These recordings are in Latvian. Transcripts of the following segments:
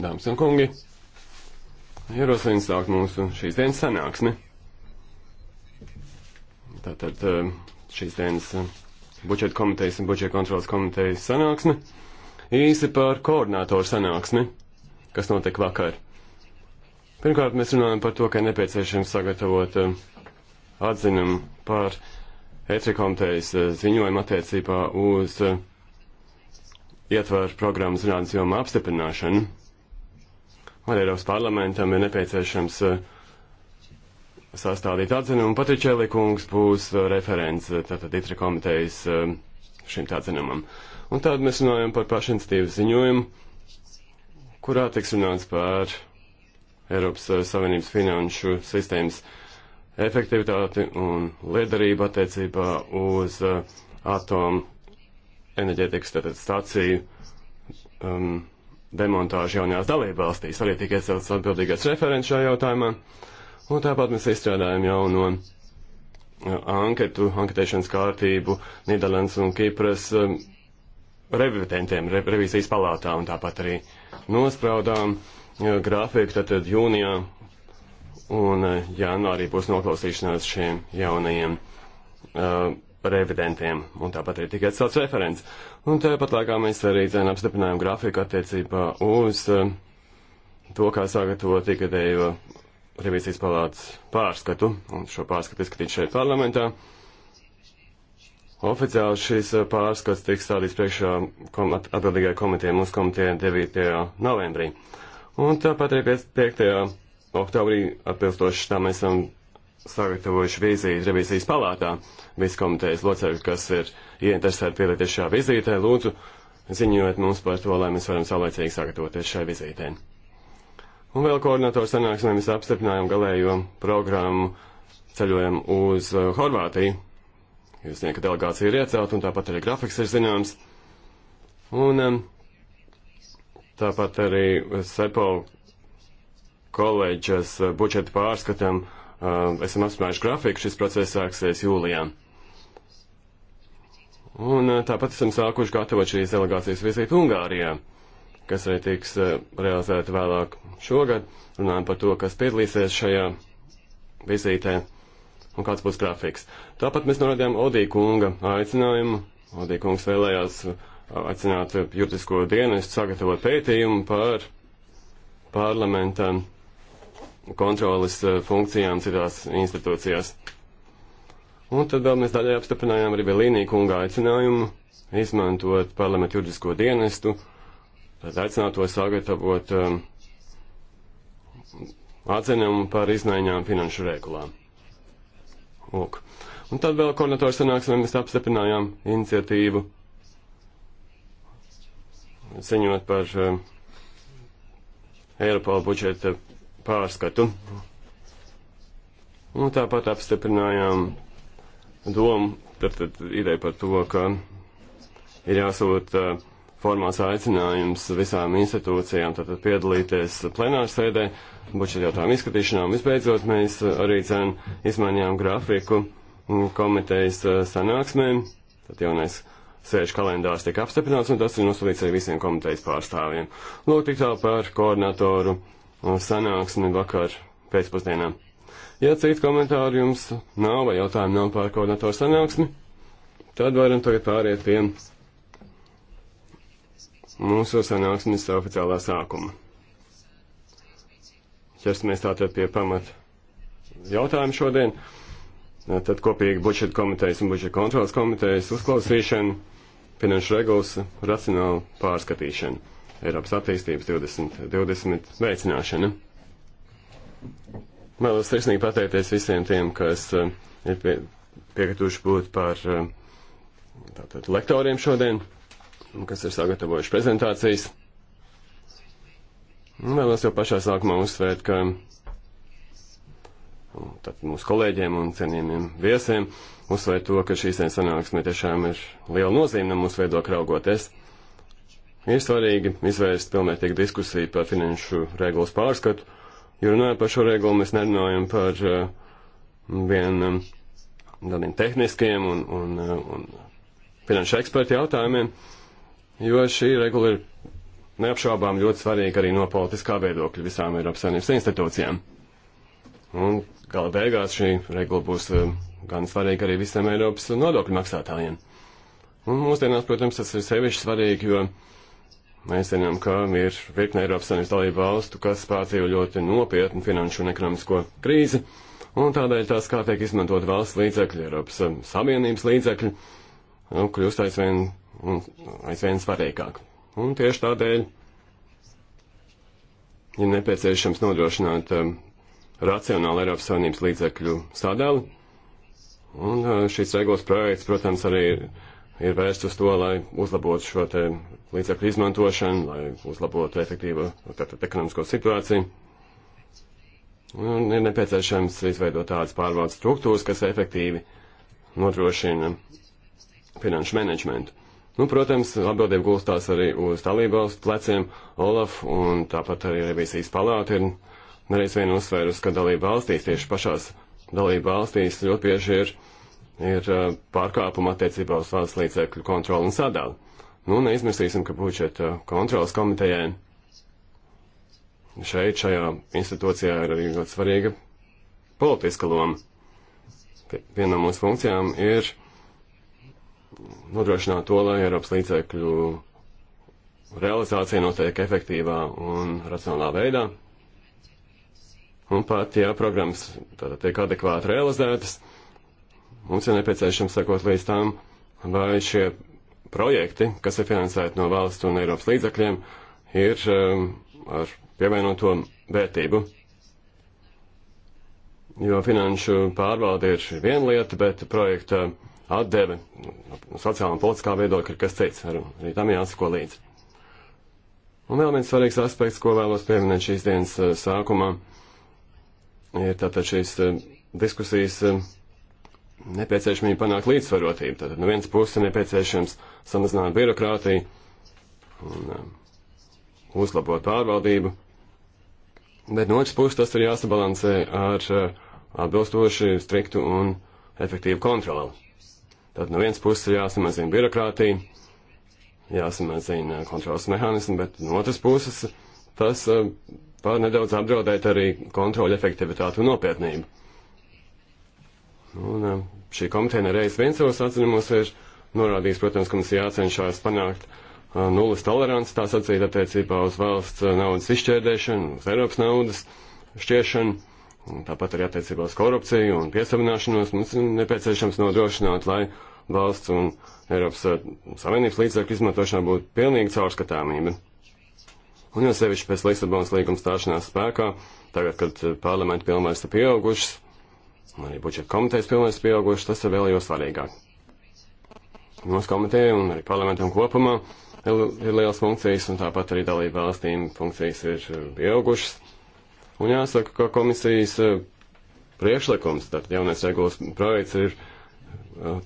dāmas un kungi. Ierosinu sākt mūsu šīs dienas sanāksmi. Tātad eh, šīs dienas eh, budžeta komitejas un budžeta kontrolas komitejas sanāksmi. Īsi par koordinātoru sanāksmi, kas notiek vakar. Pirmkārt, mēs runājam par to, ka ir nepieciešams sagatavot eh, atzinumu par Etrikomitejas ziņojumu attiecībā uz ietvaru programmas zinātnes jomā apstiprināšanu. Un Eiropas parlamentam ir nepieciešams eh, sastādīt atzinumu. Patričēlī kungs būs eh, referents eh, tātad itra komitejas šim atzinumam. Un tad mēs runājam par pašinstīvu ziņojumu, kurā tiks runāts par Eiropas Savienības finanšu sistēmas efektivitāti un liederību attiecībā uz atomu enerģētikas tātad, stāciju um, demontāžu jaunajās dalībvalstīs. Arī tika iecelts atbildīgais referents šajā jautājumā. Un tāpat mēs izstrādājam jauno uh, anketu, anketēšanas kārtību Nīderlandes un Kipras um, revidentiem, revīzijas palātā un tāpat arī nospraudām uh, grafiku, tātad jūnijā un uh, janvārī būs noklausīšanās šiem jaunajiem uh, revidentiem, un tāpat ir tikai atstāts referents. Un tāpat laikā mēs arī dzēn apstiprinājām grafiku attiecībā uz eh, to, kā sagatavot ikgadējo revīzijas palātas pārskatu, un šo pārskatu izskatīt šeit parlamentā. Oficiāli šis eh, pārskats tiks stādīts priekšā kom atbildīgai komitejai mūsu komitejai 9. novembrī. Un tāpat arī 5. oktobrī atbilstoši tā mēs esam sagatavojuši vizīti revīzijas palātā. Visi komitejas locekļi, kas ir ieinteresēti piedalīties šajā vizītē, lūdzu ziņojiet mums par to, lai mēs varam saulēcīgi sagatavoties šai vizītē. Un vēl koordinatoru sanāksmē mēs apstiprinājām galējo programmu ceļojam uz uh, Horvātiju. Jūs zināt, ka delegācija ir iecelt, un tāpat arī grafiks ir zināms. Un um, tāpat arī Sepo koledžas uh, budžeta pārskatam uh, Um, esam apsprieduši grafiku, šis process sāksies jūlijā. Un uh, tāpat esam sākuši gatavot šīs delegācijas vizīti Ungārijā, kas arī tiks uh, realizēta vēlāk šogad. Runājam par to, kas piedalīsies šajā vizītē un kāds būs grafiks. Tāpat mēs norādījām Odī kunga aicinājumu. Odī kungs vēlējās uh, aicināt juridisko dienestu sagatavot pētījumu par parlamenta kontrolas eh, funkcijām citās institūcijās. Un tad vēl mēs daļai apstiprinājām arī Belīnī kunga aicinājumu izmantot parlamentu juridisko dienestu, tad aicināto sagatavot um, atzinumu par izmaiņām finanšu regulā. Lūk. Un tad vēl koordinatoru sanāksmē mēs apstiprinājām iniciatīvu ziņot par um, eh, Eiropā budžeta pārskatu. Un tāpat apstiprinājām domu, tad, tad ideja par to, ka ir jāsūta uh, formāls aicinājums visām institūcijām tātad piedalīties plenārsēdē, buču jautājumu izskatīšanā. Visbeidzot, mēs arī cen izmaiņām grafiku komitejas sanāksmēm, tad jaunais sēžu kalendārs tiek apstiprināts, un tas ir nosūtīts arī visiem komitejas pārstāvjiem. Lūk, tik tālu par koordinatoru sanāksmi vakar pēcpusdienā. Ja citu komentāru jums nav vai jautājumu nav par koordinatoru sanāksmi, tad varam tagad pāriet pie mūsu sanāksmes oficiālā sākuma. Ķersimies tātad pie pamat jautājumu šodien. Tad kopīgi budžeta komitejas un budžeta kontrolas komitejas uzklausīšana, finanšu regulas racionālu pārskatīšanu. Eiropas attīstības 2020 veicināšana. Vēlos sirsnīgi pateikties visiem tiem, kas uh, ir pie, piekrituši būt par uh, tātad, lektoriem šodien, kas ir sagatavojuši prezentācijas. Vēlos jau pašā sākumā uzsvērt, ka tad mūsu kolēģiem un cienījumiem viesiem uzsvērt to, ka šīs dienas sanāksme tiešām ir liela nozīme mūsu viedokļa raugoties. Ir svarīgi izvērst pilnvērtīgu diskusiju par finanšu regulas pārskatu, jo runājot par šo regulu, mēs nerunājam par uh, vien um, tādiem tehniskiem un, un, uh, un finanšu ekspertu jautājumiem, jo šī regula ir neapšaubām ļoti svarīga arī no politiskā viedokļa visām Eiropas Savienības institūcijām. Un gala beigās šī regula būs uh, gan svarīga arī visiem Eiropas nodokļu maksātājiem. Un mūsdienās, protams, tas ir sevišķi svarīgi, jo Mēs zinām, ka ir virkne Eiropas Savienības dalību valstu, kas pārdzīvo ļoti nopietnu finanšu un ekonomisko krīzi, un tādēļ tās, kā tiek izmantot valsts līdzekļi, Eiropas um, Savienības līdzekļi, um, kļūst aizvien, un, aizvien svarīgāk. Un tieši tādēļ ir ja nepieciešams nodrošināt um, racionālu Eiropas Savienības līdzekļu sadali. Un uh, šīs regulas projekts, protams, arī ir vērsts uz to, lai uzlabotu šo te līdzekļu izmantošanu, lai uzlabotu efektīvu tātad, ekonomisko situāciju. Un ir nepieciešams izveidot tādas pārvaldes struktūras, kas efektīvi nodrošina finanšu menedžmentu. Nu, protams, atbildība gulstās arī uz dalībvalstu pleciem. Olaf un tāpat arī revīzijas palāta ir nereiz vien uzsvērus, ka dalība valstīs, tieši pašās dalība valstīs ļoti bieži ir, ir uh, pārkāpuma attiecībā uz valsts līdzekļu kontroli un sadali. Nu, neizmirsīsim, ka budžeta kontrolas komitejai šeit, šajā institūcijā ir arī ļoti svarīga politiska loma. Viena no mūsu funkcijām ir nodrošināt to, lai Eiropas līdzekļu realizācija notiek efektīvā un racionālā veidā. Un pat, ja programmas tātad tiek adekvāti realizētas, mums ir nepieciešams sekot līdz tam, vai šie projekti, kas ir finansēti no valsts un Eiropas līdzakļiem, ir um, ar pievienoto vērtību. Jo finanšu pārvalde ir viena lieta, bet projekta atdeve sociālā un politiskā viedokļa ir kas cits, ar, arī tam jāsako līdzi. Un vēl viens svarīgs aspekts, ko vēlos pieminēt šīs dienas uh, sākumā, ir tātad šīs uh, diskusijas uh, nepieciešamība panākt līdzsvarotību. Tātad no nu, vienas puses ir nepieciešams samazināt birokrātiju un um, uzlabot pārvaldību, bet no otras puses tas ir jāsabalansē ar uh, atbilstoši striktu un efektīvu kontroli. Tātad no nu, vienas puses ir jāsamazina birokrātija, jāsamazina kontrolas mehānismi, bet no otras puses tas uh, var nedaudz apdraudēt arī kontroli efektivitāti un nopietnību. Un eh, šī komiteja nereiz viens savos atzinumos ir norādījis, protams, ka mums jācenšās panākt eh, nulles tolerants, tā sacīt attiecībā uz valsts eh, naudas izšķērdēšanu, uz Eiropas naudas šķiešanu, tāpat arī attiecībā uz korupciju un piesavināšanos. Mums ir nepieciešams nodrošināt, lai valsts un Eiropas Savienības līdzekļu izmantošanā būtu pilnīga caurskatāmība. Un jau sevišķi pēc Lisabonas līguma stāšanās spēkā, tagad, kad parlamenta pilnvērs ir pieaugušas, arī budžeta komitejas pilnvērts pieauguši, tas ir vēl jau svarīgāk. Mūsu komiteja un arī parlamentam kopumā ir liels funkcijas, un tāpat arī dalība valstīm funkcijas ir eh, pieaugušas. Un jāsaka, ka komisijas eh, priekšlikums, tad jaunais regulas projekts ir eh,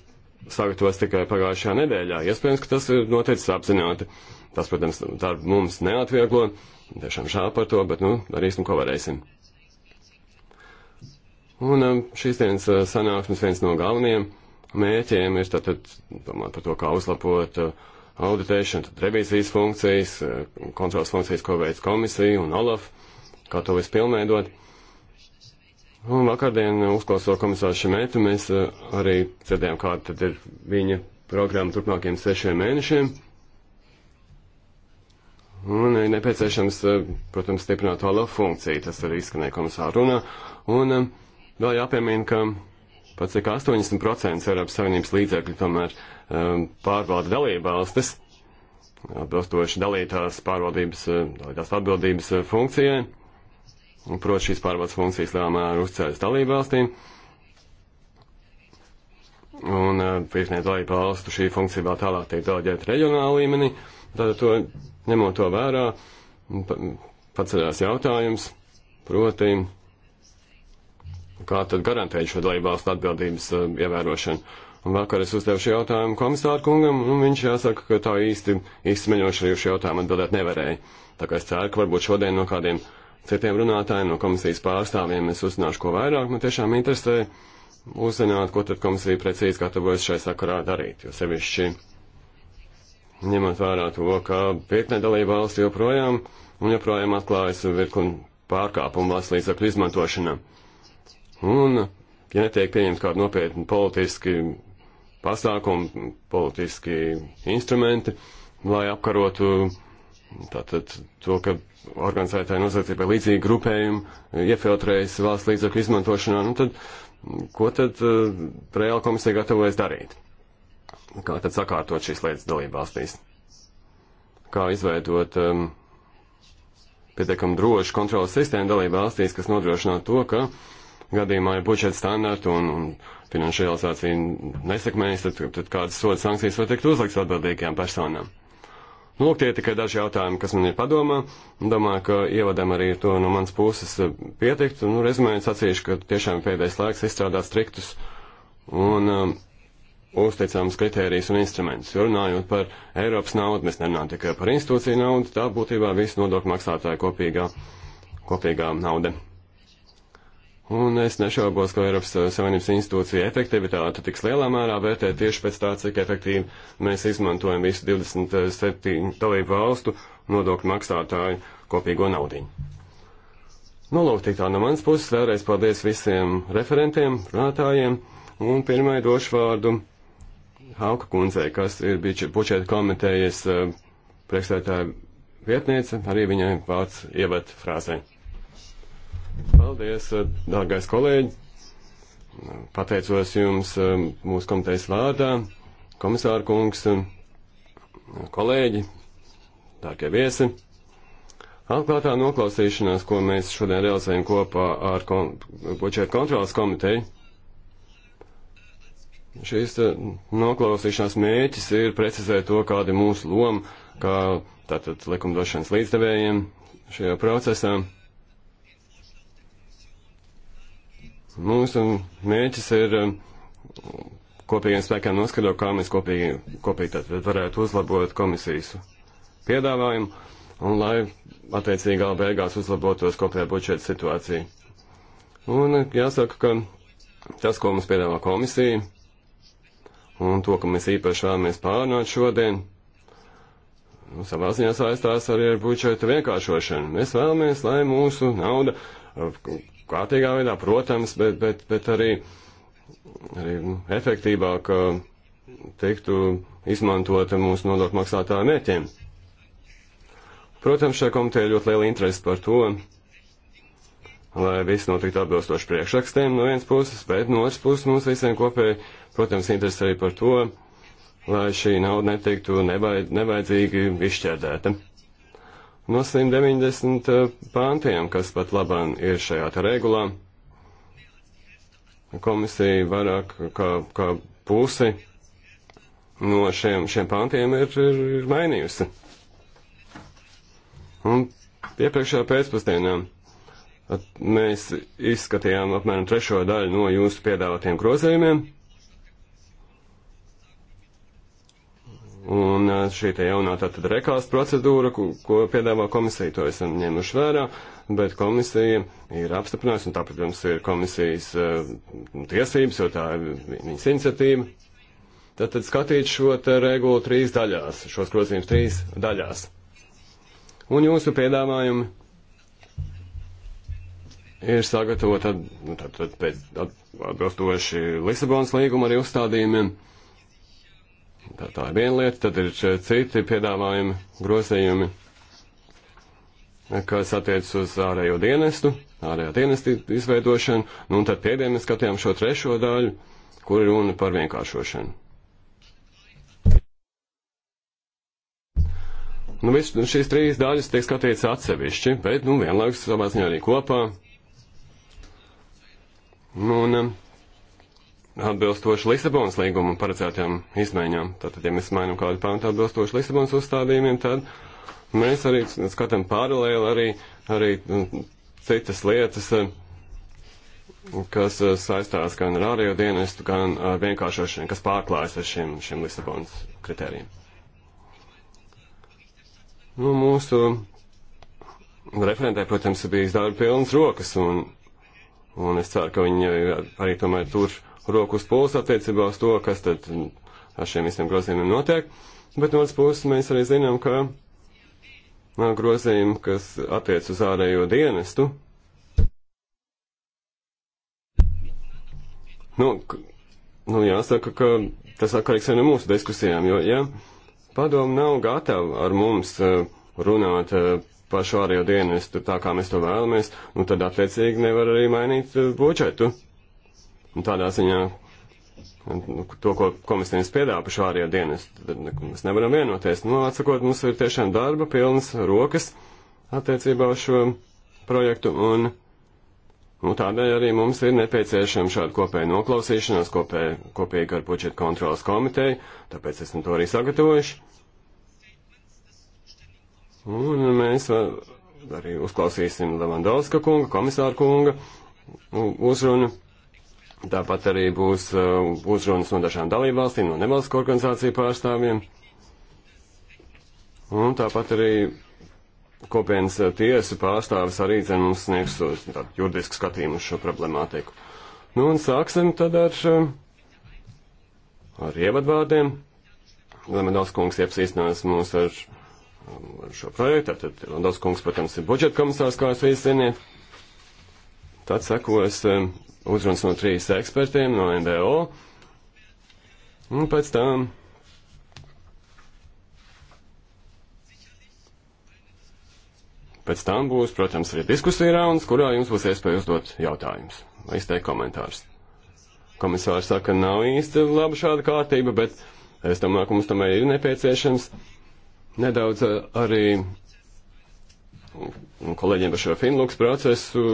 sagatavots tikai pagājušajā nedēļā. Iespējams, ka tas ir noticis apzināti. Tas, protams, darbu mums neatvieglo. Tiešām žēl par to, bet, nu, darīsim, ko varēsim. Un um, šīs dienas uh, sanāksmes viens no galvenajiem mērķiem ir tātad domāt par to, kā uzlabot uh, auditēšanu, tad revīzijas funkcijas, uh, kontrolas funkcijas, ko veids komisija un Olaf, kā to visu pilnveidot. Un vakardien uzklausot komisāru Šemētu, mēs arī dzirdējām, kāda tad ir viņa programma turpmākajiem sešiem mēnešiem. Un ir nepieciešams, protams, stiprināt Olaf funkciju, tas arī izskanēja komisāru runā. Un, um, Vēl jāpiemina, ka pats cik 80% Eiropas Savienības līdzekļu tomēr um, pārvalda dalībvalstis, atbilstoši dalītās pārvaldības, uh, dalītās atbildības uh, funkcijai. Protams, šīs pārvaldes funkcijas lielā mērā uzcēlas dalībvalstīm. Un virknē uh, dalībvalstu šī funkcija vēl tālāk tiek deleģēta reģionāla līmenī. Tātad to ņemot to vērā, paceļās jautājums, proti, kā tad garantēt šo dalībvalstu atbildības um, ievērošanu. Un vakar es uzdevu šo jautājumu komisāru kungam, un viņš jāsaka, ka tā īsti izsmeļoši uz šo jautājumu atbildēt nevarēja. Tā kā es ceru, ka varbūt šodien no kādiem citiem runātājiem, no komisijas pārstāvjiem es uzzināšu ko vairāk. Man tiešām interesē uzzināt, ko tad komisija precīzi gatavojas šai sakarā darīt, jo sevišķi ņemot vērā to, ka pieknē dalība valsts joprojām un joprojām atklājas virkni pārkāpumu valsts līdzakļu izmantošanai. Un, ja netiek pieņemts kādu nopietnu politiski pasākumu, politiski instrumenti, lai apkarotu tātad to, ka organizētāji noziedzībai līdzīgi grupējumi iefiltrējas valsts līdzekļu izmantošanā, nu tad, ko tad uh, eh, reāla komisija gatavojas darīt? Kā tad sakārtot šīs lietas dalību valstīs? Kā izveidot um, pietiekam drošu kontrolas sistēmu dalību valstīs, kas nodrošinātu to, ka uh, gadījumā, ja budžeta standartu un, un finanšu realizāciju nesekmējas, tad, tad kādas soda sankcijas var tikt uzlikts atbildīgajām personām. Nu, lūk, tie tikai daži jautājumi, kas man ir padomā. Domāju, ka ievadam arī to no manas puses eh, pietikt. Nu, rezumējot, sacīšu, ka tiešām pēdējais laiks izstrādāt striktus un um, uzticams kritērijus un instrumentus. Jo runājot par Eiropas naudu, mēs nerunājam tikai par institūciju naudu, tā būtībā visu nodokļu maksātāju kopīgā, kopīgā nauda. Un es nešaubos, ka Eiropas Savienības institūcija efektivitāte tiks lielā mērā vērtē tieši pēc tā, cik efektīvi mēs izmantojam visu 27 dalību valstu nodokļu maksātāju kopīgo naudiņu. Nolūk nu, tik tā no manas puses. Vēlreiz paldies visiem referentiem, runātājiem. Un pirmai došu vārdu Hauka kundzei, kas ir bijusi bučēta komitejas eh, priekšstādātāja vietniece. Arī viņai vārds ievad frāzē. Paldies, eh, dārgais kolēģi. Pateicos jums eh, mūsu komitejas vārdā, komisāra kungs, eh, kolēģi, dārgie viesi. Atklātā noklausīšanās, ko mēs šodien realizējam kopā ar budžeta kontrolas komiteju, šīs noklausīšanās mēķis ir precizēt to, kāda ir mūsu loma, kā tātad likumdošanas līdzdevējiem šajā procesā. Mūsu mērķis ir um, kopīgiem spēkiem noskatot, kā mēs kopīgi, kopīgi tad varētu uzlabot komisijas piedāvājumu un lai attiecīgi gala beigās uzlabotos kopējā budžeta situācija. Un jāsaka, ka tas, ko mums piedāvā komisija, un to, ka mēs īpaši vēlamies pārnāt šodien, nu, savā ziņā saistās arī ar budžeta vienkāršošanu. Mēs vēlamies, lai mūsu nauda kārtīgā veidā, protams, bet, bet, bet arī, arī nu, efektīvāk uh, tiktu izmantota mūsu nodokļu maksātāju mērķiem. Protams, šai komitejai ļoti liela interese par to, lai viss notiktu atbilstoši priekšrakstiem no vienas puses, bet no otras puses mums visiem kopēji, protams, interese arī par to, lai šī nauda netiktu nebaid, nebaidzīgi izšķērdēta no 190 eh, pāntiem, kas pat labāk ir šajā te regulā. Komisija vairāk kā, kā pusi no šiem, šiem pāntiem ir, ir, ir mainījusi. Un iepriekšējā pēcpusdienā mēs izskatījām apmēram trešo daļu no jūsu piedāvātiem grozījumiem. Un šī te jaunā tātad rekās procedūra, ko, ko piedāvā komisija, to esam ņēmuši vērā, bet komisija ir apstiprinājusi, un tā, protams, ir komisijas uh, tiesības, jo tā ir viņas iniciatīva. Tātad skatīt šo te regulu trīs daļās, šos grozījumus trīs daļās. Un jūsu piedāvājumi ir sagatavot nu, tad, tad, tad pēc atbilstoši Lisabonas līguma arī uzstādījumiem. Ja Tā, tā ir viena lieta, tad ir citi piedāvājumi, grozījumi, kas attiecas uz ārējo dienestu, ārējā dienesta izveidošanu, nu, un tad pēdējiem mēs skatījām šo trešo daļu, kur ir runa par vienkāršošanu. Nu, viss nu, šīs trīs daļas tiek skatīts atsevišķi, bet, nu, vienlaikus savā ziņā arī kopā. Nu, un, um, atbilstoši Lisabonas līguma paredzētajām izmaiņām. Tātad, ja mēs mainām kādu pantu atbilstoši Lisabonas uzstādījumiem, tad mēs arī skatām paralēli arī, arī nu, citas lietas, kas eh, saistās gan ar ārējo dienestu, gan ar vienkāršošanu, kas pārklājas ar šiem, šiem Lisabonas kritērijiem. Nu, mūsu referentē, protams, bija darba pilnas rokas, un, un es ceru, ka viņi arī tomēr tur rokas pulsu attiecībā uz to, kas tad ar šiem visiem grozījumiem notiek, bet no otras puses mēs arī zinām, ka grozījumi, kas attiec uz ārējo dienestu, nu, nu jāsaka, ka tas atkarīgs arī no mūsu diskusijām, jo, ja padomu nav gatava ar mums eh, runāt eh, par šo ārējo dienestu tā, kā mēs to vēlamies, nu tad attiecīgi nevar arī mainīt eh, budžetu. Uh, Un tādā ziņā nu, to, ko komisijas piedāvā par šo ārējo dienestu, tad nu, mēs nevaram vienoties. Nu, atsakot, mums ir tiešām darba pilnas rokas attiecībā uz šo projektu, un, un nu, tādēļ arī mums ir nepieciešama šāda kopēja noklausīšanās, kopēja, kopīga ar budžeta kontrolas komiteju, tāpēc esam to arī sagatavojuši. Un mēs arī uzklausīsim Levandovska kunga, komisāra kunga uzrunu. Tāpat arī būs uzrunas uh, no dažām dalībvalstīm, no nevalstu organizāciju pārstāvjiem. Un tāpat arī kopienas uh, tiesa pārstāvis arī dzen mums sniegs uh, juridisku skatījumu uz šo problemātiku. Nu un sāksim tad ar, ar ievadvārdiem. Lemedals kungs iepazīstinās mūs ar, um, ar šo projektu. Tad Lemedals kungs, protams, ir budžeta komisārs, kā jūs visi ziniet. Tad sekos um, uzrunas no trīs ekspertiem no NDO. Un pēc tam Pēc tam būs, protams, arī diskusija rauns, kurā jums būs iespēja uzdot jautājumus vai izteikt komentārus. Komisārs saka, nav īsti laba šāda kārtība, bet es domāju, ka mums tomēr ir nepieciešams nedaudz eh, arī kolēģiem par šo Finlūks procesu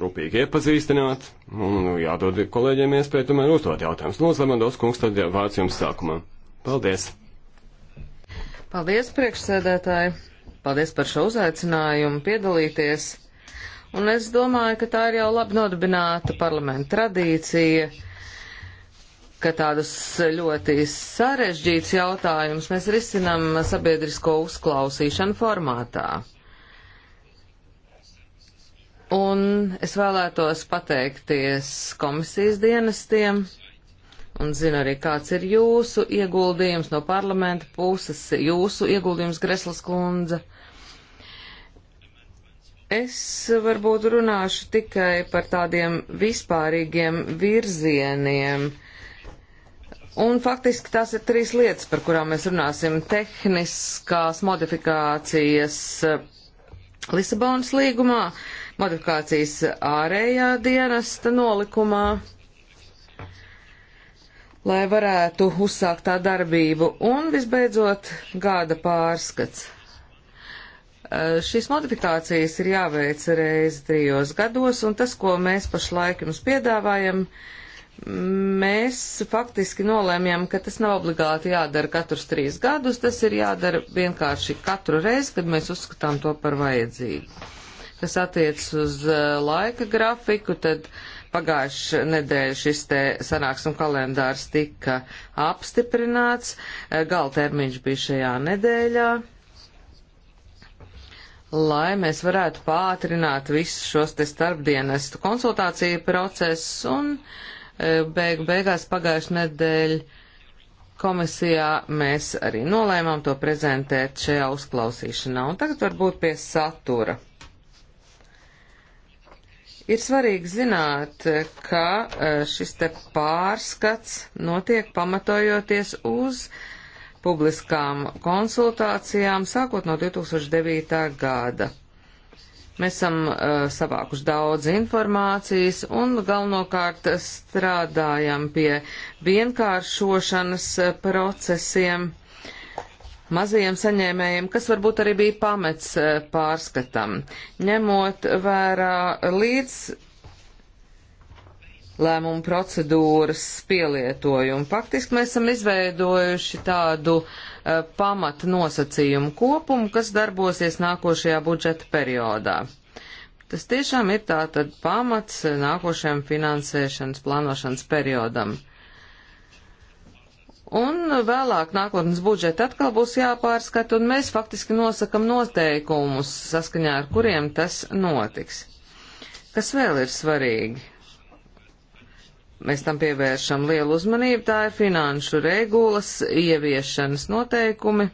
rūpīgi iepazīstināt, un jādod kolēģiem iespēju tomēr uzdot jautājumus. Lūdzu, Lemandos kungs, tad vārds jums sākumā. Paldies! Paldies, priekšsēdētāji! Paldies par šo uzaicinājumu piedalīties! Un es domāju, ka tā ir jau labi nodibināta parlamenta tradīcija, ka tādus ļoti sarežģītus jautājumus mēs risinam sabiedrisko uzklausīšanu formātā. Un es vēlētos pateikties komisijas dienestiem, un zinu arī, kāds ir jūsu ieguldījums no parlamenta puses, jūsu ieguldījums Greslas kundze. Es varbūt runāšu tikai par tādiem vispārīgiem virzieniem. Un faktiski tās ir trīs lietas, par kurām mēs runāsim. Tehniskās modifikācijas Lisabonas līgumā, uh, modifikācijas ārējā dienesta nolikumā, lai varētu uzsākt tā darbību. Un visbeidzot, gada pārskats. Eh, šīs modifikācijas ir jāveic reizi trijos gados, un tas, ko mēs pašlaik jums piedāvājam, mēs faktiski nolēmjam, ka tas nav obligāti jādara katrus trīs gadus, tas ir jādara vienkārši katru reizi, kad mēs uzskatām to par vajadzīgu. Kas attiec uz eh, laika grafiku, tad pagājuši nedēļa šis te sanāksmu kalendārs tika apstiprināts. Eh, Gala termiņš bija šajā nedēļā lai mēs varētu pātrināt visus šos te starpdienestu konsultāciju procesus un eh, beig, beigās pagājušajā nedēļā komisijā mēs arī nolēmām to prezentēt šajā uzklausīšanā. Un tagad varbūt pie satura. Ir svarīgi zināt, ka e, šis te pārskats notiek pamatojoties uz publiskām konsultācijām sākot no 2009. gada. Mēs esam uh, savākuši daudz informācijas un galvenokārt strādājam pie vienkāršošanas e, procesiem. Uh, mazajiem saņēmējiem, kas varbūt arī bija pamets eh, pārskatam, ņemot vērā līdz lēmumu procedūras pielietojumu. Faktiski mēs esam izveidojuši tādu uh, pamata nosacījumu kopumu, kas darbosies nākošajā budžeta periodā. Tas tiešām ir tātad pamats eh, nākošajam finansēšanas plānošanas periodam. Uh, Un vēlāk nākotnes budžeti atkal būs jāpārskata, un mēs faktiski nosakam noteikumus, saskaņā ar kuriem tas notiks. Kas vēl ir svarīgi? Mēs tam pievēršam lielu uzmanību, tā ir finanšu regulas ieviešanas noteikumi.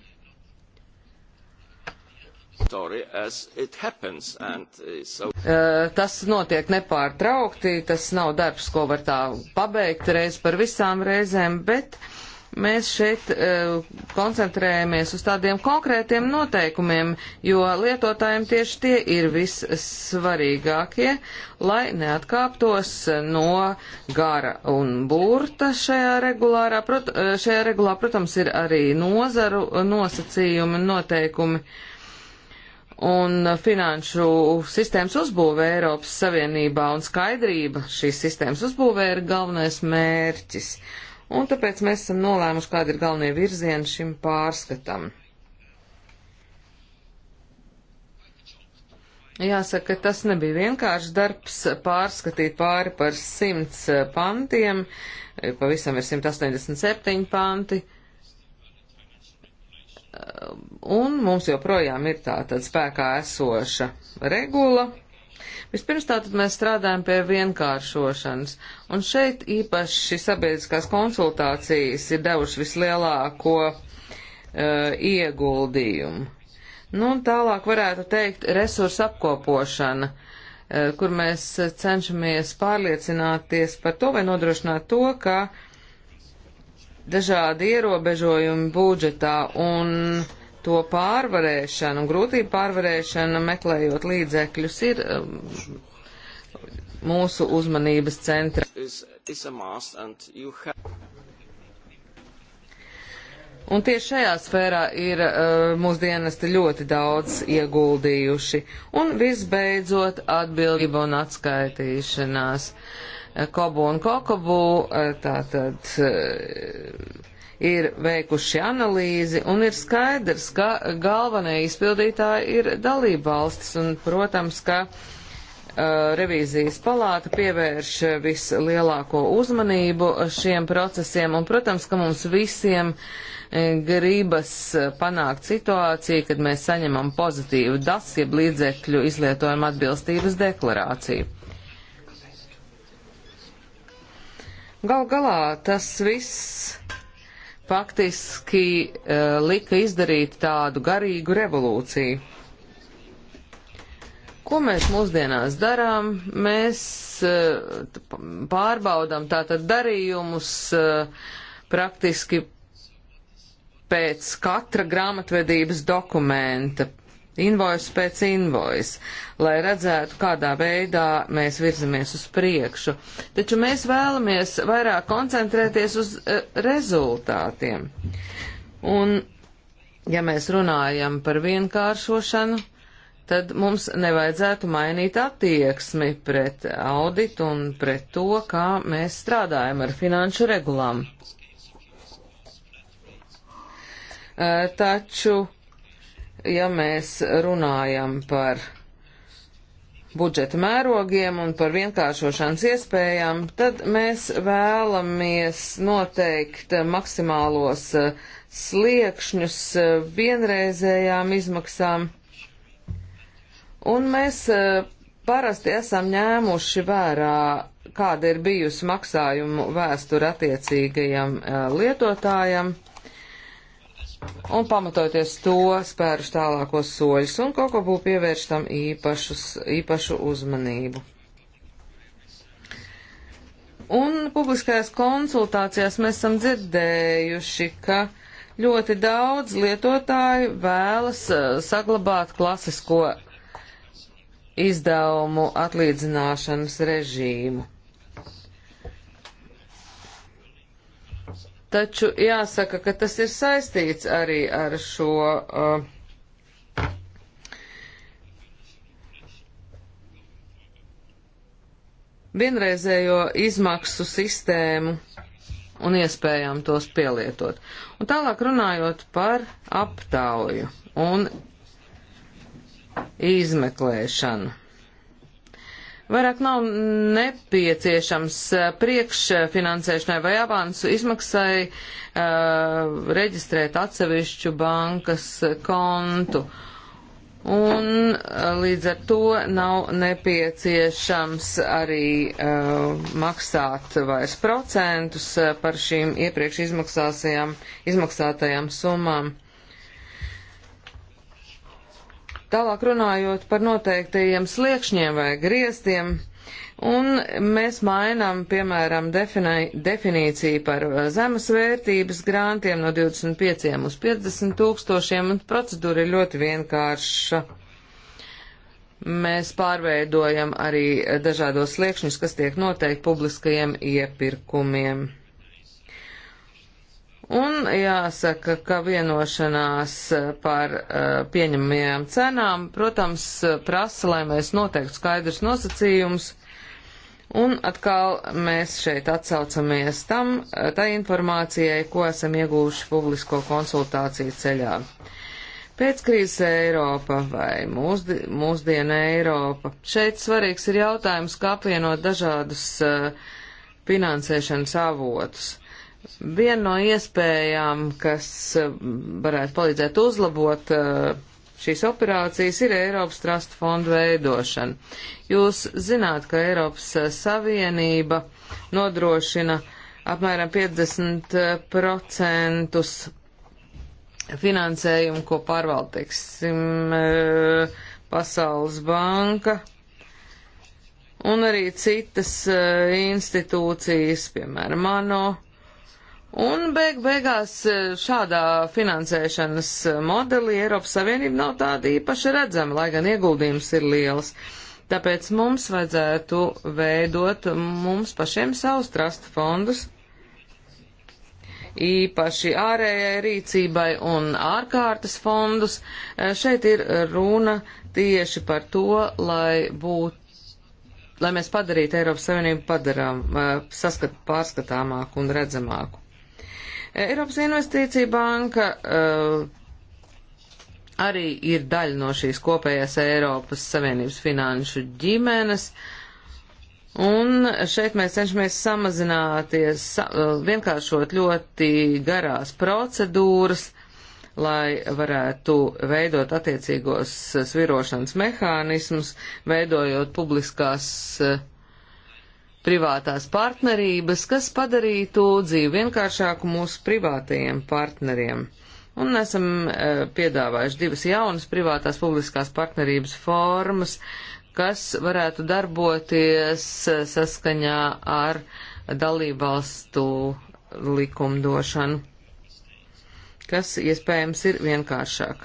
Happens, uh, so... Uh, tas notiek nepārtraukti, tas nav darbs, ko var tā pabeigt reiz par visām reizēm, bet uh, Mēs šeit uh, koncentrējamies uz tādiem konkrētiem noteikumiem, jo lietotājiem tieši tie ir vissvarīgākie, lai neatkāptos no gara un burta šajā regulārā. Prot, e, šajā regulā, protams, ir arī nozaru nosacījumi un noteikumi un finanšu sistēmas uzbūve Eiropas Savienībā un skaidrība šīs sistēmas uzbūvē ir galvenais mērķis. Uh, un tāpēc mēs esam nolēmuši, kāda ir galvenie virzieni šim pārskatam. Jāsaka, tas nebija vienkārši darbs pārskatīt pāri par 100 pantiem, pavisam ir 187 panti, un mums joprojām ir tā tad spēkā esoša regula, Vispirms tātad mēs strādājam pie vienkāršošanas, un šeit īpaši sabiedriskās konsultācijas ir devuši vislielāko uh, ieguldījumu. Nu, un tālāk varētu teikt resursu apkopošana, uh, kur mēs cenšamies pārliecināties par to vai nodrošināt to, ka dažādi ierobežojumi budžetā un uh, to pārvarēšana un grūtību pārvarēšana, meklējot līdzekļus, ir um, mūsu uzmanības centra. Un tieši šajā sfērā ir uh, mūsu dienesti ļoti daudz ieguldījuši. Un visbeidzot atbildība un atskaitīšanās. Uh, Kobu un kokobu, uh, tātad. Uh, ir veikuši analīzi un ir skaidrs, ka galvenie izpildītāji ir dalība valstis un, protams, ka uh, revīzijas palāta pievērš vislielāko uzmanību šiem procesiem un, protams, ka mums visiem uh, gribas panākt situāciju, kad mēs saņemam pozitīvu DAS, jeb līdzekļu izlietojumu atbilstības deklarāciju. Gal galā tas viss faktiski uh, lika izdarīt tādu garīgu revolūciju. Ko mēs mūsdienās darām? Mēs uh, pārbaudām tātad darījumus uh, praktiski pēc katra grāmatvedības dokumenta, invoice pēc invoice, lai redzētu, kādā veidā mēs virzamies uz priekšu. Taču mēs vēlamies vairāk koncentrēties uz uh, rezultātiem. Un, ja mēs runājam par vienkāršošanu, tad mums nevajadzētu mainīt attieksmi pret auditu un pret to, kā mēs strādājam ar finanšu regulām. Uh, taču ja mēs runājam par budžeta mērogiem un par vienkāršošanas iespējām, tad mēs vēlamies noteikt maksimālos eh, sliekšņus eh, vienreizējām izmaksām. Un mēs eh, parasti esam ņēmuši vērā, kāda ir bijusi maksājumu vēsture attiecīgajam lietotājam un pamatoties to spēruši tālākos soļus, un kaut ko būtu pievērš tam īpašus, īpašu uzmanību. Un publiskajās konsultācijās mēs esam dzirdējuši, ka ļoti daudz lietotāju vēlas eh, saglabāt klasisko izdevumu atlīdzināšanas režīmu. taču jāsaka, ka tas ir saistīts arī ar šo. Uh, vienreizējo izmaksu sistēmu un iespējām tos pielietot. Un tālāk runājot par aptauju un izmeklēšanu. Vairāk nav nepieciešams eh, priekšfinansēšanai vai avansu izmaksai uh, reģistrēt atsevišķu bankas kontu. Un eh, līdz ar to nav nepieciešams arī uh, maksāt vairs procentus par šīm iepriekš izmaksātajām summām. Tālāk runājot par noteiktajiem sliekšņiem vai griestiem, un mēs mainām, piemēram, definē, definīciju par uh, zemes vērtības grāntiem no 25 uz 50 tūkstošiem, un procedūra ir ļoti vienkārša. Mēs pārveidojam arī dažādos sliekšņus, kas tiek noteikti publiskajiem iepirkumiem. Un jāsaka, ka vienošanās par eh, pieņemajām cenām, protams, prasa, lai mēs noteiktu skaidrs nosacījums. Un atkal mēs šeit atsaucamies tam, eh, tai informācijai, ko esam iegūši publisko konsultāciju ceļā. Pēc krīzes Eiropa vai mūsdi, mūsdiena Eiropa. Šeit svarīgs ir jautājums, kā apvienot dažādus uh, finansēšanas avotus Viena no iespējām, kas eh, varētu palīdzēt uzlabot eh, šīs operācijas, ir Eiropas Trust fondu veidošana. Jūs zināt, ka Eiropas eh, Savienība nodrošina apmēram 50% finansējumu, ko pārvalda, teiksim, Pasaules banka un arī citas institūcijas, piemēram, ANO Un beig beigās e, šādā finansēšanas e, modelī Eiropas Savienība nav tāda īpaši redzama, lai gan ieguldījums ir liels. Tāpēc mums vajadzētu veidot mums pašiem savus trust fondus, īpaši ārējai rīcībai un ārkārtas fondus. E, šeit ir runa tieši par to, lai būtu lai mēs padarītu Eiropas Savienību padarām, pārskatāmāku un redzamāku. Eiropas Investīcija banka uh, arī ir daļa no šīs kopējās Eiropas Savienības finanšu ģimenes. Un šeit mēs cenšamies samazināties, sa, uh, vienkāršot ļoti garās procedūras, lai varētu veidot attiecīgos eh, svirošanas mehānismus, veidojot publiskās uh, privātās partnerības, kas padarītu dzīvi vienkāršāku mūsu privātajiem partneriem. Un esam e, piedāvājuši divas jaunas privātās publiskās partnerības formas, kas varētu darboties e, saskaņā ar dalībvalstu likumdošanu, kas iespējams ir vienkāršāk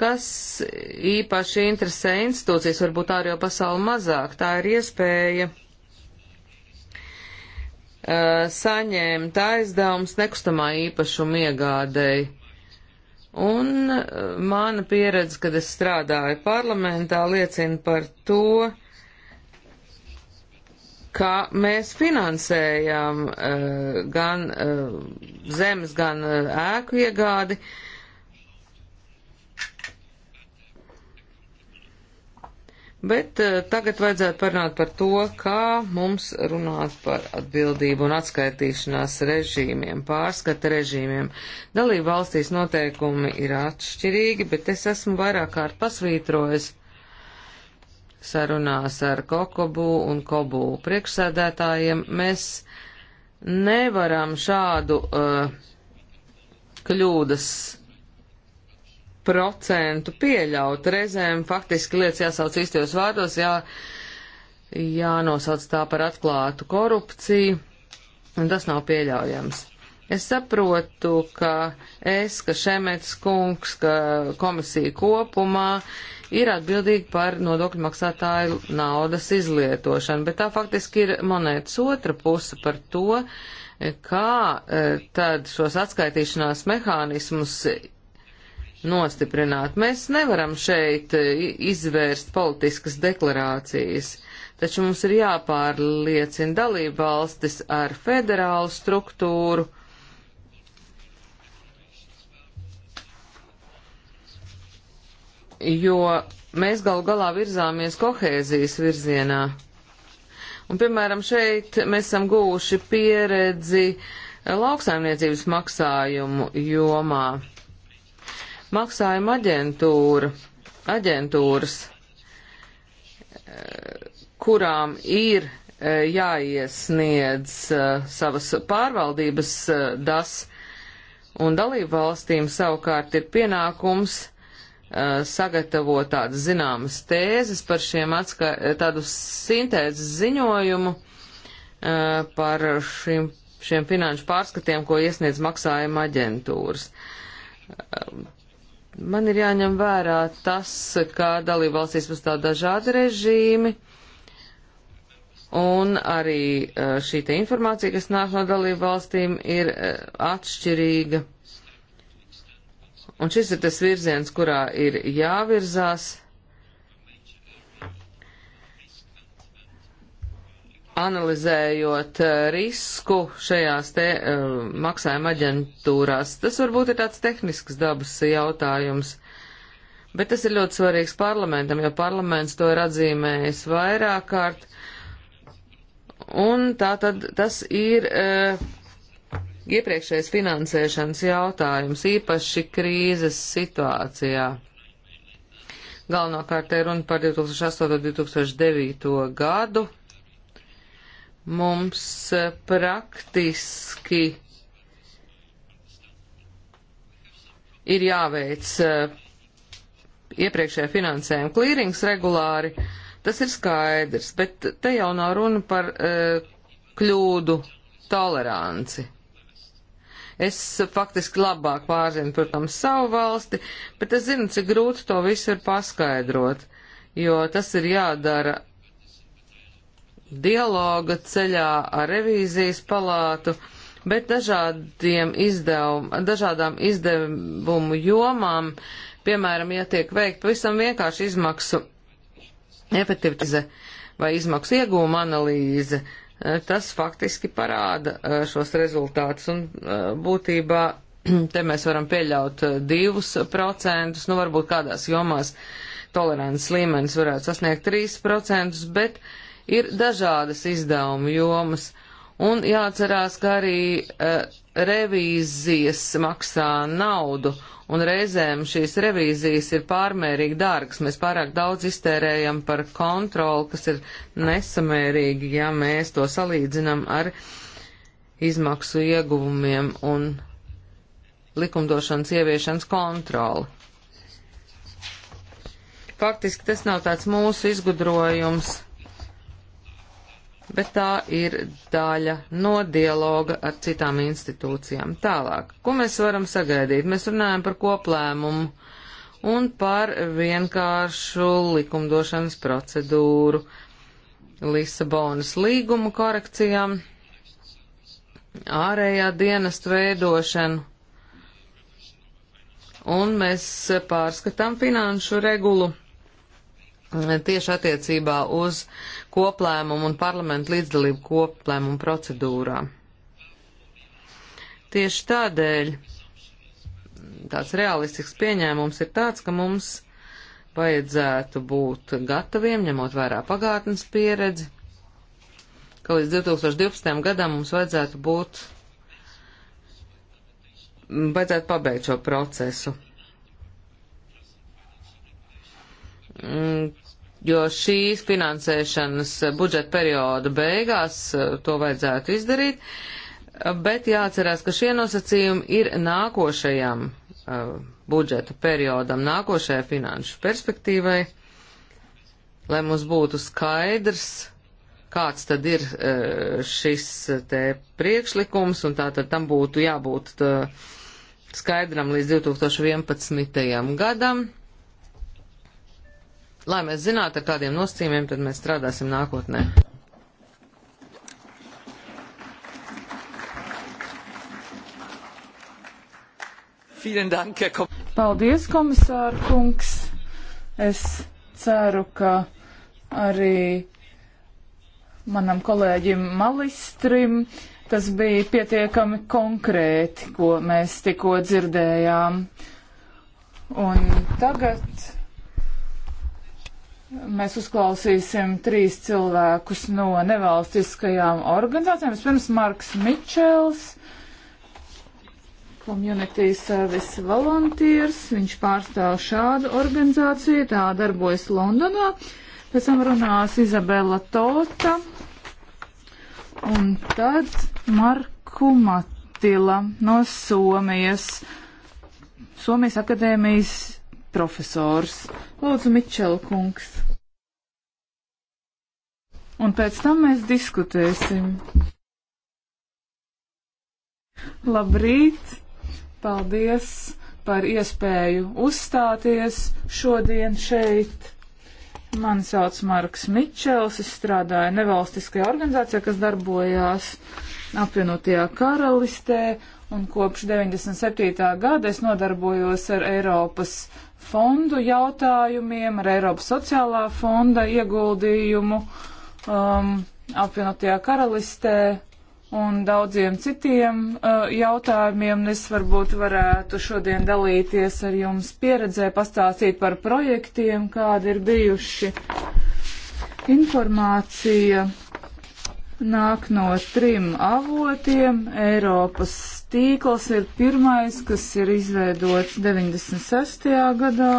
kas īpaši interesē institūcijas, varbūt ārējo pasauli mazāk. Tā ir iespēja uh, saņemt aizdevums nekustamā īpašuma iegādēji. Un uh, mana pieredze, kad es strādāju parlamentā, liecina par to, ka mēs finansējam uh, gan zemes, gan ēku iegādi, uh, Bet eh, tagad vajadzētu parunāt par to, kā mums runāt par atbildību un atskaitīšanās režīmiem, pārskata režīmiem. Dalība valstīs noteikumi ir atšķirīgi, bet es esmu vairāk kārt pasvītrojis sarunās ar Kokobu un Kobu priekšsēdētājiem. Mēs nevaram šādu uh, kļūdas procentu pieļaut. Reizēm faktiski lietas jāsauc īstajos vārdos, jā, jānosauc tā par atklātu korupciju, un tas nav pieļaujams. Es saprotu, ka es, ka Šemets kungs, ka komisija kopumā ir atbildīgi par nodokļu maksātāju naudas izlietošanu, bet tā faktiski ir monētas otra puse par to, kā eh, tad šos atskaitīšanās mehānismus nostiprināt. Mēs nevaram šeit e, izvērst politiskas deklarācijas, taču mums ir jāpārliecina dalība valstis ar federālu struktūru. Jo mēs galu galā virzāmies kohēzijas virzienā. Un, piemēram, šeit mēs esam gūši pieredzi e, lauksaimniecības maksājumu jomā. Maksājuma aģentūra, aģentūras, kurām ir e, jāiesniedz e, savas pārvaldības e, das, un dalību valstīm savukārt ir pienākums sagatavot tādas zināmas tēzes par šiem atska tādu sintēzes ziņojumu par šim, šiem finanšu pārskatiem, ko iesniedz maksājuma aģentūras. Man ir jāņem vērā tas, ka dalībvalstīs pastāv dažādi režīmi, un arī e, šī te informācija, kas nāk no dalībvalstīm, ir e, atšķirīga. Un šis ir tas virziens, kurā ir jāvirzās. analizējot eh, risku šajās te uh, maksājuma aģentūrās. Tas varbūt ir tāds tehnisks dabas jautājums, bet tas ir ļoti svarīgs parlamentam, jo parlaments to ir atzīmējis vairāk kārt. Un tā tad tas ir uh, iepriekšējais finansēšanas jautājums, īpaši krīzes situācijā. Galvenokārt ir runa par 2008. un 2009. gadu, mums eh, praktiski ir jāveic eh, iepriekšējā finansējuma klīrings regulāri, tas ir skaidrs, bet te jau nav runa par eh, kļūdu toleranci. Es faktiski labāk pārzinu, protams, savu valsti, bet es zinu, cik grūti to visu ir paskaidrot, jo tas ir jādara dialoga ceļā ar revīzijas palātu, bet dažādiem izdevum, dažādām izdevumu jomām, piemēram, ja tiek veikt pavisam vienkārši izmaksu efektivitāte vai izmaksu iegūma analīze, eh, tas faktiski parāda eh, šos rezultātus un eh, būtībā te mēs varam pieļaut divus procentus, nu varbūt kādās jomās tolerants līmenis varētu sasniegt 3%, bet uh, ir dažādas izdevumu jomas. Un jāatcerās, ka arī uh, revīzijas maksā naudu, un reizēm šīs revīzijas ir pārmērīgi dārgas. Mēs pārāk daudz iztērējam par kontroli, kas ir nesamērīgi, ja mēs to salīdzinam ar izmaksu ieguvumiem un likumdošanas ieviešanas kontroli. Faktiski tas nav tāds mūsu izgudrojums bet tā ir daļa no dialoga ar citām institūcijām. Tālāk, ko mēs varam sagaidīt? Mēs runājam par koplēmumu un par vienkāršu likumdošanas procedūru, Lisabonas līgumu korekcijām, ārējā dienestu veidošanu, un mēs pārskatām finanšu regulu tieši attiecībā uz koplēmumu un parlamentu līdzdalību koplēmumu procedūrā. Tieši tādēļ tāds realistisks pieņēmums ir tāds, ka mums vajadzētu būt gataviem, ņemot vērā pagātnes pieredzi, ka līdz 2012. gadam mums vajadzētu būt, vajadzētu pabeigt šo procesu. Mm, jo šīs finansēšanas budžeta perioda beigās eh, to vajadzētu izdarīt, bet jāatcerās, ka šie nosacījumi ir nākošajam eh, budžeta periodam, nākošajai finanšu perspektīvai, lai mums būtu skaidrs, kāds tad ir eh, šis te priekšlikums, un tātad tam būtu jābūt skaidram līdz 2011. gadam lai mēs zinātu ar kādiem nosacījumiem, tad mēs strādāsim nākotnē. Paldies, komisār kungs. Es ceru, ka arī manam kolēģim Malistrim tas bija pietiekami konkrēti, ko mēs tikko dzirdējām. Un tagad Mēs uzklausīsim trīs cilvēkus no nevalstiskajām organizācijām. Vispirms Marks Mičels, Community Service Volunteers. Viņš pārstāv šādu organizāciju, tā darbojas Londonā. Pēc tam runās Izabela Tota un tad Marku Matila no Somijas, Somijas akadēmijas profesors. Lūdzu, Mičela kungs. Un pēc tam mēs diskutēsim. Labrīt! Paldies par iespēju uzstāties šodien šeit. Mani sauc Marks Mičels, es strādāju nevalstiskajā organizācijā, kas darbojās apvienotajā karalistē, un kopš 97. gada es nodarbojos ar Eiropas fondu jautājumiem, ar Eiropas sociālā fonda ieguldījumu um, apvienotajā karalistē un daudziem citiem uh, jautājumiem. Es varbūt varētu šodien dalīties ar jums pieredzē, pastāstīt par projektiem, kādi ir bijuši. Informācija nāk no trim avotiem - Eiropas tīkls ir pirmais, kas ir izveidots 96. gadā.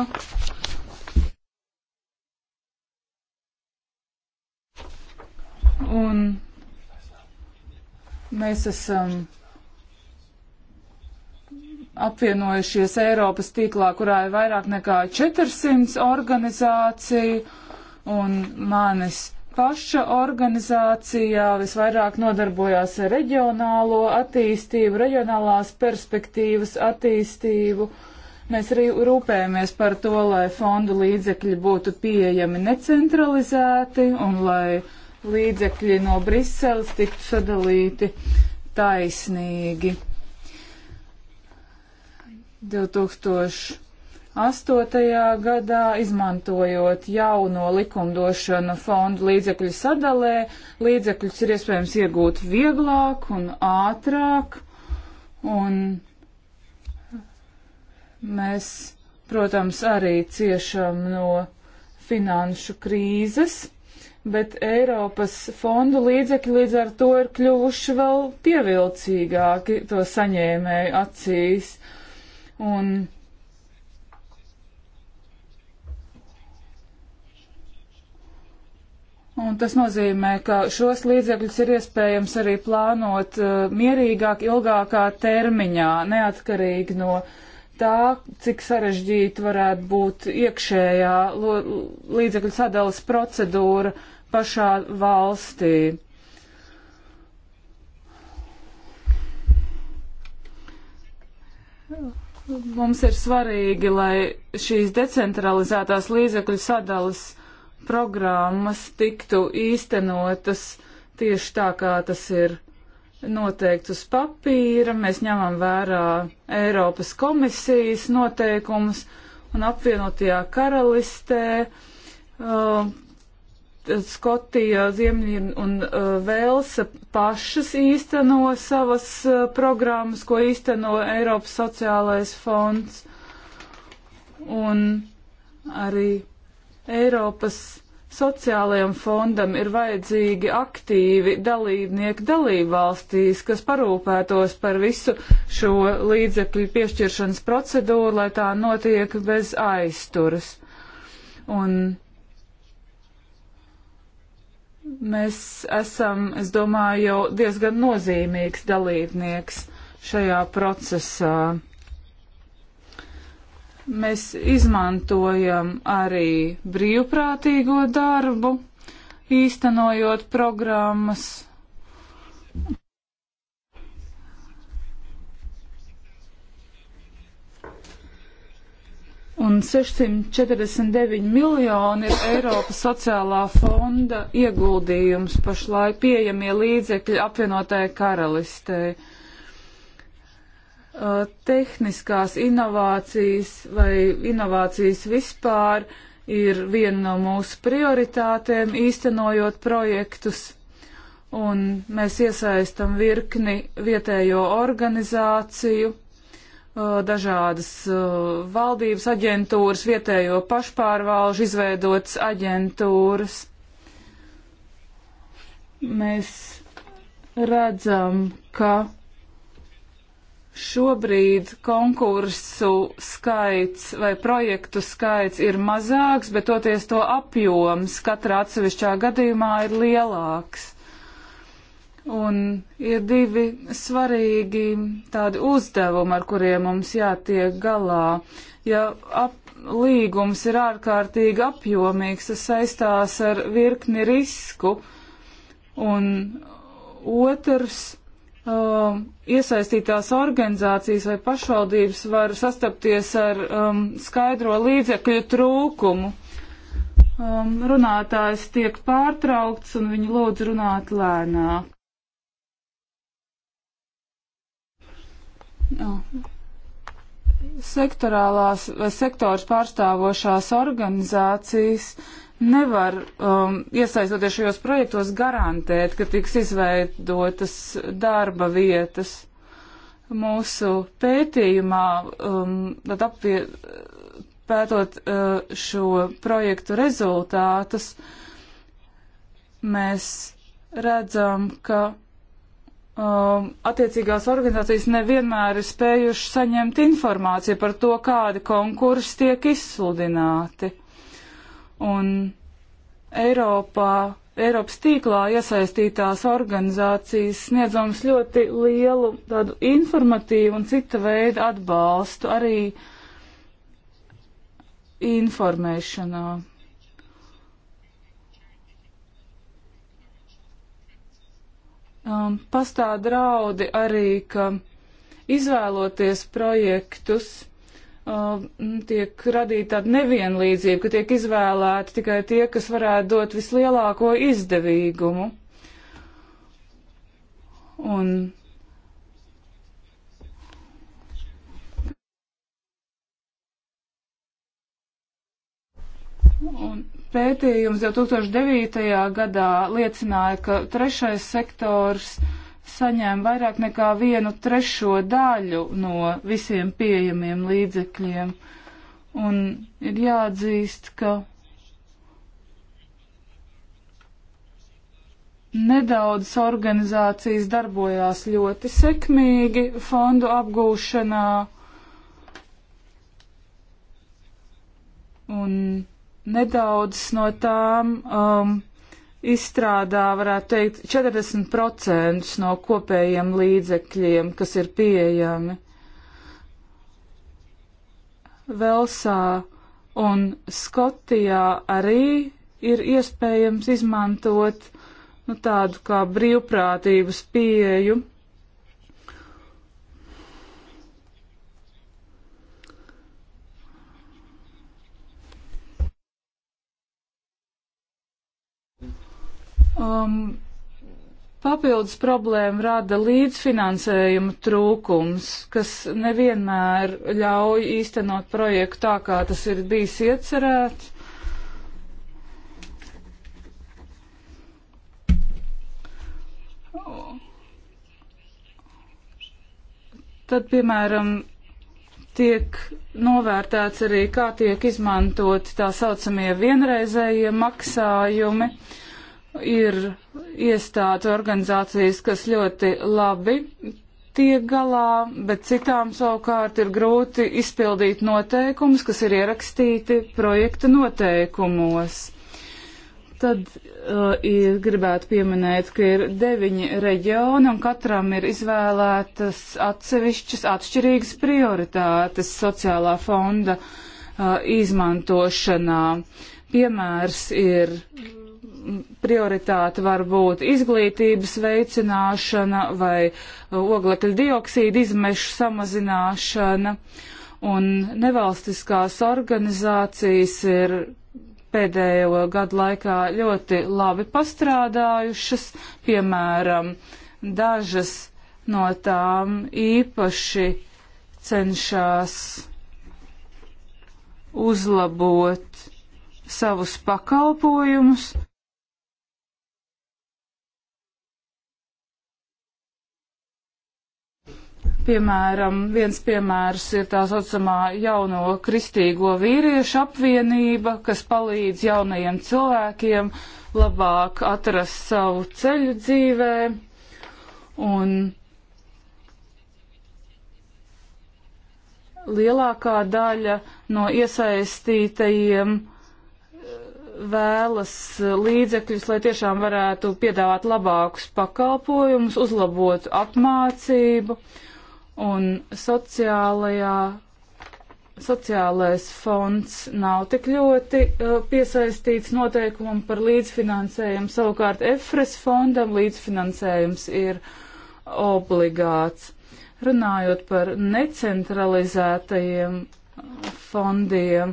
Un mēs esam apvienojušies Eiropas tīklā, kurā ir vairāk nekā 400 organizāciju, un manis paša organizācijā visvairāk nodarbojās ar reģionālo attīstību, reģionālās perspektīvas attīstību. Mēs arī rūpējamies par to, lai fondu līdzekļi būtu pieejami necentralizēti un lai līdzekļi no Briseles tiktu sadalīti taisnīgi. 2000 astotajā gadā, izmantojot jauno likumdošanu fondu līdzekļu sadalē, līdzekļus ir iespējams iegūt vieglāk un ātrāk, un mēs, protams, arī ciešam no finanšu krīzes, bet Eiropas fondu līdzekļi līdz ar to ir kļuvuši vēl pievilcīgāki to saņēmēju acīs. Un Un tas nozīmē, ka šos līdzekļus ir iespējams arī plānot uh, mierīgāk, ilgākā termiņā, neatkarīgi no tā, cik sarežģīta varētu būt iekšējā līdzekļu sadalas procedūra pašā valstī. Mums ir svarīgi, lai šīs decentralizētās līdzekļu sadalas programmas tiktu īstenotas tieši tā, kā tas ir noteikts uz papīra. Mēs ņemam vērā Eiropas komisijas noteikumus un apvienotajā karalistē. Uh, Skotija, Ziemļa un uh, Velsa pašas īsteno savas uh, programmas, ko īsteno Eiropas sociālais fonds. Un arī Eiropas sociālajam fondam ir vajadzīgi aktīvi dalībnieki dalībvalstīs, kas parūpētos par visu šo līdzekļu piešķiršanas procedūru, lai tā notiek bez aizturas. Un mēs esam, es domāju, jau diezgan nozīmīgs dalībnieks šajā procesā. Mēs izmantojam arī brīvprātīgo darbu, īstenojot programmas. Un 649 miljoni ir Eiropas sociālā fonda ieguldījums pašlaik pieejamie līdzekļi apvienotajai karalistei. Uh, tehniskās inovācijas vai inovācijas vispār ir viena no mūsu prioritātēm īstenojot projektus. Un mēs iesaistam virkni vietējo organizāciju, uh, dažādas uh, valdības aģentūras, vietējo pašpārvalžu izveidotas aģentūras. Mēs redzam, ka Šobrīd konkursu skaits vai projektu skaits ir mazāks, bet toties to apjoms katrā atsevišķā gadījumā ir lielāks. Un ir divi svarīgi tādi uzdevumi, ar kuriem mums jātiek galā. Ja ap, līgums ir ārkārtīgi apjomīgs, tas saistās ar virkni risku. Un otrs um, iesaistītās organizācijas vai pašvaldības var sastapties ar um, skaidro līdzekļu trūkumu. Um, runātājs tiek pārtraukts un viņi lūdz runāt lēnāk. Jā. Sektorālās vai sektors pārstāvošās organizācijas uh, nevar, um, iesaistoties šajos projektos, garantēt, ka tiks izveidotas darba vietas. Mūsu pētījumā, um, tad apvie, pētot uh, šo projektu rezultātus, mēs redzam, ka um, attiecīgās organizācijas nevienmēr ir spējuši saņemt informāciju par to, kādi konkursi tiek izsludināti un Eiropā, Eiropas tīklā iesaistītās organizācijas sniedz mums ļoti lielu tādu informatīvu un cita veida atbalstu arī informēšanā. Um, pastāv draudi arī, ka izvēloties projektus, uh, tiek radīta tāda nevienlīdzība, ka tiek izvēlēti tikai tie, kas varētu dot vislielāko izdevīgumu. Un Un pētījums jau 2009. gadā liecināja, ka trešais sektors uh, saņem vairāk nekā vienu trešo daļu no visiem pieejamiem līdzekļiem. Un ir jāatzīst, ka nedaudzas organizācijas darbojās ļoti sekmīgi fondu apgūšanā. Un nedaudzas no tām um, izstrādā, varētu teikt, 40% no kopējiem līdzekļiem, kas ir pieejami. Velsā un Skotijā arī ir iespējams izmantot nu, tādu kā brīvprātības pieju. Um, papildus problēmu rada līdzfinansējuma trūkums, kas nevienmēr ļauj īstenot projektu tā, kā tas ir bijis iecerēts. Tad, piemēram, tiek novērtēts arī, kā tiek izmantoti tā saucamie vienreizējie maksājumi. Uh, ir iestādes organizācijas, kas ļoti labi tiek galā, bet citām savukārt ir grūti izpildīt noteikumus, kas ir ierakstīti projekta noteikumos. Tad uh, ir, gribētu pieminēt, ka ir deviņi reģioni un katram ir izvēlētas atsevišķas atšķirīgas prioritātes sociālā fonda uh, izmantošanā. Piemērs ir prioritāte var būt izglītības veicināšana vai uh, oglekļa dioksīda izmešu samazināšana. Un nevalstiskās organizācijas ir pēdējo gadu laikā ļoti labi pastrādājušas, piemēram, dažas no tām īpaši cenšas uzlabot savus pakalpojumus. Piemēram, viens piemērs ir tā saucamā jauno kristīgo vīriešu apvienība, kas palīdz jaunajiem cilvēkiem labāk atrast savu ceļu dzīvē. Un lielākā daļa no iesaistītajiem eh, vēlas līdzekļus, lai tiešām varētu piedāvāt labākus pakalpojumus, uzlabot apmācību. Uh, un sociālajā, sociālais fonds nav tik ļoti uh, piesaistīts noteikumam par līdzfinansējumu. Savukārt EFRES fondam līdzfinansējums ir obligāts. Runājot par necentralizētajiem uh, fondiem,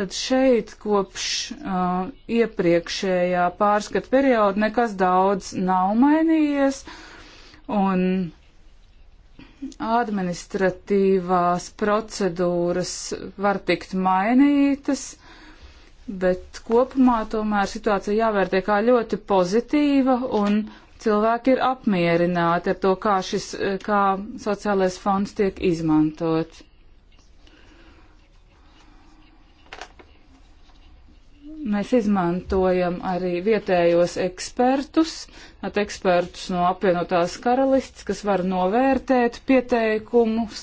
tad šeit kopš uh, iepriekšējā pārskata perioda nekas daudz nav mainījies. Un administratīvās procedūras var tikt mainītas, bet kopumā tomēr situācija jāvērtē kā ļoti pozitīva un cilvēki ir apmierināti ar to, kā šis, kā sociālais fonds tiek izmantots. Mēs izmantojam arī vietējos ekspertus, at ekspertus no apvienotās karalists, kas var novērtēt pieteikumus,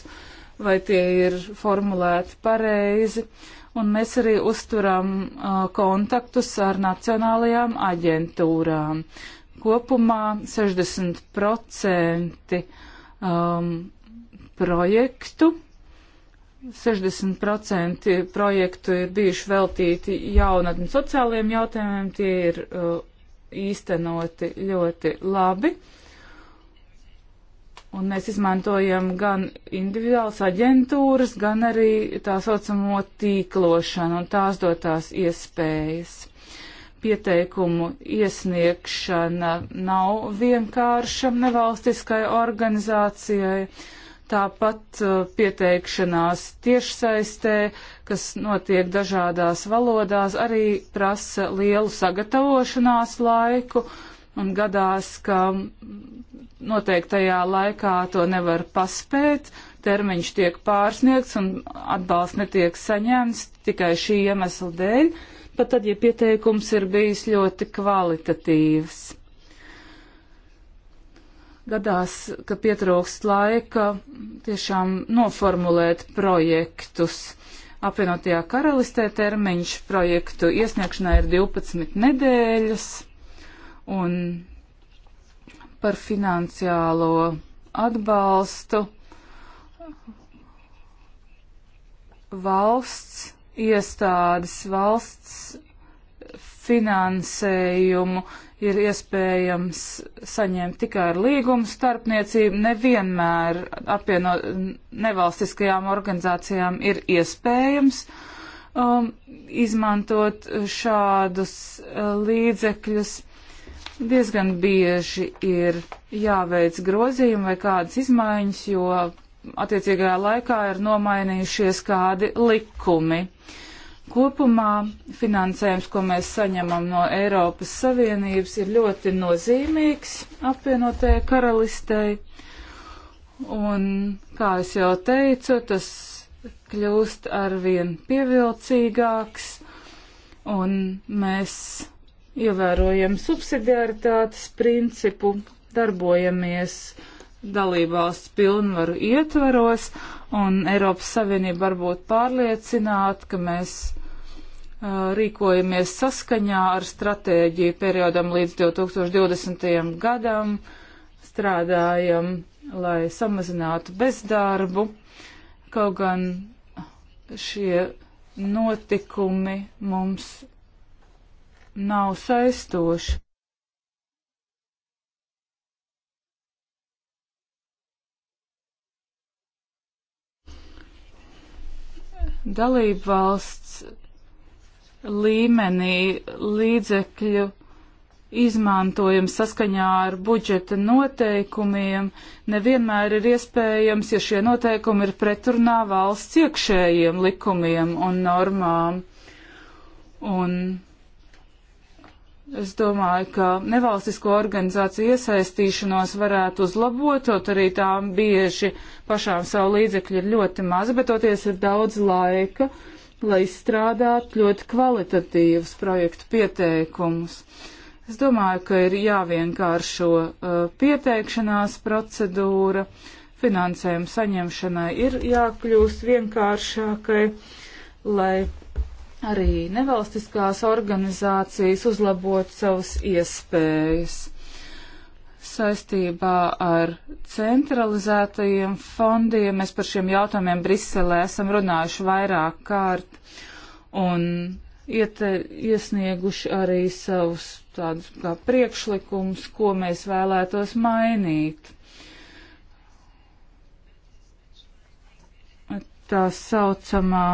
vai tie ir formulēti pareizi. Un mēs arī uzturam uh, kontaktus ar nacionālajām aģentūrām. Kopumā 60% um, projektu 60% projektu ir bijuši veltīti jaunatni sociālajiem jautājumiem, tie ir uh, īstenoti ļoti labi. Un mēs izmantojam gan individuālas aģentūras, gan arī tā saucamo tīklošanu un tās dotās iespējas. Pieteikumu iesniegšana nav vienkārša nevalstiskai organizācijai. Uh, Tāpat uh, pieteikšanās tiešsaistē, kas notiek dažādās valodās, arī prasa lielu sagatavošanās laiku un gadās, ka noteiktajā laikā to nevar paspēt, termiņš tiek pārsniegts un atbalsts netiek saņemts tikai šī iemesla dēļ, pat tad, ja pieteikums ir bijis ļoti kvalitatīvs gadās, ka pietrūkst laika tiešām noformulēt projektus. Apvienotajā karalistē termiņš projektu iesniegšanai ir 12 nedēļas, un par finansiālo atbalstu valsts iestādes, valsts finansējumu ir iespējams saņemt tikai ar līgumu starpniecību. Nevienmēr apvieno nevalstiskajām organizācijām ir iespējams um, izmantot šādus uh, līdzekļus. Diezgan bieži ir jāveic grozījumi vai kādas izmaiņas, jo attiecīgajā laikā ir nomainījušies kādi likumi. Uh, Kopumā finansējums, ko mēs saņemam no Eiropas Savienības, ir ļoti nozīmīgs apvienotajai karalistei. Un, kā es jau teicu, tas kļūst arvien pievilcīgāks, un mēs ievērojam subsidiaritātes principu, darbojamies dalībvalsts pilnvaru ietvaros, un Eiropas Savienība varbūt pārliecināta, ka mēs rīkojamies saskaņā ar stratēģiju periodam līdz 2020. gadam, strādājam, lai samazinātu bezdarbu, kaut gan šie notikumi mums nav saistoši. Dalība valsts līmenī līdzekļu izmantojums saskaņā ar budžeta noteikumiem nevienmēr ir iespējams, ja šie noteikumi ir pretrunā valsts iekšējiem likumiem un normām. Un es domāju, ka nevalstisko organizāciju iesaistīšanos varētu uzlabot, kaut arī tām bieži pašām savu līdzekļu ir ļoti maz, bet toties ir daudz laika. Uh, lai izstrādātu ļoti kvalitatīvus projektu pieteikumus. Es domāju, ka ir jāvienkāršo uh, pieteikšanās procedūra, finansējuma saņemšanai ir jākļūst vienkāršākai, lai arī nevalstiskās organizācijas uzlabot savas iespējas saistībā ar centralizētajiem fondiem. Mēs par šiem jautājumiem Briselē esam runājuši vairāk kārt un iete, iesnieguši arī savus tādus kā priekšlikumus, ko mēs vēlētos mainīt. Tā saucamā,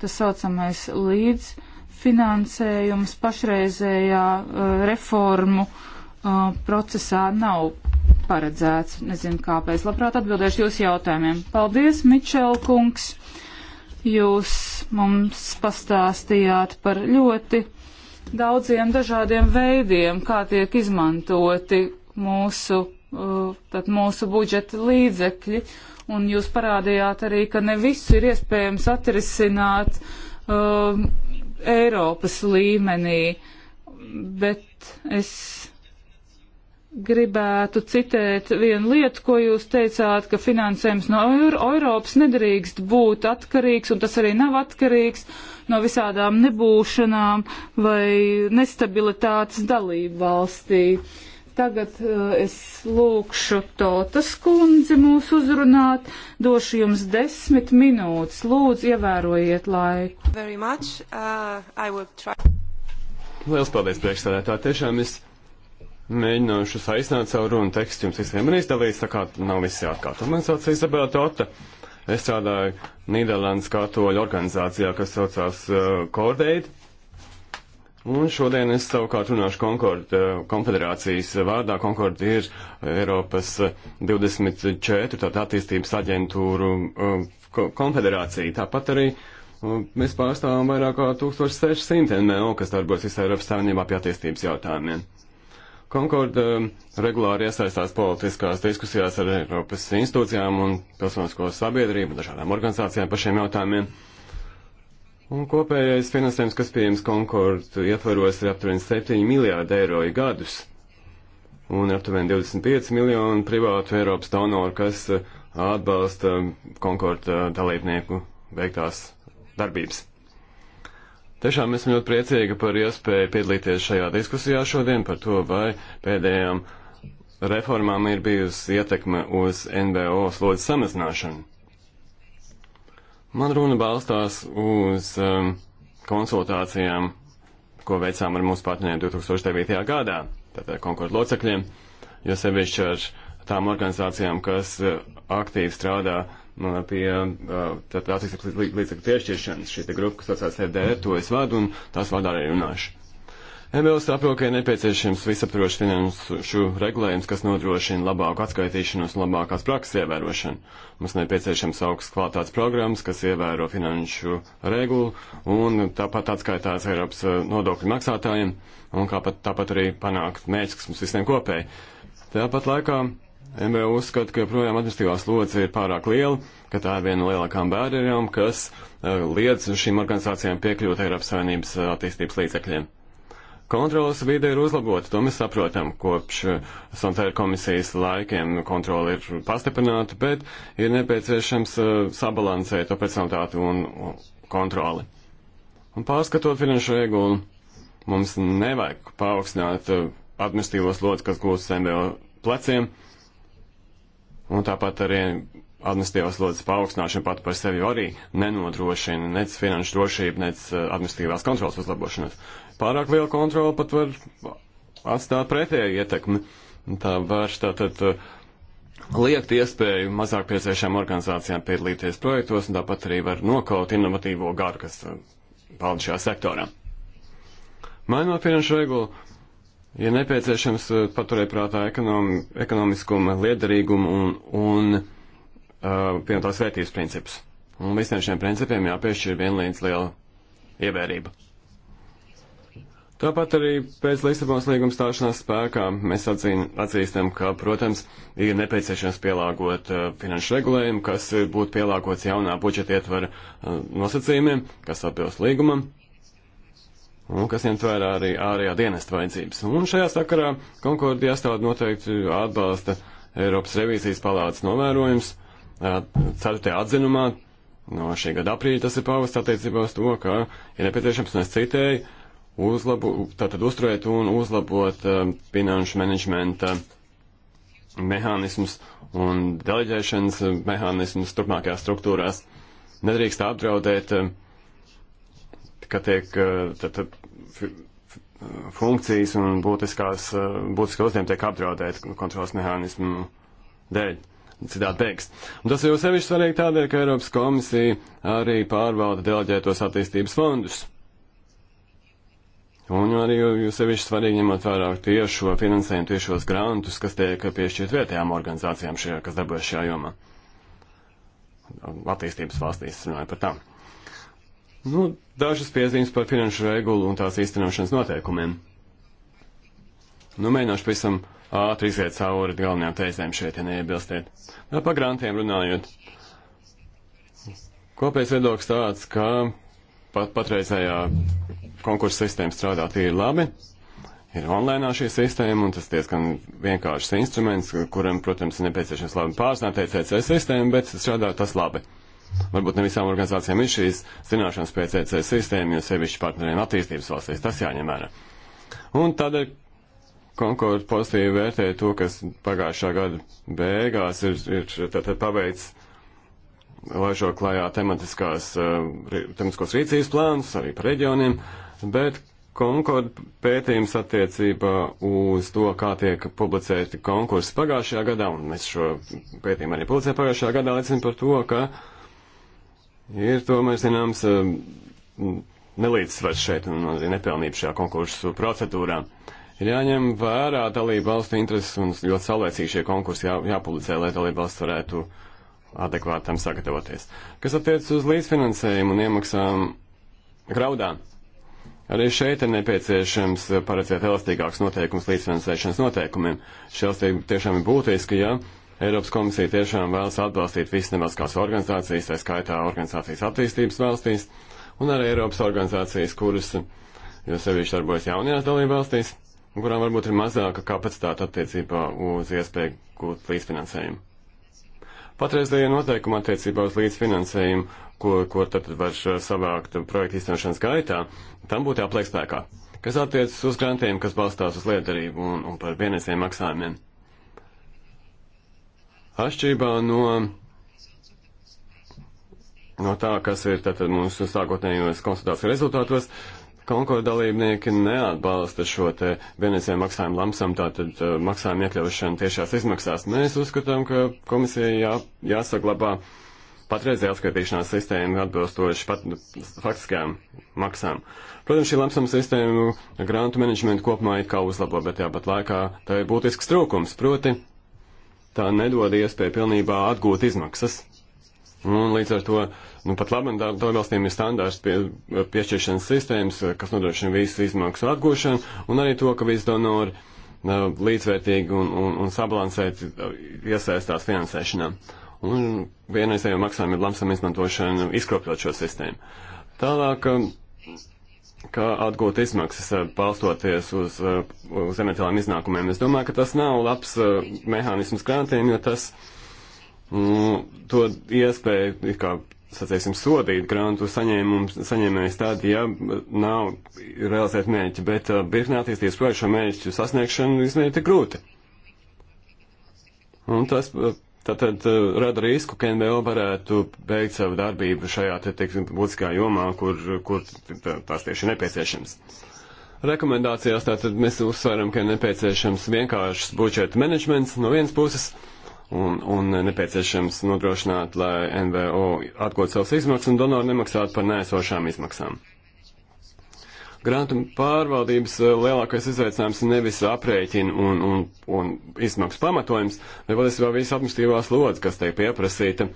tas saucamais līdzfinansējums pašreizējā uh, reformu uh, uh, procesā nav paredzēts. Nezinu, kāpēc. Labprāt atbildēšu jūsu jautājumiem. Paldies, Mičel kungs. Jūs mums pastāstījāt par ļoti daudziem dažādiem veidiem, kā tiek izmantoti mūsu, uh, mūsu budžeta līdzekļi. Un jūs parādījāt arī, ka ne visu ir iespējams atrisināt uh, Eiropas līmenī, bet es gribētu citēt vienu lietu, ko jūs teicāt, ka finansējums no Eiropas nedrīkst būt atkarīgs, un tas arī nav atkarīgs no visādām nebūšanām vai nestabilitātes dalību valstī. Tagad uh, es lūkšu Totas kundzi mūs uzrunāt, došu jums desmit minūtes. Lūdzu, ievērojiet laiku. Very much. Uh, Liels paldies, priekšstādētā. Tiešām es mēģināšu saīsināt savu runu tekstu jums visiem arī izdalīt, tā kā nav visi atkārtot. Man sauc Izabela Tota. Es strādāju Nīderlandes katoļu organizācijā, kas saucās uh, Cordaid. Un šodien es savukārt runāšu Concord, uh, konfederācijas vārdā. Concord ir Eiropas 24 uh, tātad attīstības aģentūru uh, konfederācija. Tāpat arī uh, mēs pārstāvam vairāk kā 1600 NMO, kas darbojas visā Eiropas Savienībā pie attīstības jautājumiem. Konkorda regulāri iesaistās politiskās diskusijās ar Eiropas institūcijām un pilsonisko sabiedrību, dažādām organizācijām par šiem jautājumiem. Un kopējais finansējums, kas pieejams Konkordu ietvaros, ir aptuveni 7 miljārdi eiro gadus un aptuveni 25 miljonu privātu Eiropas donoru, kas atbalsta Konkorda uh, dalībnieku veiktās darbības. Tiešām esmu ļoti priecīga par iespēju piedalīties šajā diskusijā šodien par to, vai pēdējām reformām ir bijusi ietekme uz NBO slodzes samazināšanu. Man runa balstās uz um, konsultācijām, ko veicām ar mūsu partneriem 2009. gadā, tātad konkursu locekļiem, jo sevišķi ar tām organizācijām, kas uh, aktīvi strādā uh, pie uh, attieksmes līdzekļu piešķiršanas. Šī grupa, kas saucās EDR, e, to es vadu un tās vārdā arī runāšu. MBL saprot, ka ir nepieciešams visaptrošs finanšu regulējums, kas nodrošina labāku atskaitīšanos un labākās prakses ievērošanu. Mums nepieciešams augsts kvalitātes programmas, kas ievēro finanšu regulu un tāpat atskaitās Eiropas uh, nodokļu maksātājiem un kāpat, tāpat arī panākt mērķis, kas mums visiem kopēji. Tāpat laikā MVU uzskata, ka projām administratīvā slodze ir pārāk liela, ka tā ir viena no lielākām bērniem, kas uh, liedz šīm organizācijām piekļūt Eiropas Savienības eh, attīstības līdzekļiem. Kontrolas vide ir uzlabota, to mēs saprotam. Kopš uh, eh, Santēra komisijas laikiem kontrola ir pastiprināta, bet ir nepieciešams uh, sabalansēt operacionalitāti un kontroli. Un pārskatot finanšu regulu, mums nevajag paaugstināt administratīvos lodus, kas gūst MVO pleciem. Uh, Un tāpat arī administratīvās slodzes paaugstināšana pati par sevi arī nenodrošina nec finanšu drošību, nec eh, administratīvās kontrolas uzlabošanos. Pārāk liela kontrola pat var atstāt pretēju ietekmi. Tā var tātad eh, liekt iespēju mazāk pieciešām organizācijām piedalīties projektos, un tāpat arī var nokaut inovatīvo garu, kas eh, valda šajā sektorā. Mainot finanšu regulu, Ja nepieciešams eh, paturēt prātā ekonom, ekonomiskuma, liederīguma un, un uh, pievienotās vērtības principus. Un visiem šiem principiem jāpiešķir vienlīdz liela ievērība. Tāpat arī pēc Lisabonas līguma stāšanās spēkā mēs atzī, atzīstam, ka, protams, ir nepieciešams pielāgot uh, finanšu regulējumu, kas būtu pielāgots jaunā budžeta ietvara uh, nosacījumiem, kas atbilst līgumam un kas ņemt vērā arī ārējā dienesta vajadzības. Un šajā sakarā Konkordija iestāde noteikti atbalsta Eiropas revīzijas palātas novērojums. Ceturtajā atzinumā no šī gada aprīļa tas ir pausts attiecībā uz to, ka ir nepieciešams, un es citēju, uzlabu, tātad uzturēt un uzlabot uh, finanšu menedžmenta mehānismus un deleģēšanas mehānismus turpmākajās struktūrās. Nedrīkst apdraudēt, uh, ka tiek uh, tad, tad funkcijas un būtiskās, eh, būtiskie uzņēmumi tiek apdraudēti kontrolas mehānismu dēļ. Citādi beigas. Un tas jau sevišķi svarīgi tādēļ, ka Eiropas komisija arī pārvalda deleģētos attīstības fondus. Un arī jūs sevišķi svarīgi ņemot vērā tiešo finansējumu, tiešos grantus, kas tiek piešķirt vietējām organizācijām, šajā, kas darbojas šajā jomā. Attīstības valstīs runāja par tām. Nu, dažas piezīmes par finanšu regulu un tās īstenošanas noteikumiem. Nu, mēģināšu pavisam ātri iziet cauri galvenajām teizēm šeit, ja neiebilstiet. Nu, par grantiem runājot. Kopējais viedoklis tāds, ka pat patreizējā konkursa sistēma strādā tīri labi. Ir online šī sistēma, un tas diezgan vienkāršs instruments, kuram, protams, ir nepieciešams labi pārsnāteicēt sistēmu, bet strādā tas labi. Uh, Varbūt ne visām organizācijām ir šīs zināšanas PCC e sistēma, jo sevišķi partneriem attīstības valstīs tas jāņem vērā. Un tādēļ Konkord pozitīvi vērtē to, kas pagājušā gada beigās ir, ir tātad paveicis laižot klajā tematiskās, eh, tematiskos rīcības plānus arī par reģioniem, bet Konkord pētījums attiecībā uz to, kā tiek publicēti konkursi pagājušajā gadā, un mēs šo pētījumu arī publicējām pagājušajā gadā, liecina par to, ka uh, Ir tomēr, zināms, nelīdzsvars šeit un nepilnība šajā konkursu procedūrā. Ir jāņem vērā dalība valstu intereses un ļoti saulēcīgi šie konkursi jā, jāpublicē, lai dalība valsts varētu adekvātam sagatavoties. Kas attiec uz līdzfinansējumu un iemaksām graudā, arī šeit ir nepieciešams paredzēt elastīgāks noteikums līdzfinansēšanas noteikumiem. Šī elastība tiešām ir būtiska, ja Eiropas komisija tiešām vēlas atbalstīt visas nevalstiskās organizācijas, tā skaitā organizācijas attīstības valstīs, un arī Eiropas organizācijas, kuras jo sevišķi darbojas jaunajās dalību valstīs, kurām varbūt ir mazāka kapacitāte attiecībā uz iespēju gūt līdzfinansējumu. Patreizējie noteikumi attiecībā uz līdzfinansējumu, ko, ko tad var savākt projekta īstenošanas gaitā, tam būtu jāpliek spēkā. Kas attiecas uz grantiem, kas balstās uz liederību un, un par vienreizējiem maksājumiem. Atšķirībā no, no tā, kas ir tātad mūsu sākotnējos konsultāciju rezultātos, konkursu dalībnieki neatbalsta šo te vienreizēju maksājumu lamsam, tātad uh, maksājumu iekļaušanu tiešās izmaksās. Mēs uzskatām, ka komisija jā, jāsaglabā patreizējā atskaitīšanās sistēma atbilstoši pat faktiskajām maksām. Protams, šī lamsam sistēma grantu menedžmentu kopumā it kā uzlabo, bet jāpat laikā tā ir būtisks trūkums, proti tā nedod iespēju pilnībā atgūt izmaksas. Un līdz ar to, nu pat labi, dalībvalstīm ir standārts pie, piešķiršanas sistēmas, kas nodrošina visu izmaksu atgūšanu, un arī to, ka visi donori līdzvērtīgi un, un, un sabalansēti iesaistās finansēšanā. Un vienreizējo maksājumu ir lamsam izmantošana izkropļot šo sistēmu. Tālāk kā atgūt izmaksas, eh, balstoties uz, eh, uz eventuāliem iznākumiem. Es domāju, ka tas nav labs uh, mehānisms grāmatiem, jo tas mm, to iespēju, kā sacīsim, sodīt grantu saņēmējs tad, ja nav realizēt mērķi, bet uh, virknē attīstīties projektu šo mērķu sasniegšanu izmērīt ir grūti. Un tas uh, Tātad rada risku, ka NVO varētu beigt savu darbību šajā, te, teiksim, būtiskā jomā, kur, kur tās tieši nepieciešams. Rekomendācijās tātad mēs uzsveram, ka nepieciešams vienkāršs budžeta menedžments no vienas puses un, un nepieciešams nodrošināt, lai NVO atgūtu savus izmaksas un donori nemaksātu par nēsošām izmaksām. Grantu pārvaldības eh, lielākais izaicinājums ir nevis aprēķina un, un, un izmaksu pamatojums, bet patiesībā visas administratīvās lodas, kas tiek pieprasīta,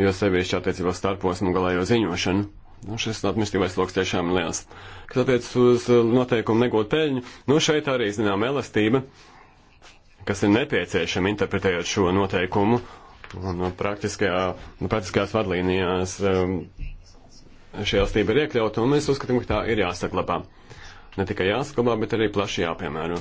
jo sevišķi attiecībā starposmu galējo ziņošanu. Nu, šis administratīvais lokus tiešām ir liels. Kas attiecas uz eh, noteikumu negūt peļņu, nu šeit arī, zinām, elastība, kas ir nepieciešama interpretējot šo noteikumu un praktiskajā, nu, praktiskajās vadlīnijās. Um, šī elastība ir iekļauta, un mēs uzskatām, ka tā ir jāsaglabā. Ne tikai jāsaglabā, bet arī plaši jāpiemēro.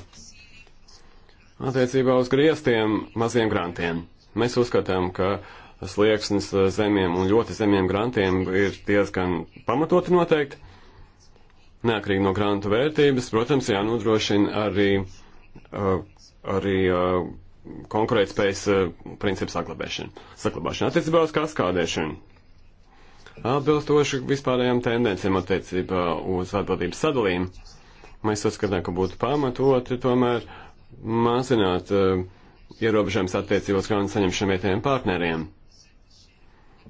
Attiecībā uz griestiem maziem grantiem. Mēs uzskatām, ka slieksnis zemiem un ļoti zemiem grantiem ir diezgan pamatoti noteikti. Neatkarīgi no grantu vērtības, protams, jānodrošina arī, uh, arī uh, konkurētspējas uh, principu saglabāšana. Saglabāšana attiecībā uz kaskādēšanu atbilstoši vispārējām tendencēm attiecībā uz atbildības sadalījumu. Mēs uzskatām, ka būtu pamatoti tomēr mazināt uh, eh, ierobežojums attiecībos gan saņemšanu vietējiem partneriem.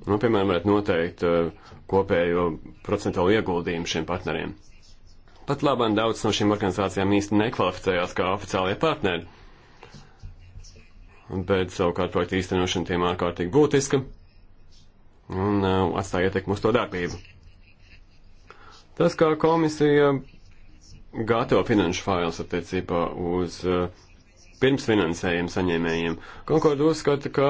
Nu, piemēram, varētu noteikt uh, kopējo procentuālu ieguldījumu šiem partneriem. Pat labāk daudz no šīm organizācijām īsti nekvalificējās kā oficiālie partneri, bet savukārt projekta īstenošana tiem ārkārtīgi būtiska un uh, atstāja ietekmu uz to darbību. Tas, kā komisija gatavo finanšu failus attiecībā uz uh, pirmsfinansējumu saņēmējiem, Konkorda uzskata, ka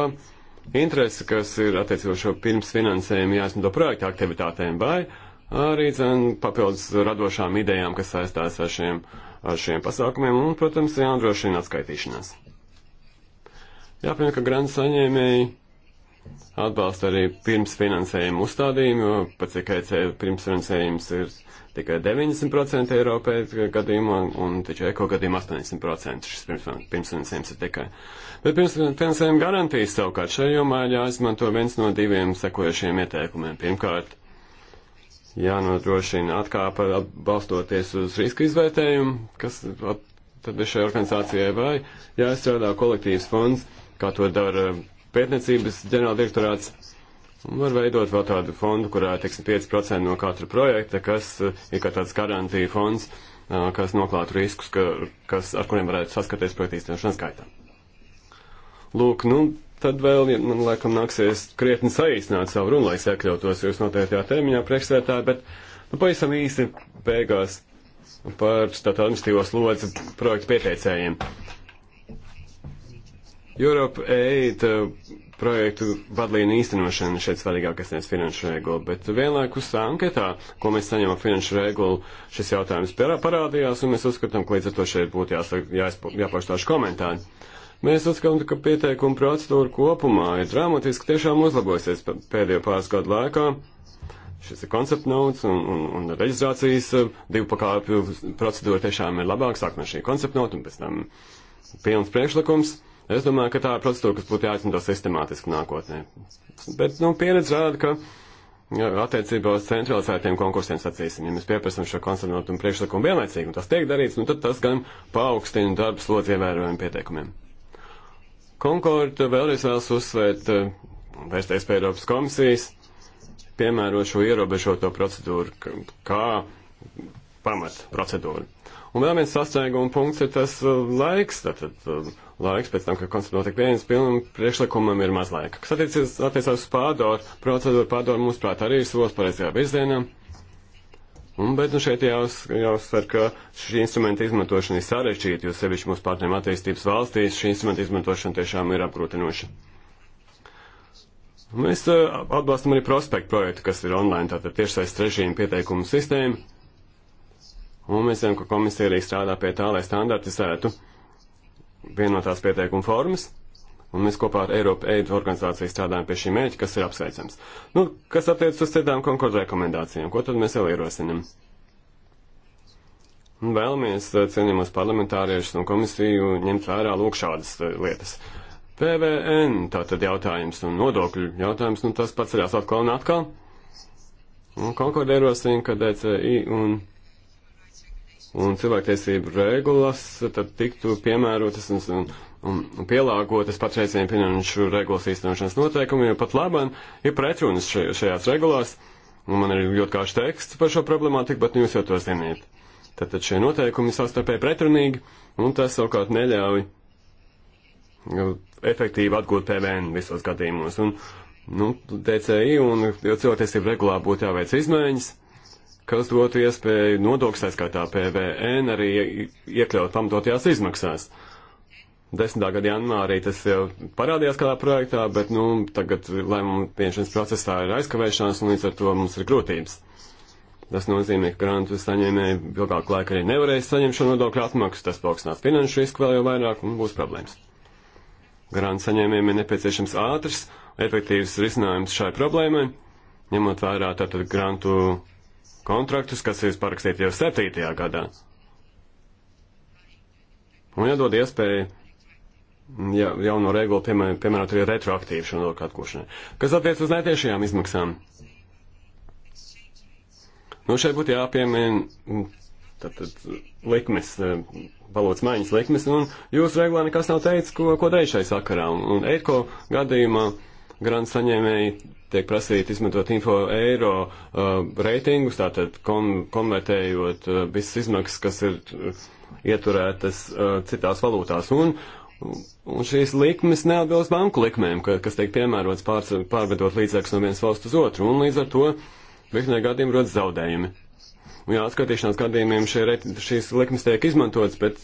interese, kas ir attiecībā šo pirmsfinansējumu jāizmanto projekta aktivitātēm vai arī zin, papildus radošām idejām, kas saistās ar šiem, ar šiem pasākumiem un, protams, jānodrošina atskaitīšanās. Jāpieņem, ka grants saņēmēji atbalsta arī pirmsfinansējumu uzstādījumu, pat cik ECB pirmsfinansējums ir tikai 90% Eiropai gadījumā, un taču eko gadījumā 80% šis pirmsfinansējums ir tikai. Bet pirmsfinansējuma garantijas savukārt šajā jomā jāizmanto viens no diviem sekojušiem ieteikumiem. Pirmkārt, jānodrošina atkāpa balstoties uz riska izvērtējumu, kas tad ir šai organizācijai vai jāizstrādā kolektīvs fonds, kā to dara pētniecības ģenerāldirektorāts var veidot vēl tādu fondu, kurā, teiksim, 5% no katra projekta, kas uh, ir kā tāds garantija fonds, uh, kas noklātu riskus, ka, kas, ar kuriem varētu saskaties projekta īstenošanas gaitā. Lūk, nu, tad vēl, ja man laikam nāksies krietni saīsināt savu runu, lai es iekļautos jūs noteiktajā termiņā priekšsētā, bet, nu, pavisam īsi beigās par tādu administrīvo slodzi projektu pieteicējiem. Europe 8 uh, projektu vadlīnu īstenošana šeit svarīgākais nevis finanšu regula, bet vienlaikus anketā, ko mēs saņemam finanšu regulu, šis jautājums parādījās, un mēs uzskatām, ka līdz ar to šeit būtu jāpaštāšu komentāri. Mēs uzskatām, ka pieteikuma procedūra kopumā ir dramatiski tiešām uzlabosies pēdējo pāris gadu laikā. Šis ir koncepts nodes un, un, un reģistrācijas uh, divu pakāpju procedūra tiešām ir labāk, sāk no šī koncepta nodes un pēc tam pilns priekšlikums. Uh, Es domāju, ka tā ir procedūra, kas būtu jāizmanto sistemātiski nākotnē. Bet, nu, pieredze rāda, ka attiecībā uz centralizētiem konkursiem sacīsim, ja mēs pieprasam šo konservatīvu priekšlikumu vienlaicīgi, un tas tiek darīts, nu, tad tas gan paaugstina darba slodzi ievērojami pieteikumiem. Konkorda vēlreiz vēlas uzsvērt, eh, vērsties pie Eiropas komisijas, piemēro šo ierobežoto procedūru kā pamat procedūru. Un vēl viens sastrēguma punkts ir tas eh, laiks, tātad eh, laiks pēc tam, kad koncepts notiek pieejams, pilnam priekšlikumam ir maz laika. Kas attiecas, attiecas uz pārdoru, procedūru pārdoru, mūsuprāt, arī ir solis pareizajā virzienā. Un, bet nu, šeit jāuz, jāuzsver, ka šī instrumenta izmantošana ir sarežģīta, jo sevišķi mūsu partneriem attīstības valstīs šī instrumenta izmantošana tiešām ir apgrūtinoša. Mēs uh, atbalstam arī prospektu projektu, kas ir online, tātad tiešsaist režīmu pieteikumu sistēmu. Un mēs zinām, ka komisija arī strādā pie tā, lai standartizētu uh, vienotās pieteikuma formas, un mēs kopā ar Eiropa Eidu organizāciju strādājam pie šī mērķa, kas ir apsveicams. Nu, kas attiec uz citām konkordu rekomendācijām, ko tad mēs vēl ierosinam? Un vēlamies, eh, cienījamos parlamentāriešus un komisiju, ņemt vērā lūk šādas eh, lietas. PVN, tātad jautājums un nodokļu jautājums, nu tas pats ir jāsāk atkal un atkal. Un konkordu ierosina, ka DCI un un cilvēktiesību regulas eh, tad tiktu piemērotas un, un, un, un pielāgotas patreizējiem finanšu regulas īstenošanas noteikumiem, jo pat labam ir pretrunas šajās, šajās regulās, un man ir ļoti kārši teksts par šo problemātiku, bet nu jūs jau to ziniet. Tātad šie noteikumi savstarpēji pretrunīgi, un tas savukārt neļauj nu, efektīvi atgūt PVN visos gadījumos. Un, nu, DCI un cilvēktiesību regulā būtu jāveic izmaiņas kas dotu iespēju nodokļu saskaitā PVN arī iekļaut pamatotajās izmaksās. Desmitā gada janvārī tas jau parādījās kādā projektā, bet, nu, tagad lēmumu pieņemšanas procesā ir aizkavēšanās un līdz ar to mums ir grūtības. Tas nozīmē, ka grantu saņēmēji ilgāku laiku arī nevarēs saņemt šo nodokļu atmaksu, tas paaugstinās finanšu risku vēl jau vairāk un būs problēmas. Grantu saņēmējiem ir nepieciešams ātrs, efektīvs risinājums šai problēmai, ņemot vērā tātad grantu kontraktus, kas ir parakstīti jau 7. gadā. Un jādod iespēju ja, jauno regulu, piemēram, piemērot arī retroaktīvu šo nodokļu atkošanai. Kas attiec uz netiešajām izmaksām? Nu, šeit būtu jāpiemina tātad mm, likmes, e, valodas maiņas likmes, un jūsu regulā nekas nav teicis, ko, ko darīt šai sakarā. Un, un Eirko gadījumā grāns saņēmēji tiek prasīti izmantot info eiro uh, reitingus, tātad kon, konvertējot uh, visas izmaksas, kas ir uh, ieturētas uh, citās valūtās. Un, un šīs likmes neatbilst banku likmēm, ka, kas tiek piemērots pār, pārvedot līdzekļus no vienas valsts uz otru, un līdz ar to virknē gadiem rodas zaudējumi. Jā, atskaitīšanās gadījumiem šie, šīs likmes tiek izmantotas, bet,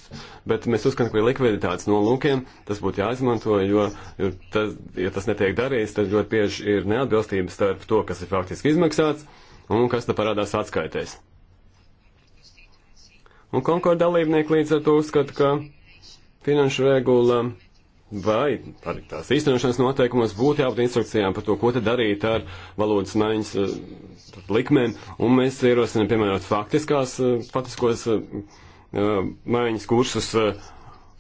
bet mēs uzskatām, ka likviditātes nolūkiem tas būtu jāizmanto, jo, jo tas, ja tas netiek darīts, tad ļoti bieži ir neatbilstības starp to, kas ir faktiski izmaksāts un kas te parādās atskaitēs. Un konkorda dalībnieki līdz ar to uzskata, ka finanšu regula. Um, Vai arī tās īstenošanas noteikumos būtu jābūt instrukcijām par to, ko tad darīt ar valodas maiņas eh, likmēm, un mēs ierosinām, piemērot, faktiskās, eh, faktiskos eh, maiņas kursus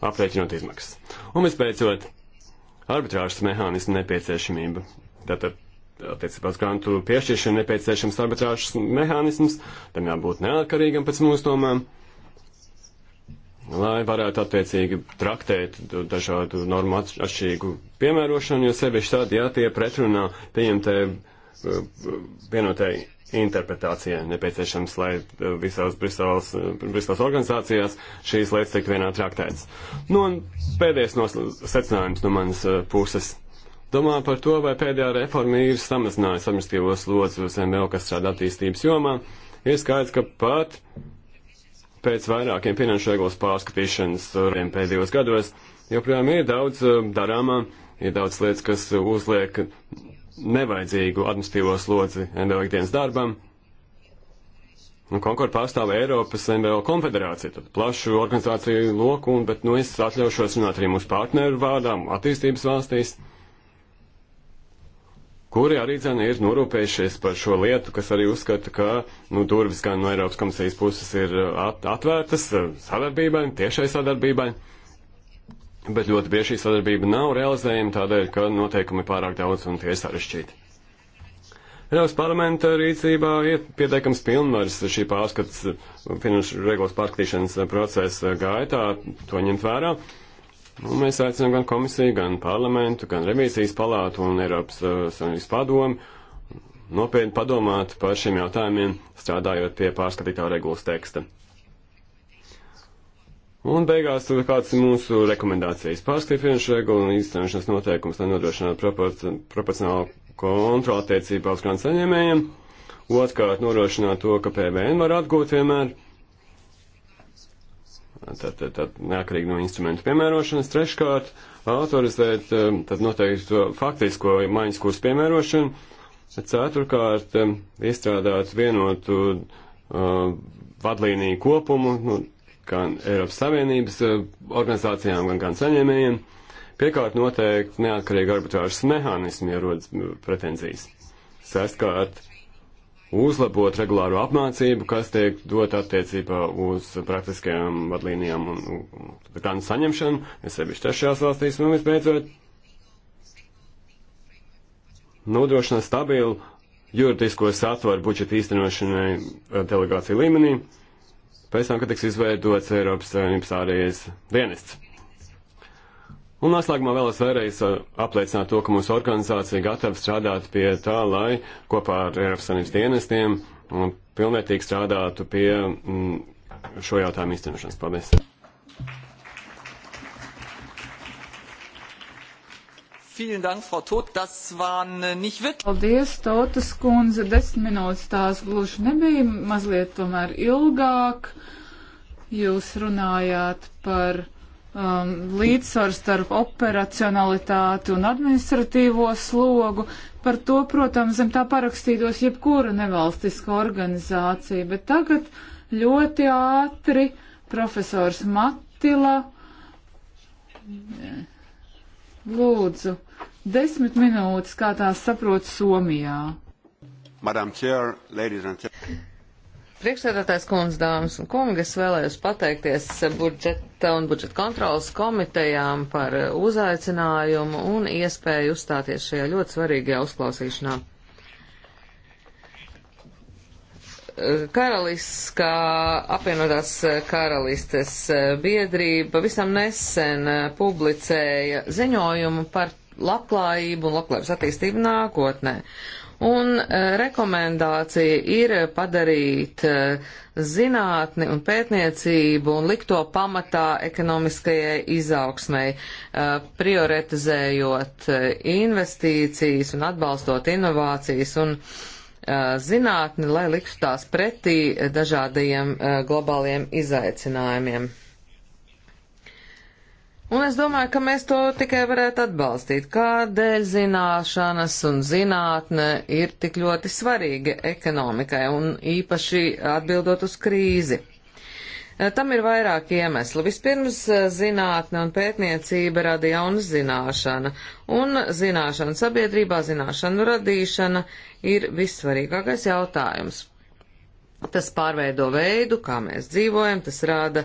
aprēķinot izmaksas. Un vispēcot, arbitrāžas mehānismu nepieciešamība. Tātad, attiecībā uz grantu piešķiršanu nepieciešams arbitrāžas mehānisms, tam jābūt neatkarīgam pēc mūsu domām. Uh, lai varētu attiecīgi traktēt dažādu normu atšķirīgu piemērošanu, jo sevišķi tad, ja tie pretrunā tiem te eh, vienotai interpretācijai nepieciešams, lai eh, visās Briseles, eh, Briseles organizācijās šīs lietas tiktu vienā traktētas. Nu, un pēdējais secinājums no manas puses. Domā par to, vai pēdējā reforma ir samazinājusi administratīvos lodzi uz ML, kas strādā attīstības jomā. Ir skaidrs, ka pat uh, pēc vairākiem finanšu regulas pārskatīšanas pēdējos gados, joprojām ir daudz um, darāmā, ir daudz lietas, kas uzliek nevajadzīgu administīvo slodzi NVO ikdienas darbam. Nu, Konkurā pārstāv Eiropas NVO konfederācija, tad plašu organizāciju loku, un, bet nu, es atļaušos runāt arī mūsu partneru vārdām attīstības valstīs kuri arī dzene ir norūpējušies par šo lietu, kas arī uzskata, ka nu, durvis gan no Eiropas komisijas puses ir uh, at atvērtas uh, sadarbībai, tiešai sadarbībai, bet ļoti bieži šī sadarbība nav realizējama tādēļ, ka noteikumi pārāk daudz un tie sarežģīti. Eiropas parlamenta rīcībā ir pietiekams pilnvars šī pārskats uh, finanšu regulas pārskatīšanas procesa gaitā, to ņemt vērā. Uh, Un nu, mēs aicinām gan komisiju, gan parlamentu, gan revīzijas palātu un Eiropas uh, Savienības padomu nopietni padomāt par šiem jautājumiem, strādājot pie pārskatītā regulas teksta. Un beigās kāds ir mūsu rekomendācijas pārskatīt finanšu regulu un īstenošanas noteikums, lai nodrošinātu proporcionālu kontrolu attiecībā uz grāmatsaņēmējiem. Otrkārt, nodrošināt to, ka PVN var atgūt vienmēr tad, tad neatkarīgi no instrumentu piemērošanas, treškārt autorizēt um, tad noteikti faktisko maiņas kursu piemērošanu, ceturkārt um, izstrādāt vienotu uh, vadlīniju kopumu nu, gan Eiropas Savienības uh, organizācijām, gan, gan saņēmējiem, piekārt noteikti neatkarīgi arbitrāžas mehānismi, ja rodas pretenzijas. Sestkārt, uzlabot regulāro apmācību, kas tiek dot attiecībā uz praktiskajām vadlīnijām un, un, un grāmatu saņemšanu, es sevišķi trešajās valstīs, un visbeidzot, nodrošināt stabilu juridisko satvaru budžeta īstenošanai eh, delegāciju līmenī, pēc tam, kad tiks izveidots Eiropas Savienības ārējais dienests. Un noslēgumā vēlos vēlreiz uh, apliecināt to, ka mūsu organizācija gatava strādāt pie tā, lai kopā ar Eiropas Savienības dienestiem uh, pilnvērtīgi strādātu pie mm, šo jautājumu īstenošanas. Paldies! Äh, Paldies, Tautas kundze, desmit minūtes tās gluži nebija, mazliet tomēr ilgāk. Jūs runājāt par um, līdzsvaru starp operacionalitāti un administratīvo slogu. Par to, protams, zem tā parakstītos jebkura nevalstiska organizācija, bet tagad ļoti ātri profesors Matila. Lūdzu, desmit minūtes, kā tās saprot Somijā. Madam Chair, ladies and gentlemen. Priekšsēdētājs kundze, dāmas un kungi, es vēlējos pateikties budžeta un budžeta kontrolas komitejām par eh, uzaicinājumu un iespēju uzstāties šajā ļoti svarīgajā uzklausīšanā. Eh, Karaliskā apvienotās eh, karalistes biedrība pavisam nesen publicēja ziņojumu par labklājību un labklājības attīstību nākotnē. Un eh, rekomendācija ir padarīt eh, zinātni un pētniecību un likt to pamatā ekonomiskajai izaugsmai, eh, prioritizējot investīcijas un atbalstot inovācijas un zinātni, lai liktu tās pretī dažādajiem globāliem izaicinājumiem. Un es domāju, ka mēs to tikai varētu atbalstīt. Kādēļ zināšanas un zinātne ir tik ļoti svarīga ekonomikai un īpaši atbildot uz krīzi? E, tam ir vairāk iemeslu. Vispirms e, zinātne un pētniecība rada jaunas zināšana, un zināšana sabiedrībā, zināšanu radīšana ir vissvarīgākais jautājums. Tas pārveido veidu, kā mēs dzīvojam, tas rada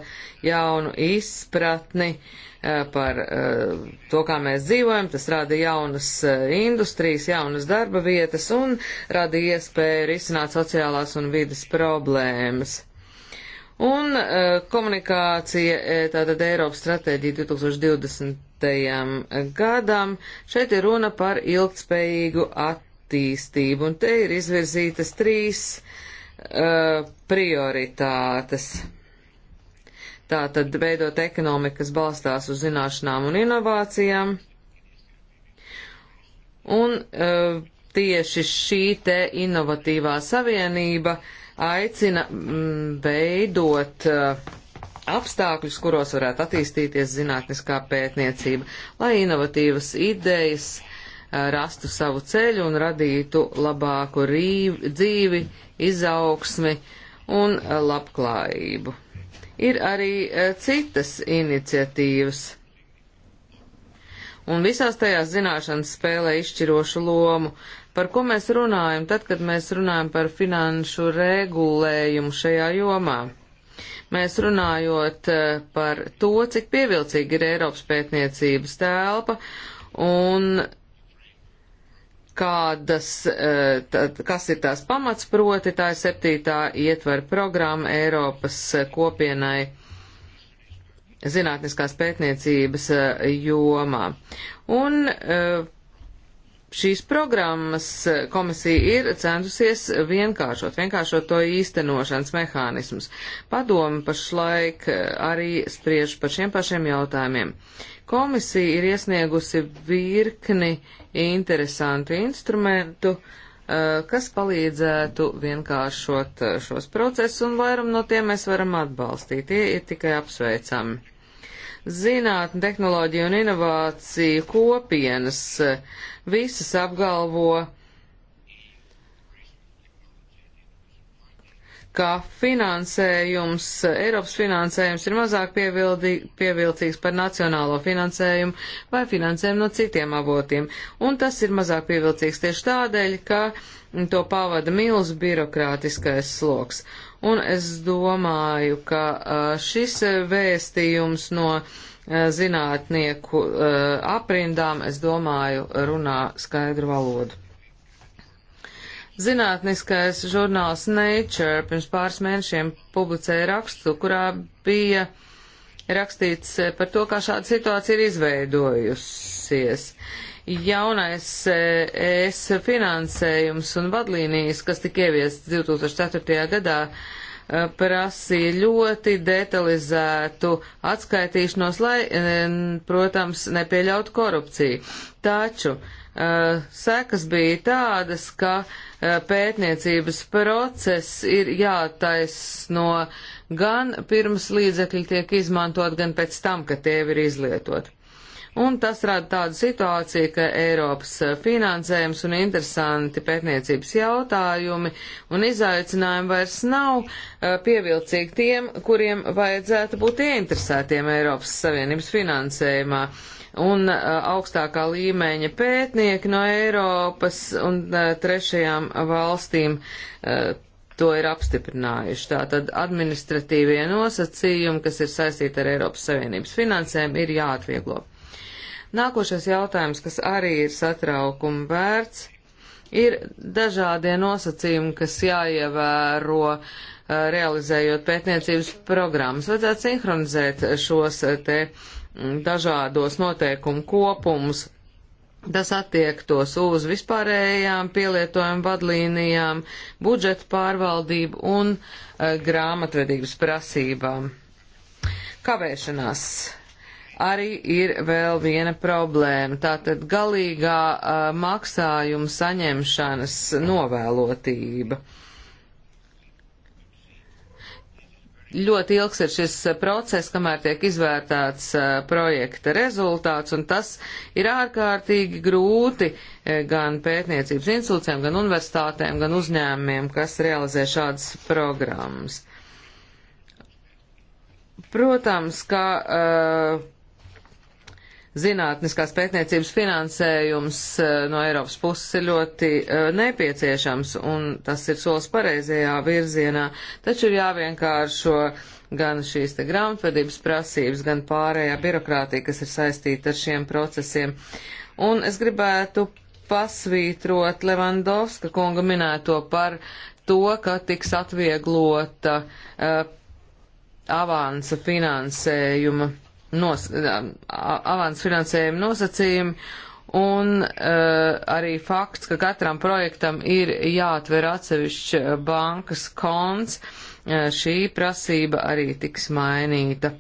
jaunu izpratni eh, par eh, to, kā mēs dzīvojam, tas rada jaunas eh, industrijas, jaunas darba vietas un rada iespēju risināt sociālās un vidas problēmas. Un komunikācija, tātad Eiropas stratēģija 2020. gadam, šeit ir runa par ilgtspējīgu attīstību, un te ir izvirzītas trīs uh, Uh, prioritātes. Tātad veidot ekonomiku, kas balstās uz zināšanām un inovācijām. Un uh, tieši šī te inovatīvā savienība aicina mm, veidot uh, apstākļus, kuros varētu attīstīties zinātniskā pētniecība, lai inovatīvas idejas uh, rastu savu ceļu un radītu labāku rīv, dzīvi, izaugsmi un eh, labklājību. Ir arī eh, citas iniciatīvas, un visās tajās zināšanas spēlē izšķirošu lomu, par ko mēs runājam tad, kad mēs runājam par finanšu regulējumu šajā jomā. Mēs runājot eh, par to, cik pievilcīgi ir Eiropas pētniecības telpa un kādas, eh, kas ir tās pamats, proti tā ir septītā ietver programma Eiropas eh, kopienai zinātniskās pētniecības eh, jomā. Un Šīs programmas komisija ir centusies vienkāršot, vienkāršot to īstenošanas mehānismus. Padomi pašlaik eh, arī spriež par šiem pašiem jautājumiem. Komisija ir iesniegusi virkni interesantu instrumentu, eh, kas palīdzētu vienkāršot eh, šos procesus, un vairam no tiem mēs varam atbalstīt. Tie ir tikai apsveicami. Zinātne, tehnoloģija un inovācija kopienas visas apgalvo, ka finansējums, Eiropas finansējums ir mazāk pievildi, pievilcīgs par nacionālo finansējumu vai finansējumu no citiem avotiem. Un tas ir mazāk pievilcīgs tieši tādēļ, ka to pavada milz birokrātiskais sloks un es domāju, ka uh, šis vēstījums no uh, zinātnieku uh, aprindām, es domāju, runā skaidru valodu. Zinātniskais žurnāls Nature pirms pāris mēnešiem publicēja rakstu, kurā bija rakstīts par to, kā šāda situācija ir izveidojusies. Uh, Jaunais eh, ES finansējums un vadlīnijas, kas tika ieviests 2004. gadā, eh, prasīja ļoti detalizētu atskaitīšanos, lai, eh, protams, nepieļautu korupciju. Taču sekas bija tādas, ka pētniecības process ir jātaisno gan pirms līdzekļi tiek izmantot, gan pēc tam, kad tie ir izlietot. Un tas rada tādu situāciju, ka Eiropas e, finansējums un interesanti pētniecības jautājumi un izaicinājumi vairs nav e, pievilcīgi tiem, kuriem vajadzētu būt ieinteresētiem Eiropas Savienības finansējumā. Un e, augstākā līmeņa pētnieki no Eiropas un trešajām valstīm to ir apstiprinājuši. Tātad administratīvie nosacījumi, kas ir saistīti ar Eiropas Savienības finansēm, ir jāatvieglo. Nākošais jautājums, kas arī ir satraukuma vērts, ir dažādie nosacījumi, kas jāievēro eh, realizējot pētniecības programmas. Vajadzētu sinhronizēt šos eh, te mm, dažādos noteikumu kopumus. Tas attiektos uz vispārējām pielietojumu vadlīnijām, budžeta pārvaldību un uh, grāmatvedības prasībām. Kavēšanās arī ir vēl viena problēma. Tātad galīgā uh, maksājuma saņemšanas novēlotība. Ļoti ilgs ir šis process, kamēr tiek izvērtāts uh, projekta rezultāts, un tas ir ārkārtīgi grūti gan pētniecības institūcijām, gan universitātēm, gan uzņēmumiem, kas realizē šādas programmas. Protams, ka uh, zinātniskās pētniecības finansējums eh, no Eiropas puses ir ļoti eh, nepieciešams, un tas ir solis pareizajā virzienā, taču ir jāvienkāršo gan šīs te grāmatvedības prasības, gan pārējā birokrātija, kas ir saistīta ar šiem procesiem. Un es gribētu pasvītrot Levandovska kunga minēto par to, ka tiks atvieglota uh, avansa finansējuma nos, um, avans finansējuma nosacījumi un uh, arī fakts, ka katram projektam ir jāatver atsevišķi bankas konts, uh, šī prasība arī tiks mainīta.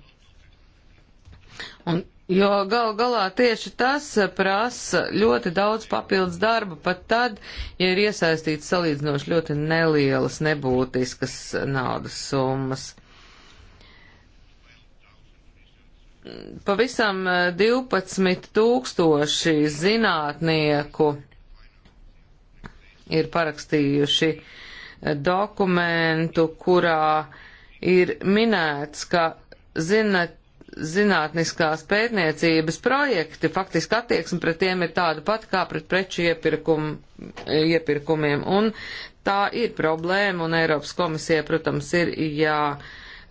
Un, jo gal galā tieši tas prasa ļoti daudz papildus darba, pat tad, ja ir iesaistīts salīdzinoši ļoti nelielas, nebūtiskas naudas summas. pavisam 12 eh, tūkstoši zinātnieku ir parakstījuši eh, dokumentu, kurā ir minēts, ka zinat, zinātniskās pētniecības projekti, faktiski attieksme pret tiem ir tāda pat kā pret preču iepirkum, iepirkumiem. Un tā ir problēma, un Eiropas komisija, protams, ir jā. Ja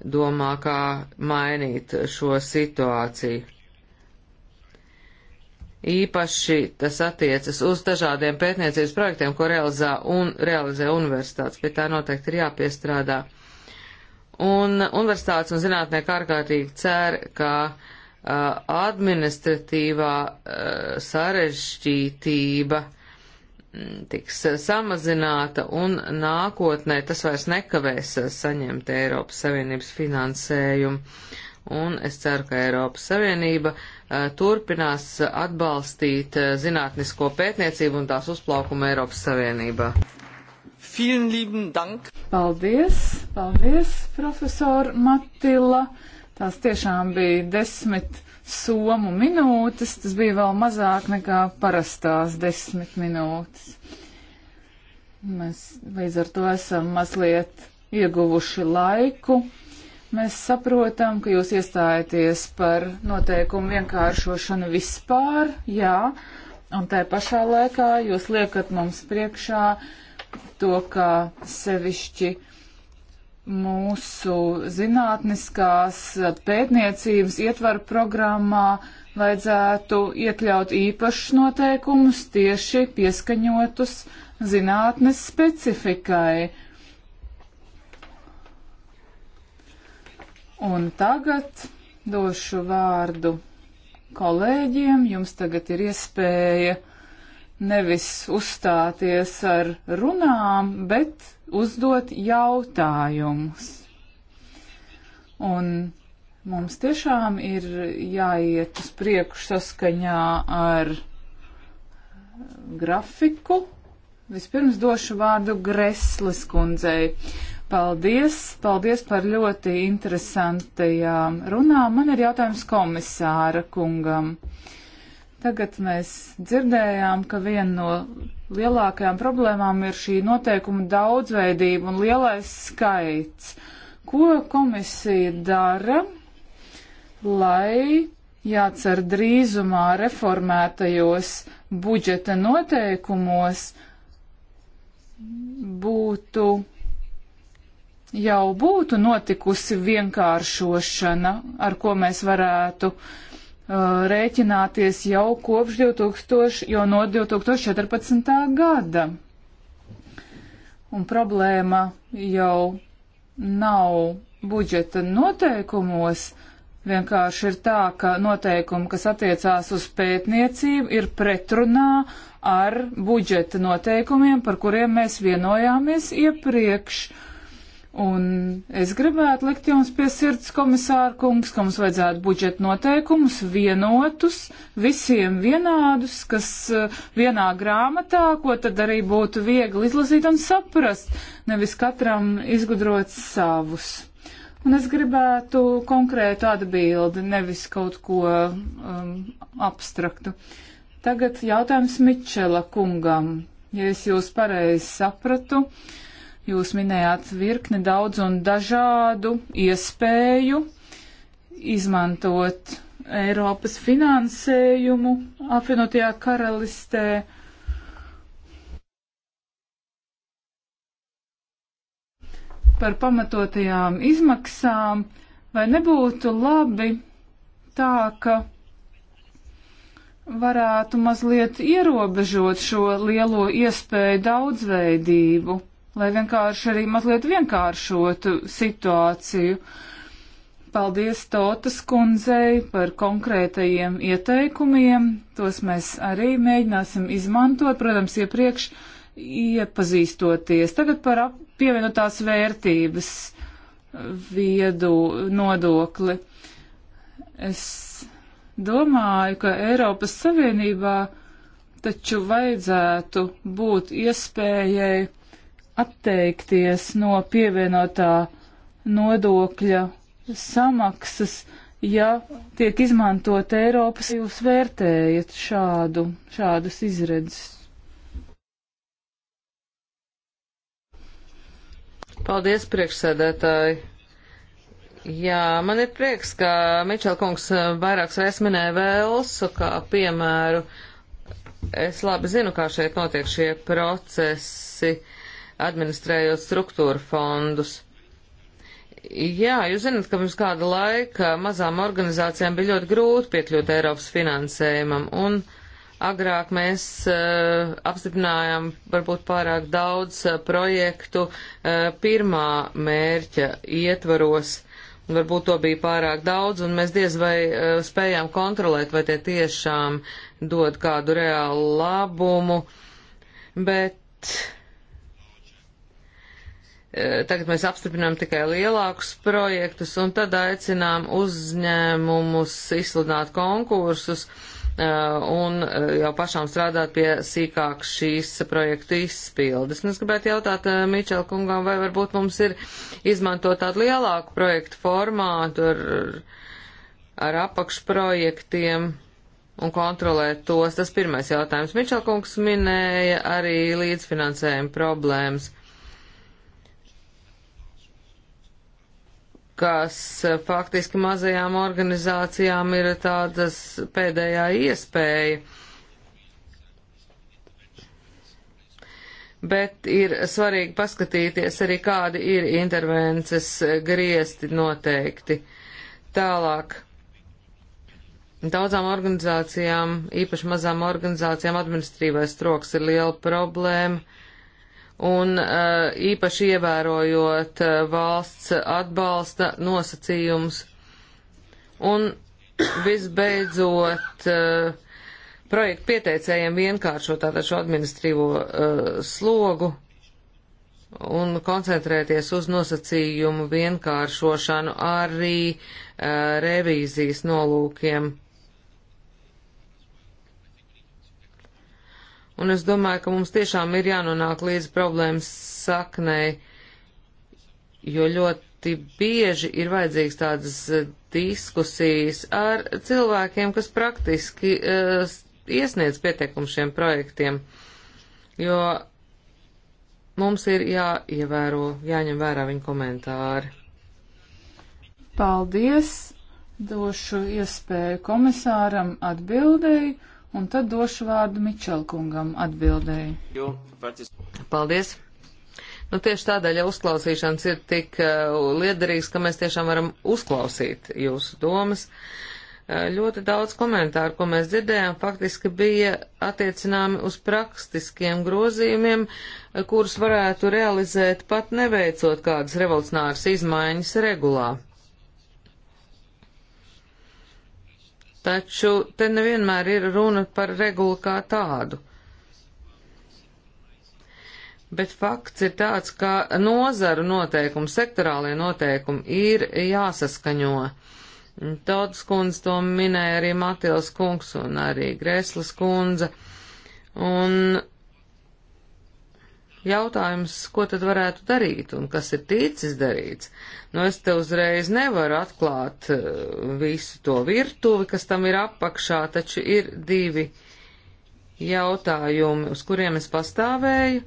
domā, kā mainīt šo situāciju. Īpaši tas attiecas uz dažādiem pētniecības projektiem, ko realizē, un, realizē universitātes, pie tā noteikti ir jāpiestrādā. Un universitātes un zinātnieki ārkārtīgi cer, ka uh, administratīvā uh, sarežģītība uh, Mm, tiks samazināta un nākotnē tas vairs nekavēs saņemt Eiropas Savienības finansējumu. Un es ceru, ka Eiropas Savienība uh, turpinās atbalstīt uh, zinātnisko pētniecību un tās uzplaukumu Eiropas Savienībā. Paldies, paldies, profesor Matila. Tās tiešām bija desmit somu minūtes, tas bija vēl mazāk nekā parastās desmit minūtes. Mēs līdz ar to esam mazliet ieguvuši laiku. Mēs saprotam, ka jūs iestājaties par noteikumu vienkāršošanu vispār, jā, un tā pašā laikā jūs liekat mums priekšā to, kā sevišķi mūsu zinātniskās pētniecības ietvaru programmā vajadzētu iekļaut īpašus noteikumus tieši pieskaņotus zinātnes specifikai. Un tagad došu vārdu kolēģiem. Jums tagad ir iespēja nevis uzstāties ar runām, bet uzdot jautājumus. Un mums tiešām ir jāiet uz priekšu saskaņā ar grafiku. Vispirms došu vārdu Greslis kundzei. Paldies, paldies par ļoti interesantajām runām. Man ir jautājums komisāra kungam. Tagad mēs dzirdējām, ka viena no lielākajām problēmām ir šī noteikuma daudzveidība un lielais skaits. Ko komisija dara, lai jācer drīzumā reformētajos budžeta noteikumos būtu jau būtu notikusi vienkāršošana, ar ko mēs varētu uh, Uh, rēķināties jau kopš 2000, jau no 2014. gada. Un problēma jau nav budžeta noteikumos, vienkārši ir tā, ka noteikumi, kas attiecās uz pētniecību, ir pretrunā ar budžeta noteikumiem, par kuriem mēs vienojāmies iepriekš. Uh, Un es gribētu likt jums pie sirds, komisāra kungs, ka mums vajadzētu budžeta noteikumus vienotus, visiem vienādus, kas eh, vienā grāmatā, ko tad arī būtu viegli izlasīt un saprast, nevis katram izgudrot savus. Un es gribētu konkrētu atbildi, nevis kaut ko um, abstraktu. Tagad jautājums Mičela kungam, ja es jūs pareizi sapratu. Uh, Jūs minējāt virkni daudz un dažādu iespēju izmantot Eiropas finansējumu apvienotajā karalistē. Par pamatotajām izmaksām vai nebūtu labi tā, ka varētu mazliet ierobežot šo lielo iespēju daudzveidību? lai vienkārši arī mazliet vienkāršotu situāciju. Paldies Totas kundzei par konkrētajiem ieteikumiem. Tos mēs arī mēģināsim izmantot, protams, iepriekš iepazīstoties. Tagad par pievienotās vērtības viedu nodokli. Es domāju, ka Eiropas Savienībā taču vajadzētu būt iespējai atteikties no pievienotā nodokļa samaksas, ja tiek izmantot Eiropas, jūs vērtējat šādu, šādas izredzes? Paldies, priekšsēdētāji! Jā, man ir prieks, ka Mičela kungs vairākas reizes minēja Velsu kā piemēru. Es labi zinu, kā šeit notiek šie procesi administrējot struktūra fondus. Jā, jūs zināt, ka pirms kāda laika mazām organizācijām bija ļoti grūti piekļūt Eiropas finansējumam, un agrāk mēs uh, apstiprinājām varbūt pārāk daudz uh, projektu uh, pirmā mērķa ietvaros, un varbūt to bija pārāk daudz, un mēs diez vai uh, spējām kontrolēt, vai tie tiešām dod kādu reālu labumu, bet E, tagad mēs apstiprinām tikai lielākus projektus un tad aicinām uzņēmumus izsludināt konkursus e, un e, jau pašām strādāt pie sīkāk šīs projektu izpildes. Un es gribētu jautāt Mičela kungam, vai varbūt mums ir izmantot tādu lielāku projektu formātu ar, ar apakšprojektiem un kontrolēt tos. Tas pirmais jautājums. Mičela kungs minēja arī līdzfinansējuma problēmas. kas e, faktiski mazajām organizācijām ir tādas pēdējā iespēja. Bet ir svarīgi paskatīties arī, kādi ir intervences griesti noteikti. Tālāk. Daudzām organizācijām, īpaši mazām organizācijām, administrīvais troks ir liela problēma un eh, īpaši ievērojot eh, valsts atbalsta nosacījums. Un visbeidzot, eh, projektu pieteicējiem vienkāršo tātad šo administrīvo uh, slogu un koncentrēties uz nosacījumu vienkāršošanu arī uh, revīzijas nolūkiem. Un es domāju, ka mums tiešām ir jānonāk līdz problēmas saknei, jo ļoti bieži ir vajadzīgs tādas e, diskusijas ar cilvēkiem, kas praktiski uh, iesniedz pieteikumu šiem projektiem, jo mums ir jāievēro, jāņem vērā viņu komentāri. Paldies! Došu iespēju komisāram atbildēju un tad došu vārdu Mičelkungam atbildēju. Paldies! Nu, tieši tādēļ, ja uzklausīšanas ir tik uh, liederīgs, ka mēs tiešām varam uzklausīt jūsu domas. Uh, ļoti daudz komentāru, ko mēs dzirdējām, faktiski bija attiecināmi uz praktiskiem grozījumiem, kurus varētu realizēt pat neveicot kādas revolucionāras izmaiņas regulā. Taču te nevienmēr ir runa par regulu kā tādu. Bet fakts ir tāds, ka nozaru noteikumi, sektorālie noteikumi ir jāsaskaņo. Tautas kundze to minēja arī Matils kungs un arī Greslas kundze. Un jautājums, ko tad varētu darīt un kas ir ticis darīts. Nu, es te uzreiz nevaru atklāt eh, visu to virtuvi, kas tam ir apakšā, taču ir divi jautājumi, uz kuriem es pastāvēju,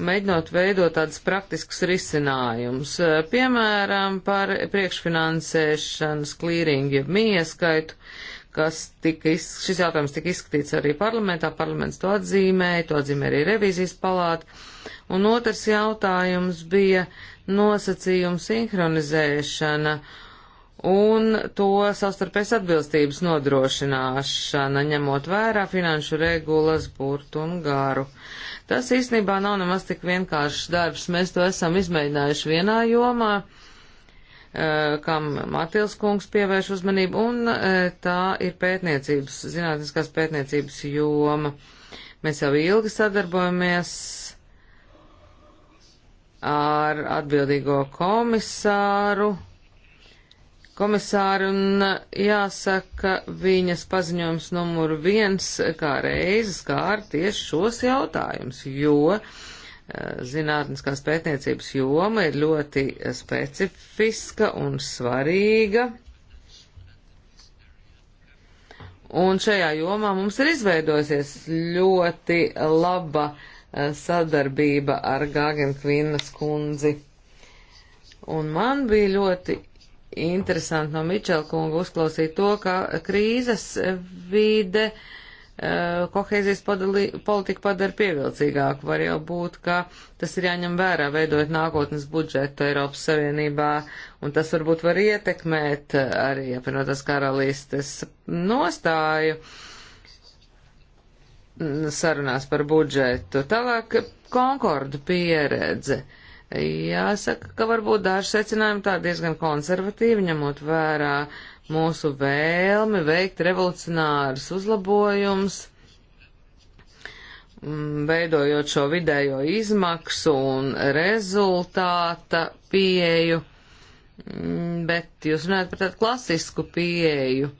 mēģinot veidot tādus praktiskus risinājumus. Eh, piemēram, par priekšfinansēšanas klīringu, jeb mieskaitu. Ja kas tika, šis jautājums tika izskatīts arī parlamentā, parlaments to atzīmēja, to atzīmēja arī revīzijas palāta. Un otrs jautājums bija nosacījuma sinhronizēšana un to savstarpēs atbilstības nodrošināšana, ņemot vērā finanšu regulas burtu un garu. Tas īstenībā nav nemaz tik vienkāršs darbs, mēs to esam izmēģinājuši vienā jomā Eh, kam Matils kungs pievērš uzmanību, un eh, tā ir pētniecības, zinātniskās pētniecības joma. Mēs jau ilgi sadarbojamies ar atbildīgo komisāru. Komisāri, un eh, jāsaka, viņas paziņojums numur viens kā reizes kār tieši šos jautājumus, jo uh, Eh, zinātniskās pētniecības joma ir ļoti specifiska un svarīga. Un šajā jomā mums ir izveidojusies ļoti laba eh, sadarbība ar Gāgen Kvinnas kundzi. Un man bija ļoti interesanti no Mičela kunga uzklausīt to, ka krīzes vide uh, Eh, kohēzijas politika padara pievilcīgāku. Var jau būt, ka tas ir jāņem vērā, veidojot nākotnes budžetu Eiropas Savienībā, un tas varbūt var ietekmēt arī apvienotās karalistes nostāju sarunās par budžetu. Tālāk Konkordu pieredze. Jāsaka, ka varbūt daži secinājumi tā diezgan konservatīvi, ņemot vērā uh, mūsu vēlmi veikt revolucionārus uzlabojumus, mm, veidojot šo vidējo izmaksu un rezultāta pieeju, mm, bet jūs runājat par tādu klasisku pieeju.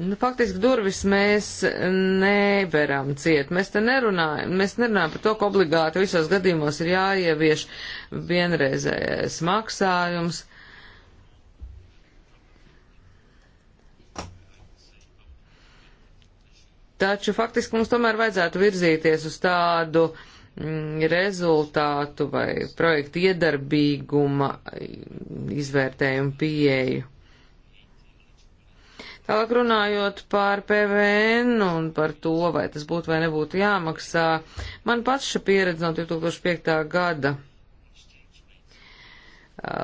Nu, faktiski durvis mēs neberam ciet. Mēs te nerunājam, mēs nerunājam par to, ka obligāti visos gadījumos ir jāievieš vienreizējais maksājums, Taču faktiski mums tomēr vajadzētu virzīties uz tādu mm, rezultātu vai projektu iedarbīguma mm, izvērtējumu pieeju. Tālāk runājot par PVN un par to, vai tas būtu vai nebūtu jāmaksā, man pats šī pieredze no 2005. gada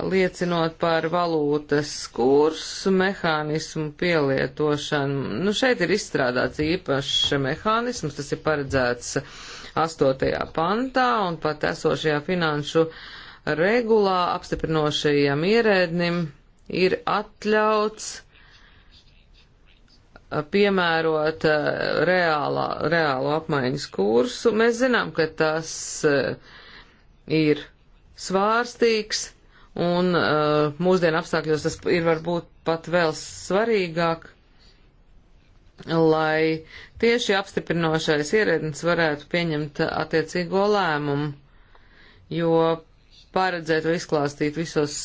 liecinot par valūtas kursu mehānismu pielietošanu. Nu, šeit ir izstrādāts īpašs mehānisms, tas ir paredzēts 8. pantā un pat esošajā finanšu regulā apstiprinošajam ierēdnim ir atļauts piemērot reālā, reālo apmaiņas kursu. Mēs zinām, ka tas ir svārstīgs, un uh, mūsdienu apstākļos tas ir varbūt pat vēl svarīgāk, lai tieši apstiprinošais ierēdnis varētu pieņemt attiecīgo lēmumu, jo paredzēt vai izklāstīt visos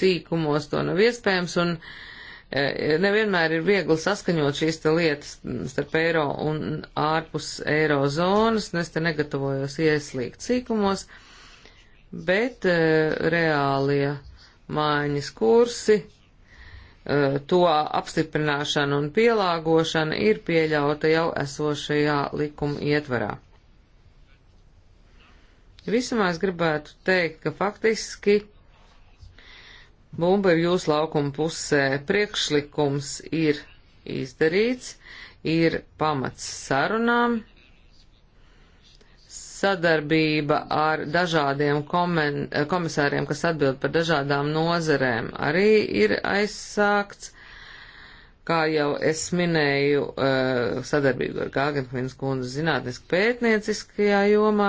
sīkumos to nav iespējams, un uh, nevienmēr ir viegli saskaņot šīs te lietas starp eiro un ārpus eiro zonas, un es te negatavojos ieslīgt sīkumos. Uh, bet eh, reālie mājas kursi, eh, to apstiprināšana un pielāgošana ir pieļauta jau esošajā likuma ietverā. Visumā es gribētu teikt, ka faktiski bumba ir jūsu laukuma pusē, priekšlikums ir izdarīts, ir pamats sarunām sadarbība ar dažādiem komen, komisāriem, kas atbild par dažādām nozerēm, arī ir aizsākts. Kā jau es minēju, eh, sadarbību ar Gāgenhvins kundzi zinātniski pētnieciskajā jomā.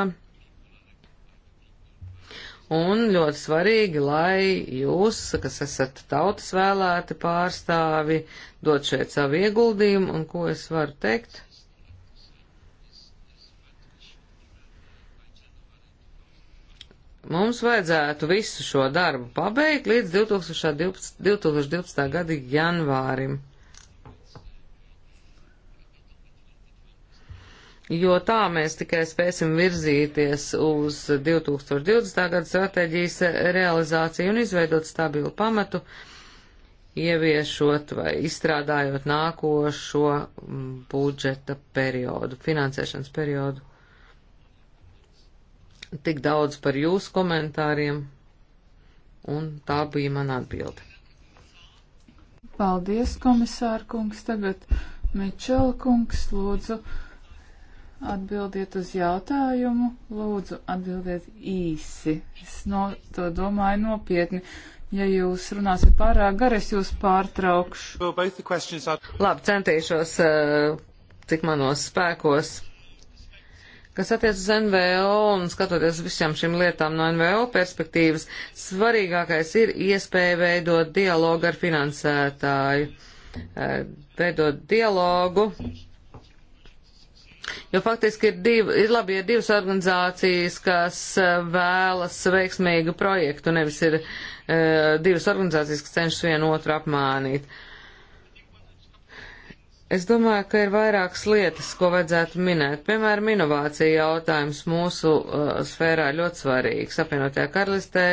Un ļoti svarīgi, lai jūs, kas esat tautas vēlēti pārstāvi, dot šeit savu ieguldījumu, un ko es varu teikt? Mums vajadzētu visu šo darbu pabeigt līdz 2012, 2012. gada janvārim. Jo tā mēs tikai spēsim virzīties uz 2020. gada stratēģijas realizāciju un izveidot stabilu pamatu, ieviešot vai izstrādājot nākošo mm, budžeta periodu, finansēšanas periodu. Tik daudz par jūsu komentāriem, un tā bija mana atbilde. Paldies, komisārkungs. Tagad Mičela kungs, lūdzu, atbildiet uz jautājumu. Lūdzu, atbildiet īsi. Es no, to domāju nopietni. Ja jūs runāsiet pārāk gari, es jūs pārtraukšu. Labi, centīšos, eh, cik manos spēkos. Kas attiec uz NVO un skatoties uz visām šīm lietām no NVO perspektīvas, svarīgākais ir iespēja veidot dialogu ar finansētāju. Veidot dialogu. Jo faktiski ir, div, ir labi, ja divas organizācijas, kas vēlas veiksmīgu projektu, nevis ir uh, divas organizācijas, kas cenšas vienu otru apmānīt. Uh, Es domāju, ka ir vairākas lietas, ko vajadzētu minēt. Piemēram, inovācija jautājums mūsu uh, sfērā ļoti svarīgs. Apvienotajā karalistē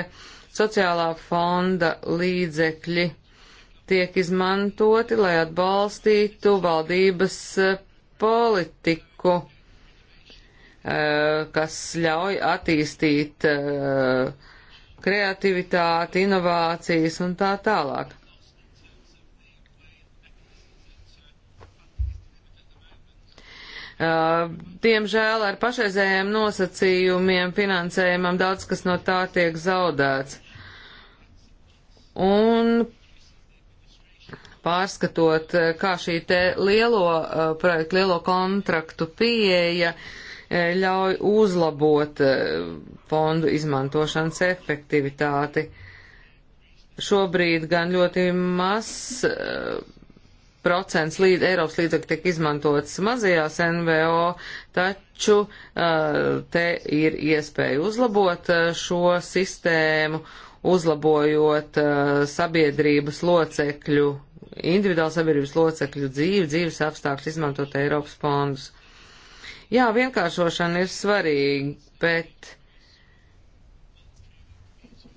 sociālā fonda līdzekļi tiek izmantoti, lai atbalstītu valdības uh, politiku, uh, kas ļauj attīstīt uh, kreativitāti, inovācijas un tā tālāk. Uh, diemžēl ar pašreizējiem nosacījumiem finansējumam daudz kas no tā tiek zaudēts. Un pārskatot, uh, kā šī te lielo uh, projektu, lielo kontraktu pieeja ļauj uzlabot fondu izmantošanas efektivitāti. Šobrīd gan ļoti maz procents līd, Eiropas līdzekļu tiek izmantots mazajās NVO, taču uh, te ir iespēja uzlabot uh, šo sistēmu, uzlabojot uh, sabiedrības locekļu, individuālu sabiedrības locekļu dzīvi, dzīves apstākļus, izmantot Eiropas fondus. Jā, vienkāršošana ir svarīga, bet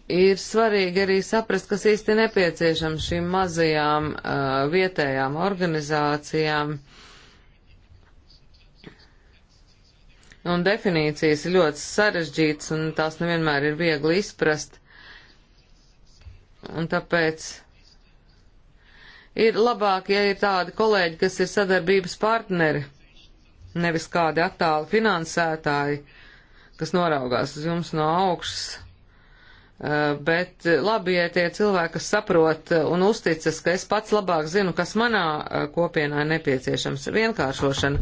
ir svarīgi arī saprast, kas īsti nepieciešams šīm mazajām uh, vietējām organizācijām. Un definīcijas ir ļoti sarežģītas, un tās nevienmēr ir viegli izprast. Un tāpēc ir labāk, ja ir tādi kolēģi, kas ir sadarbības partneri, nevis kādi attāli finansētāji, kas noraugās uz jums no augšas Eh, bet eh, labi, ja tie cilvēki, kas saprot eh, un uzticas, ka es pats labāk zinu, kas manā kopienā ir nepieciešams vienkāršošana.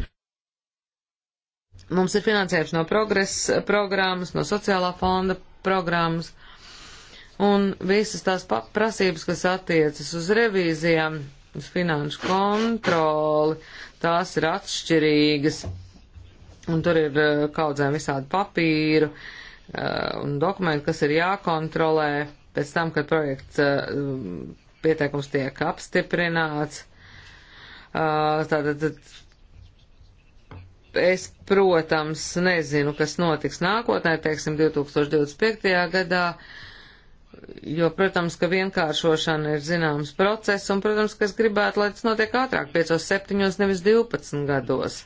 Mums ir finansējums no progresa programmas, no sociālā fonda programmas, un visas tās prasības, kas attiecas uz revīzijām, uz finanšu kontroli, tās ir atšķirīgas, un tur ir kaudzēm visādi papīru. Uh, Uh, un dokumenti, kas ir jākontrolē pēc tam, kad projekts uh, pieteikums tiek apstiprināts. Uh, tātad es, protams, nezinu, kas notiks nākotnē, teiksim, 2025. gadā, jo, protams, ka vienkāršošana ir zināms process, un, protams, ka es gribētu, lai tas notiek ātrāk, 5, 7, nevis 12 gados.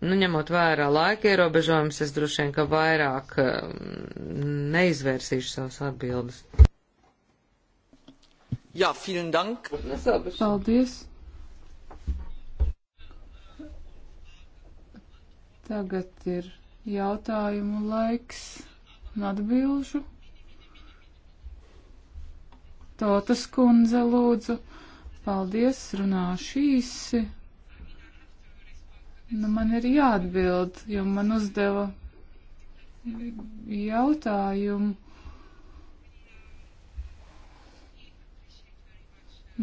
Nu, ņemot vērā laika ierobežojumus, es droši vien, ka vairāk mm, neizvērsīšu savas atbildes. Jā, vielen dank. Paldies. Tagad ir jautājumu laiks un atbilžu. Totas kundze lūdzu. Paldies, runāšu īsi. Nu, man ir jāatbild, jo man uzdeva jautājumu.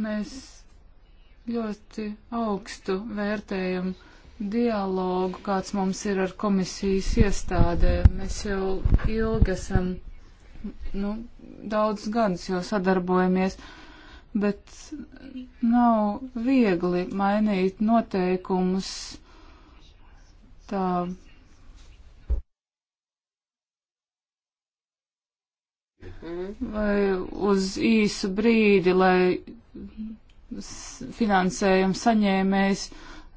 Mēs ļoti augstu vērtējam dialogu, kāds mums ir ar komisijas iestādēm. Mēs jau ilgi esam, nu, daudz gadus jau sadarbojamies, bet nav viegli mainīt noteikumus tā. Uh, vai uz īsu brīdi, lai finansējuma saņēmējs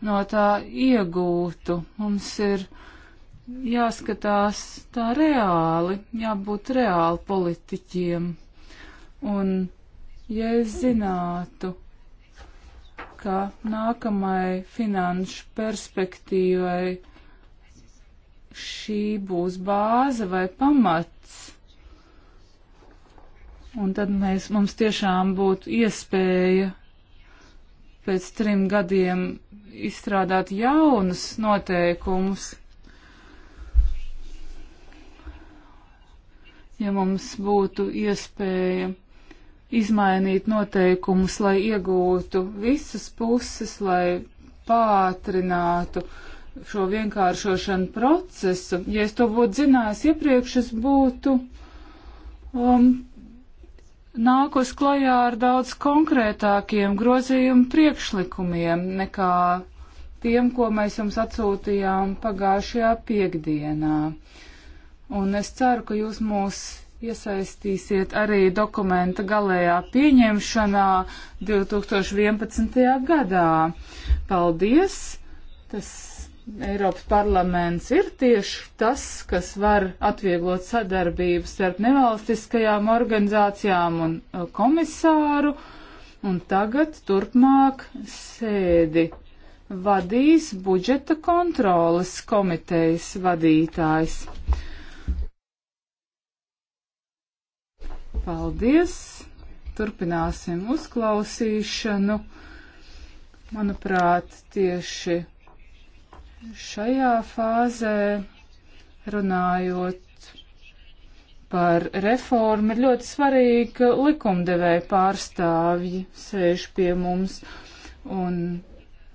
no tā iegūtu. Mums ir jāskatās tā reāli, jābūt reāli politiķiem. Un, ja es zinātu, ka nākamai finanšu perspektīvai šī būs bāze vai pamats. Un tad mēs, mums tiešām būtu iespēja pēc trim gadiem izstrādāt jaunus noteikumus. Ja mums būtu iespēja izmainīt noteikumus, lai iegūtu visas puses, lai pātrinātu šo vienkāršošanu procesu. Ja es to būtu zinājis iepriekš, es būtu um, nākus klajā ar daudz konkrētākiem grozījumu priekšlikumiem nekā tiem, ko mēs jums atsūtījām pagājušajā piekdienā. Un es ceru, ka jūs mūs iesaistīsiet arī dokumenta galējā pieņemšanā 2011. gadā. Paldies! Tas Eiropas parlaments ir tieši tas, kas var atvieglot sadarbību starp nevalstiskajām organizācijām un uh, komisāru. Un tagad turpmāk sēdi vadīs budžeta kontrolas komitejas vadītājs. Paldies! Turpināsim uzklausīšanu. Manuprāt, tieši šajā fāzē runājot par reformu, ir ļoti svarīgi, ka likumdevēja pārstāvji sēž pie mums un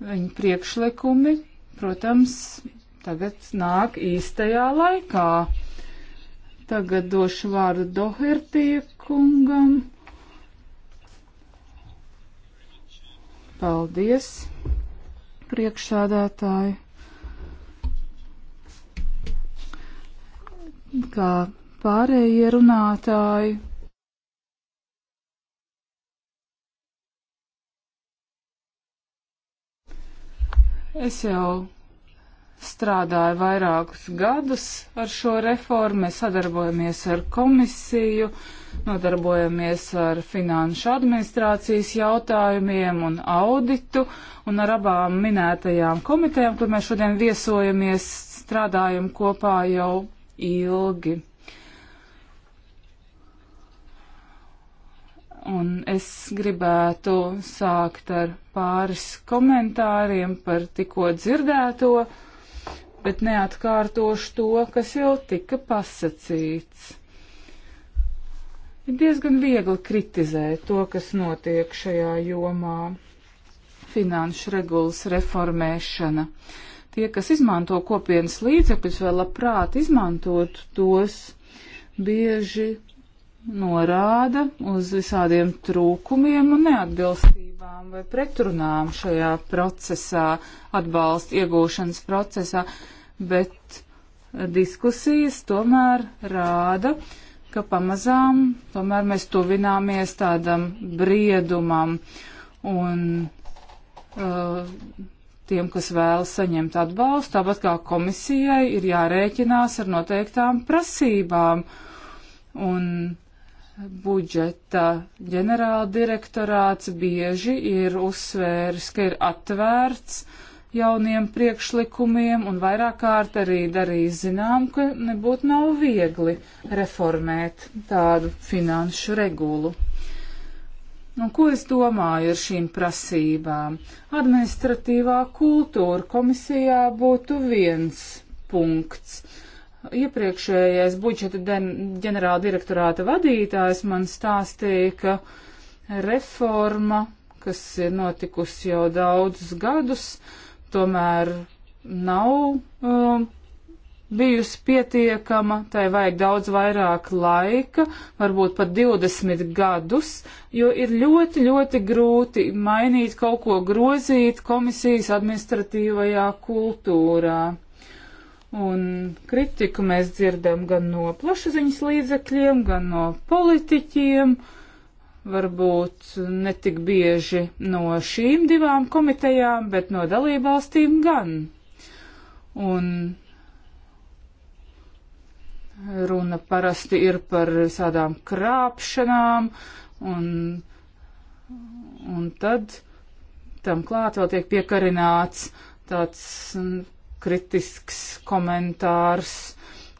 viņa priekšlikumi, protams, tagad nāk īstajā laikā. Tagad došu vārdu Dohertie kungam. Paldies, priekšsādātāji! kā pārējie runātāji. Es jau strādāju vairākus gadus ar šo reformu, mēs sadarbojamies ar komisiju, nodarbojamies ar finanšu administrācijas jautājumiem un auditu, un ar abām minētajām komitejām, kur mēs šodien viesojamies, strādājam kopā jau ilgi. Un es gribētu sākt ar pāris komentāriem par tikko dzirdēto, bet neatkārtošu to, kas jau tika pasacīts. Ir diezgan viegli kritizēt to, kas notiek šajā jomā - finanšu regulas reformēšana. Uh, Tie, kas izmanto kopienas līdzekļus, vēl labprāt izmantot tos, bieži norāda uz visādiem trūkumiem un neatbilstībām vai pretrunām šajā procesā, atbalsta iegūšanas procesā, bet diskusijas tomēr rāda, ka pamazām tomēr mēs tuvināmies tādam briedumam un uh, Tiem, kas vēlas saņemt atbalstu, tāpat kā komisijai, ir jārēķinās ar noteiktām prasībām. Un budžeta ģenerāla direktorāts bieži ir uzsvēris, ka ir atvērts jauniem priekšlikumiem un vairāk kārt arī darīja zinām, ka nebūtu nav viegli reformēt tādu finanšu regulu. Un ko es domāju ar šīm prasībām? Administratīvā kultūra komisijā būtu viens punkts. Iepriekšējais budžeta ģenerāla direktorāta vadītājs man stāstīja, ka reforma, kas ir notikusi jau daudzus gadus, tomēr nav um, bijusi pietiekama, tai vajag daudz vairāk laika, varbūt pat 20 gadus, jo ir ļoti, ļoti grūti mainīt kaut ko grozīt komisijas administratīvajā kultūrā. Un kritiku mēs dzirdam gan no plašsaziņas līdzekļiem, gan no politiķiem, varbūt ne tik bieži no šīm divām komitejām, bet no dalībvalstīm gan. Un Runa parasti ir par visādām krāpšanām, un, un tad tam klāt vēl tiek piekarināts tāds kritisks komentārs,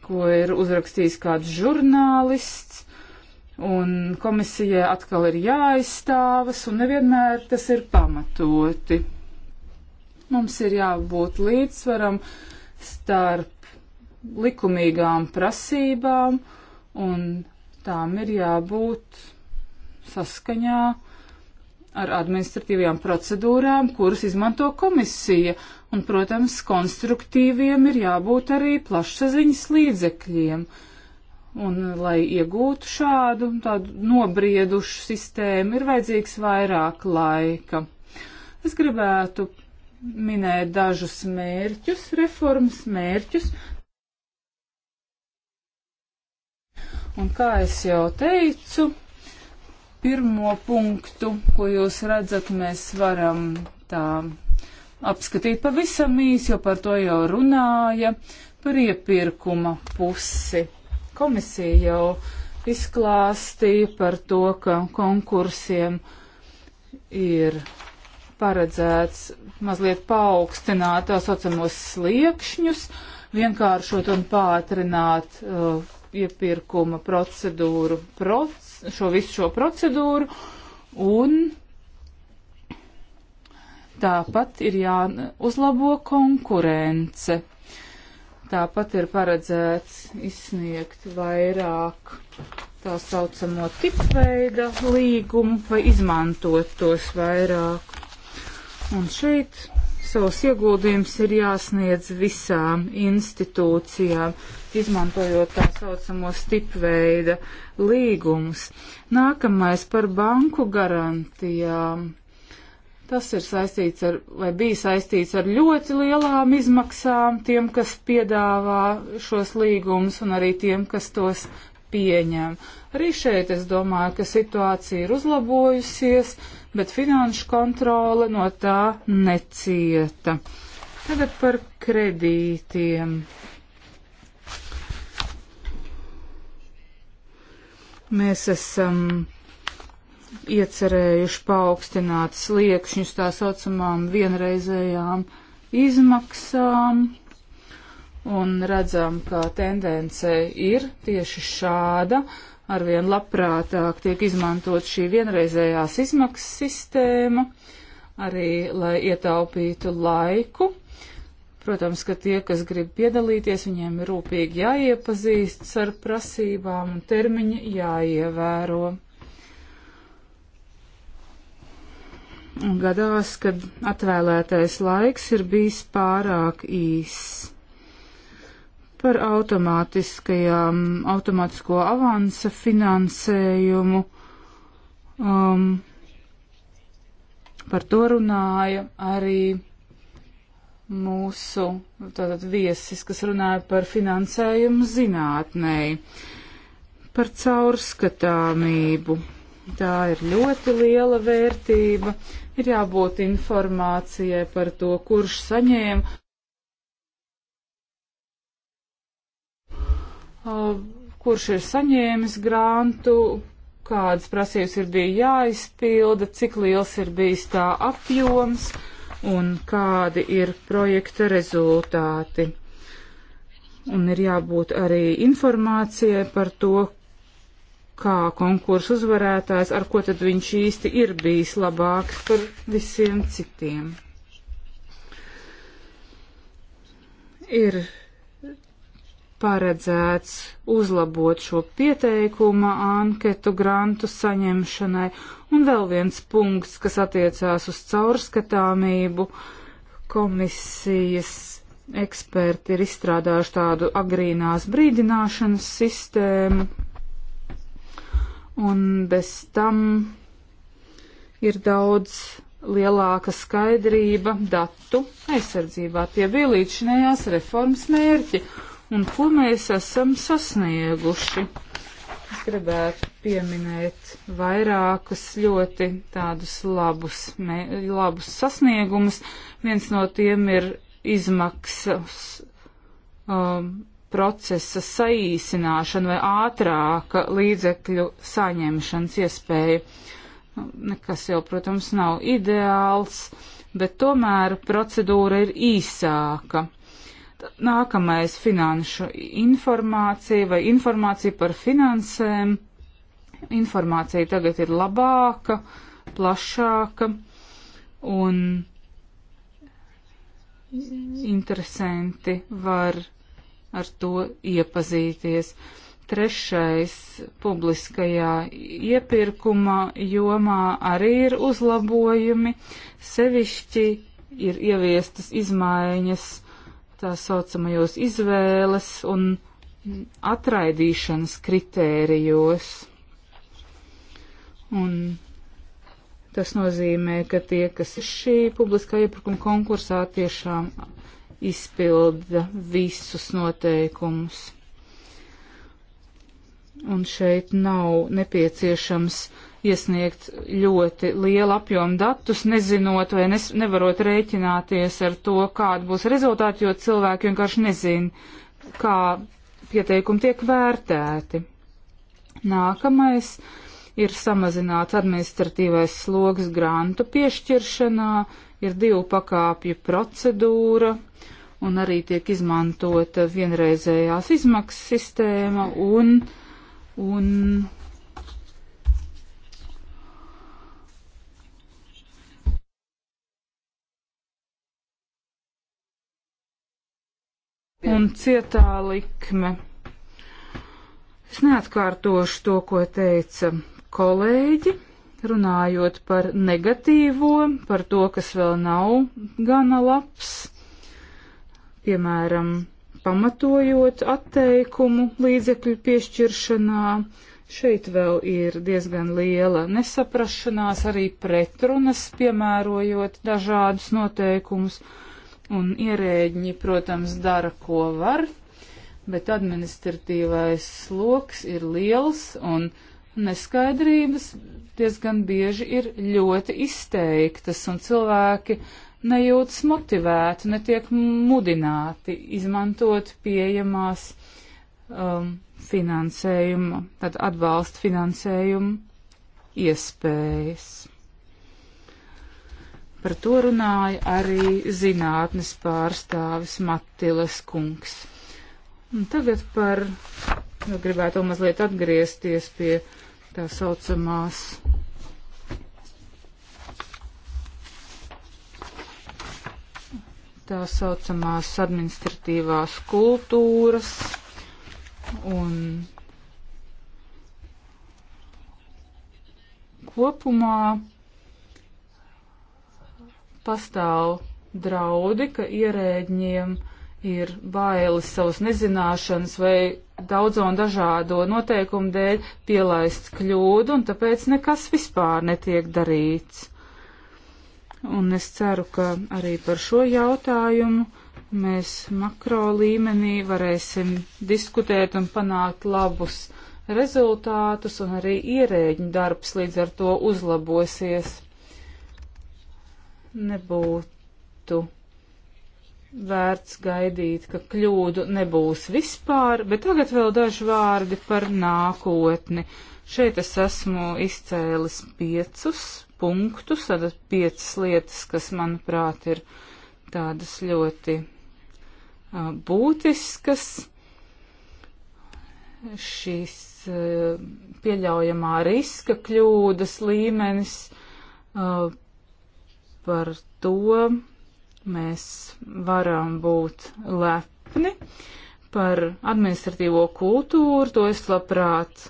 ko ir uzrakstījis kāds žurnālists, un komisijai atkal ir jāizstāvas, un nevienmēr tas ir pamatoti. Mums ir jābūt līdzsvaram starp likumīgām prasībām, un tām ir jābūt saskaņā ar administratīvajām procedūrām, kuras izmanto komisija. Un, protams, konstruktīviem ir jābūt arī plašsaziņas līdzekļiem. Un, lai iegūtu šādu tādu nobriedušu sistēmu, ir vajadzīgs vairāk laika. Es gribētu minēt dažus mērķus, reformas mērķus, Un kā es jau teicu, pirmo punktu, ko jūs redzat, mēs varam tā apskatīt pavisam īsi, jo par to jau runāja, par iepirkuma pusi. Komisija jau izklāstīja par to, ka konkursiem ir paredzēts mazliet paaugstināt tā saucamos sliekšņus, vienkāršot un pātrināt uh, iepirkuma procedūru, proc, šo visu šo procedūru, un tāpat ir jāuzlabo konkurence. Tāpat ir paredzēts izsniegt vairāk tā saucamo tipveida līgumu vai izmantot tos vairāk. Un šeit savus ieguldījumus ir jāsniedz visām institūcijām, izmantojot tā saucamo stipveida līgumus. Nākamais par banku garantijām. Tas ir saistīts ar, vai bija saistīts ar ļoti lielām izmaksām tiem, kas piedāvā šos līgumus un arī tiem, kas tos pieņem. Arī šeit es domāju, ka situācija ir uzlabojusies bet finanšu kontrole no tā necieta. Tagad par kredītiem. Mēs esam iecerējuši paaugstināt sliekšņus tā saucamām vienreizējām izmaksām un redzam, ka tendence ir tieši šāda. Uh, arvien labprātāk tiek izmantot šī vienreizējās izmaksas sistēma, arī lai ietaupītu laiku. Protams, ka tie, kas grib piedalīties, viņiem ir rūpīgi jāiepazīstas ar prasībām un termiņi jāievēro. Gadās, kad atvēlētais laiks ir bijis pārāk īss par automātisko avansa finansējumu. Um, par to runāja arī mūsu tātad, viesis, kas runāja par finansējumu zinātnēji, par caurskatāmību. Tā ir ļoti liela vērtība. Ir jābūt informācijai par to, kurš saņēma Uh, kurš ir saņēmis grantu, kādas prasības ir bija jāizpilda, cik liels ir bijis tā apjoms un kādi ir projekta rezultāti. Un ir jābūt arī informācijai par to, kā konkursu uzvarētājs, ar ko tad viņš īsti ir bijis labāks par visiem citiem. Ir paredzēts uzlabot šo pieteikuma anketu grantu saņemšanai, un vēl viens punkts, kas attiecās uz caurskatāmību. Komisijas eksperti ir izstrādājuši tādu agrīnās brīdināšanas sistēmu, un bez tam ir daudz lielāka skaidrība datu aizsardzībā. Tie bija līdzinējās reformas mērķi un ko mēs esam sasnieguši. Es gribētu pieminēt vairākus ļoti tādus labus, mē, labus sasniegumus. Viens no tiem ir izmaksas um, procesa saīsināšana vai ātrāka līdzekļu saņemšanas iespēja. Nu, nekas jau, protams, nav ideāls, bet tomēr procedūra ir īsāka nākamais finanšu informācija vai informācija par finansēm. Informācija tagad ir labāka, plašāka un interesanti var ar to iepazīties. Trešais publiskajā iepirkuma jomā arī ir uzlabojumi, sevišķi ir ieviestas izmaiņas tā saucamajos izvēles un atraidīšanas kritērijos. Un tas nozīmē, ka tie, kas ir šī publiskā iepirkuma konkursā, tiešām izpilda visus noteikumus. Un šeit nav nepieciešams uh, iesniegt ļoti lielu apjomu datus, nezinot vai nes, nevarot rēķināties ar to, kāda būs rezultāti, jo cilvēki vienkārši nezina, kā pieteikumi tiek vērtēti. Nākamais ir samazināts administratīvais sloks grantu piešķiršanā, ir divu pakāpju procedūra un arī tiek izmantota vienreizējās izmaksas sistēma un, un un cietā likme. Es neatkārtošu to, ko teica kolēģi, runājot par negatīvo, par to, kas vēl nav gana labs, piemēram, pamatojot atteikumu līdzekļu piešķiršanā. Šeit vēl ir diezgan liela nesaprašanās, arī pretrunas, piemērojot dažādus noteikumus. Un ierēģi, protams, dara, ko var, bet administratīvais sloks ir liels un neskaidrības diezgan bieži ir ļoti izteiktas un cilvēki nejūtas motivēti, netiek mudināti izmantot pieejamās um, finansējuma, tad atbalsta finansējuma iespējas. Par to runāja arī zinātnes pārstāvis Matilas kungs. Un tagad par, nu, gribētu mazliet atgriezties pie tā saucamās. Tā saucamās administratīvās kultūras un kopumā pastāv draudi, ka ierēģiem ir bailes savas nezināšanas vai daudzo un dažādo noteikumu dēļ pielaist kļūdu, un tāpēc nekas vispār netiek darīts. Un es ceru, ka arī par šo jautājumu mēs makro līmenī varēsim diskutēt un panākt labus rezultātus, un arī ierēģiņu darbs līdz ar to uzlabosies nebūtu vērts gaidīt, ka kļūdu nebūs vispār, bet tagad vēl daži vārdi par nākotni. Šeit es esmu izcēlis piecus punktus, tātad piecas lietas, kas, manuprāt, ir tādas ļoti uh, būtiskas. Šīs uh, pieļaujamā riska kļūdas līmenis, uh, Par to mēs varam būt lepni. Par administratīvo kultūru to es labprāt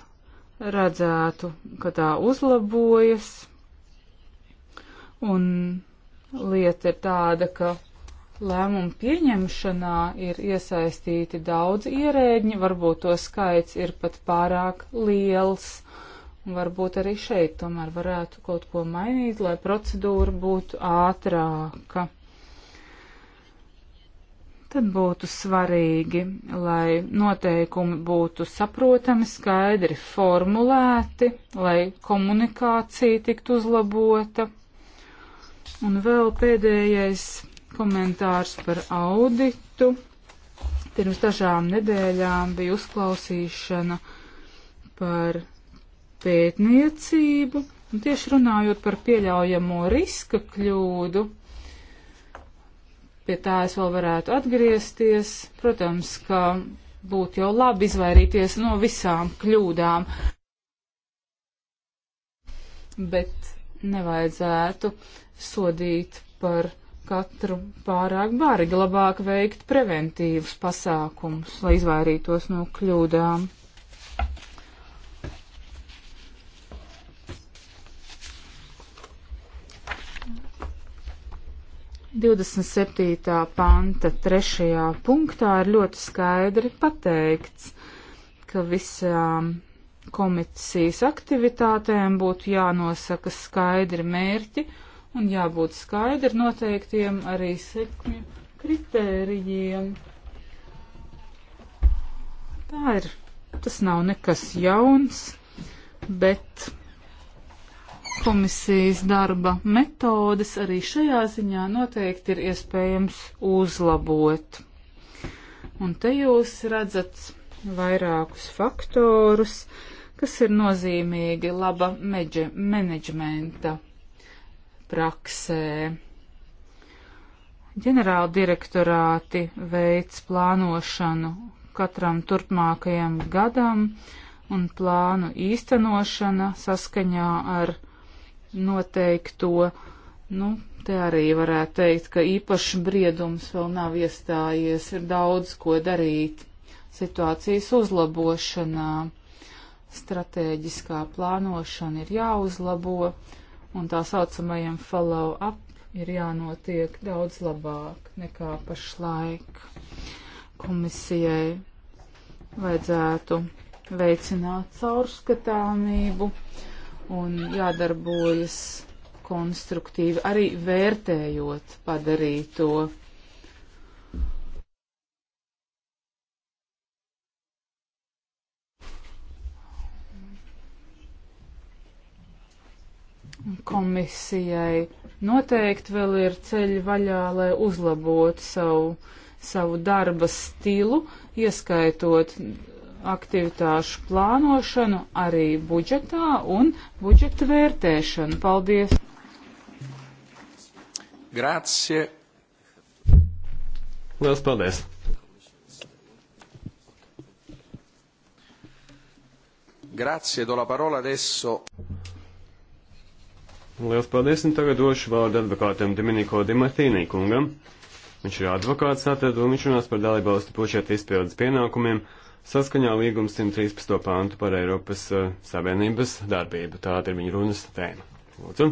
redzētu, ka tā uzlabojas. Un lieta ir tāda, ka lēmumu pieņemšanā ir iesaistīti daudz ierēģi, varbūt to skaits ir pat pārāk liels. Uh, Varbūt arī šeit tomēr varētu kaut ko mainīt, lai procedūra būtu ātrāka. Tad būtu svarīgi, lai noteikumi būtu saprotami, skaidri formulēti, lai komunikācija tiktu uzlabota. Un vēl pēdējais komentārs par auditu. Pirms dažām nedēļām bija uzklausīšana par pētniecību, un tieši runājot par pieļaujamo riska kļūdu, pie tā es vēl varētu atgriezties. Protams, ka būtu jau labi izvairīties no visām kļūdām, bet nevajadzētu sodīt par katru pārāk bargi, labāk veikt preventīvus pasākumus, lai izvairītos no kļūdām. 27. panta trešajā punktā ir ļoti skaidri pateikts, ka visām komisijas aktivitātēm būtu jānosaka skaidri mērķi un jābūt skaidri noteiktiem arī sekmju kritērijiem. Tā ir, tas nav nekas jauns, bet komisijas darba metodes arī šajā ziņā noteikti ir iespējams uzlabot. Un te jūs redzat vairākus faktorus, kas ir nozīmīgi laba meģe, menedžmenta praksē. Ģenerāla direktorāti veids plānošanu katram turpmākajam gadam un plānu īstenošana saskaņā ar noteikto. Nu, te arī varētu teikt, ka īpašs briedums vēl nav iestājies, ir daudz ko darīt situācijas uzlabošanā. Stratēģiskā plānošana ir jāuzlabo, un tā saucamajam follow-up ir jānotiek daudz labāk nekā pašlaik. Komisijai vajadzētu veicināt caurskatāmību. Uh, un jādarbojas konstruktīvi, arī vērtējot padarīto. Komisijai noteikti vēl ir ceļi vaļā, lai uzlabotu savu, savu darba stilu, ieskaitot aktivitāšu plānošanu, arī budžetā un budžeta vērtēšanu. Paldies! Grācie! Lielas paldies! Grazie, do la parola adesso. Lielas paldies, un tagad došu vārdu advokātam Dominiko Dimartīnī kungam. Viņš ir advokāts, tātad, un viņš runās par dalībvalstu pušēt izpildes pienākumiem saskaņā līguma 113. pāntu par Eiropas uh, Savienības darbību. Tāda ir viņa runas tēma. Lūdzu.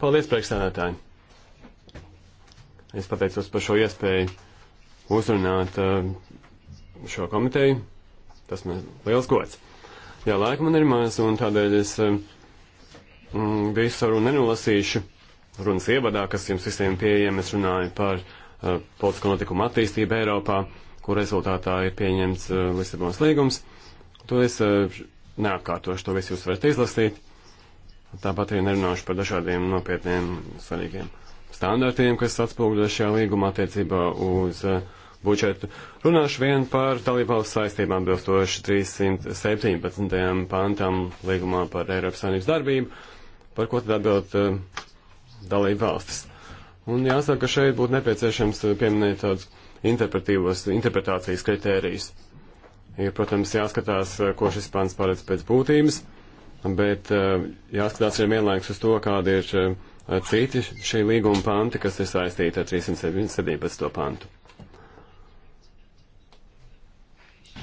Paldies, priekšsēdētāji. Es pateicos par šo iespēju uzrunāt uh, šo komiteju. Tas man liels gods. Jā, laika man ir maz, un tādēļ es um, visu sarunu nenolasīšu. Runas ievadā, kas jums visiem pieejams, runāju par uh, politisko notikumu attīstību Eiropā. Uh, kur rezultātā ir pieņemts uh, Lisabonas līgums. To es uh, neatkārtošu, to visu jūs varat izlasīt. Tāpat arī nerunāšu par dažādiem nopietniem svarīgiem standartiem, kas atspoguļo šajā līgumā attiecībā uz uh, budžetu. Runāšu vien par dalībvalsts saistībām bilstoši 317. pantam līgumā par Eiropas Savienības darbību, par ko tad atbild uh, dalībvalstis. Un jāsaka, ka šeit būtu nepieciešams pieminēt tādus interpretīvos interpretācijas kritērijus. Ir, protams, jāskatās, eh, ko šis pants paredz pēc būtības, bet eh, jāskatās arī vienlaikus uz to, kāda ir eh, citi šī līguma panti, kas ir saistīti ar 317. pantu.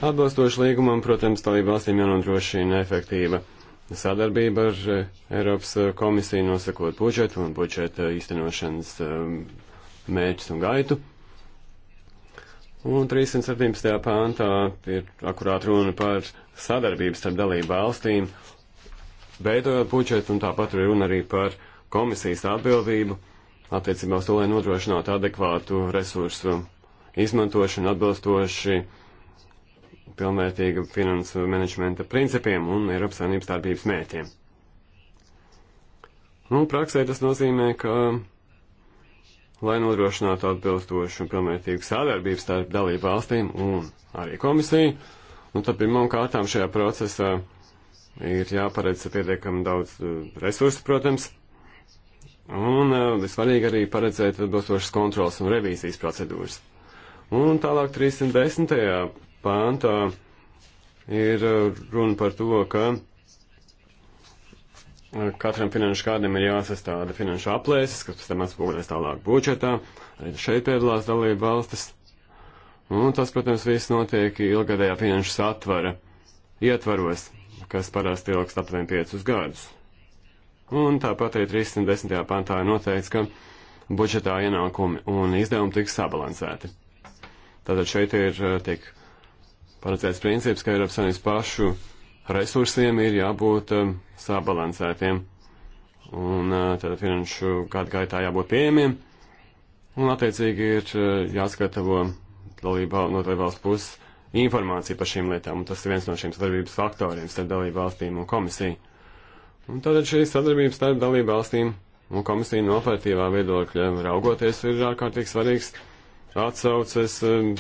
Atbilstoši līgumam, protams, dalību valstīm jānodrošina efektīva sadarbība ar Eiropas komisiju nosakot budžetu un budžeta īstenošanas mērķus un gaitu. Un 317. pāntā ir akurāt runa par sadarbību starp dalību valstīm, veidojot budžetu, un tāpat runa arī par komisijas atbildību attiecībā uz to, lai nodrošinātu adekvātu resursu izmantošanu atbilstoši pilnvērtīga finansu menedžmenta principiem un Eiropas Savienības darbības mērķiem. Nu, praksē tas nozīmē, ka lai nodrošinātu atbilstošu un pilnvērtīgu sadarbību starp dalību valstīm un arī komisiju. Un tad pirmām kārtām šajā procesā ir jāparedz pietiekami daudz eh, resursu, protams, un eh, visvarīgi arī paredzēt atbilstošas kontrolas un revīzijas procedūras. Un tālāk 310. pāntā ir eh, runa par to, ka Katram finanšu kādam ir jāsastāda finanšu aplēses, kas pēc tam atspoguļojas tālāk budžetā. Arī šeit piedalās dalība valstis. Un tas, protams, viss notiek ilgadējā finanšu satvara ietvaros, kas parasti ilgst aptuveni 5 gadus. Un tāpat arī 310. pantā ir noteikts, ka budžetā ienākumi un izdevumi tiks sabalansēti. Tātad šeit ir eh, tiek paredzēts princips, ka Eiropas Savienības pašu resursiem ir jābūt um, sabalansētiem. Un uh, tad finanšu gadu gaitā jābūt pieejamiem. Un attiecīgi ir uh, jāskatavo dalība no tā valsts puses informācija par šīm lietām. Un tas ir viens no šiem sadarbības faktoriem starp dalību valstīm un komisiju. Un tad šī sadarbības starp dalību valstīm un komisiju no operatīvā viedokļa raugoties ir ārkārtīgi svarīgs atsauces um,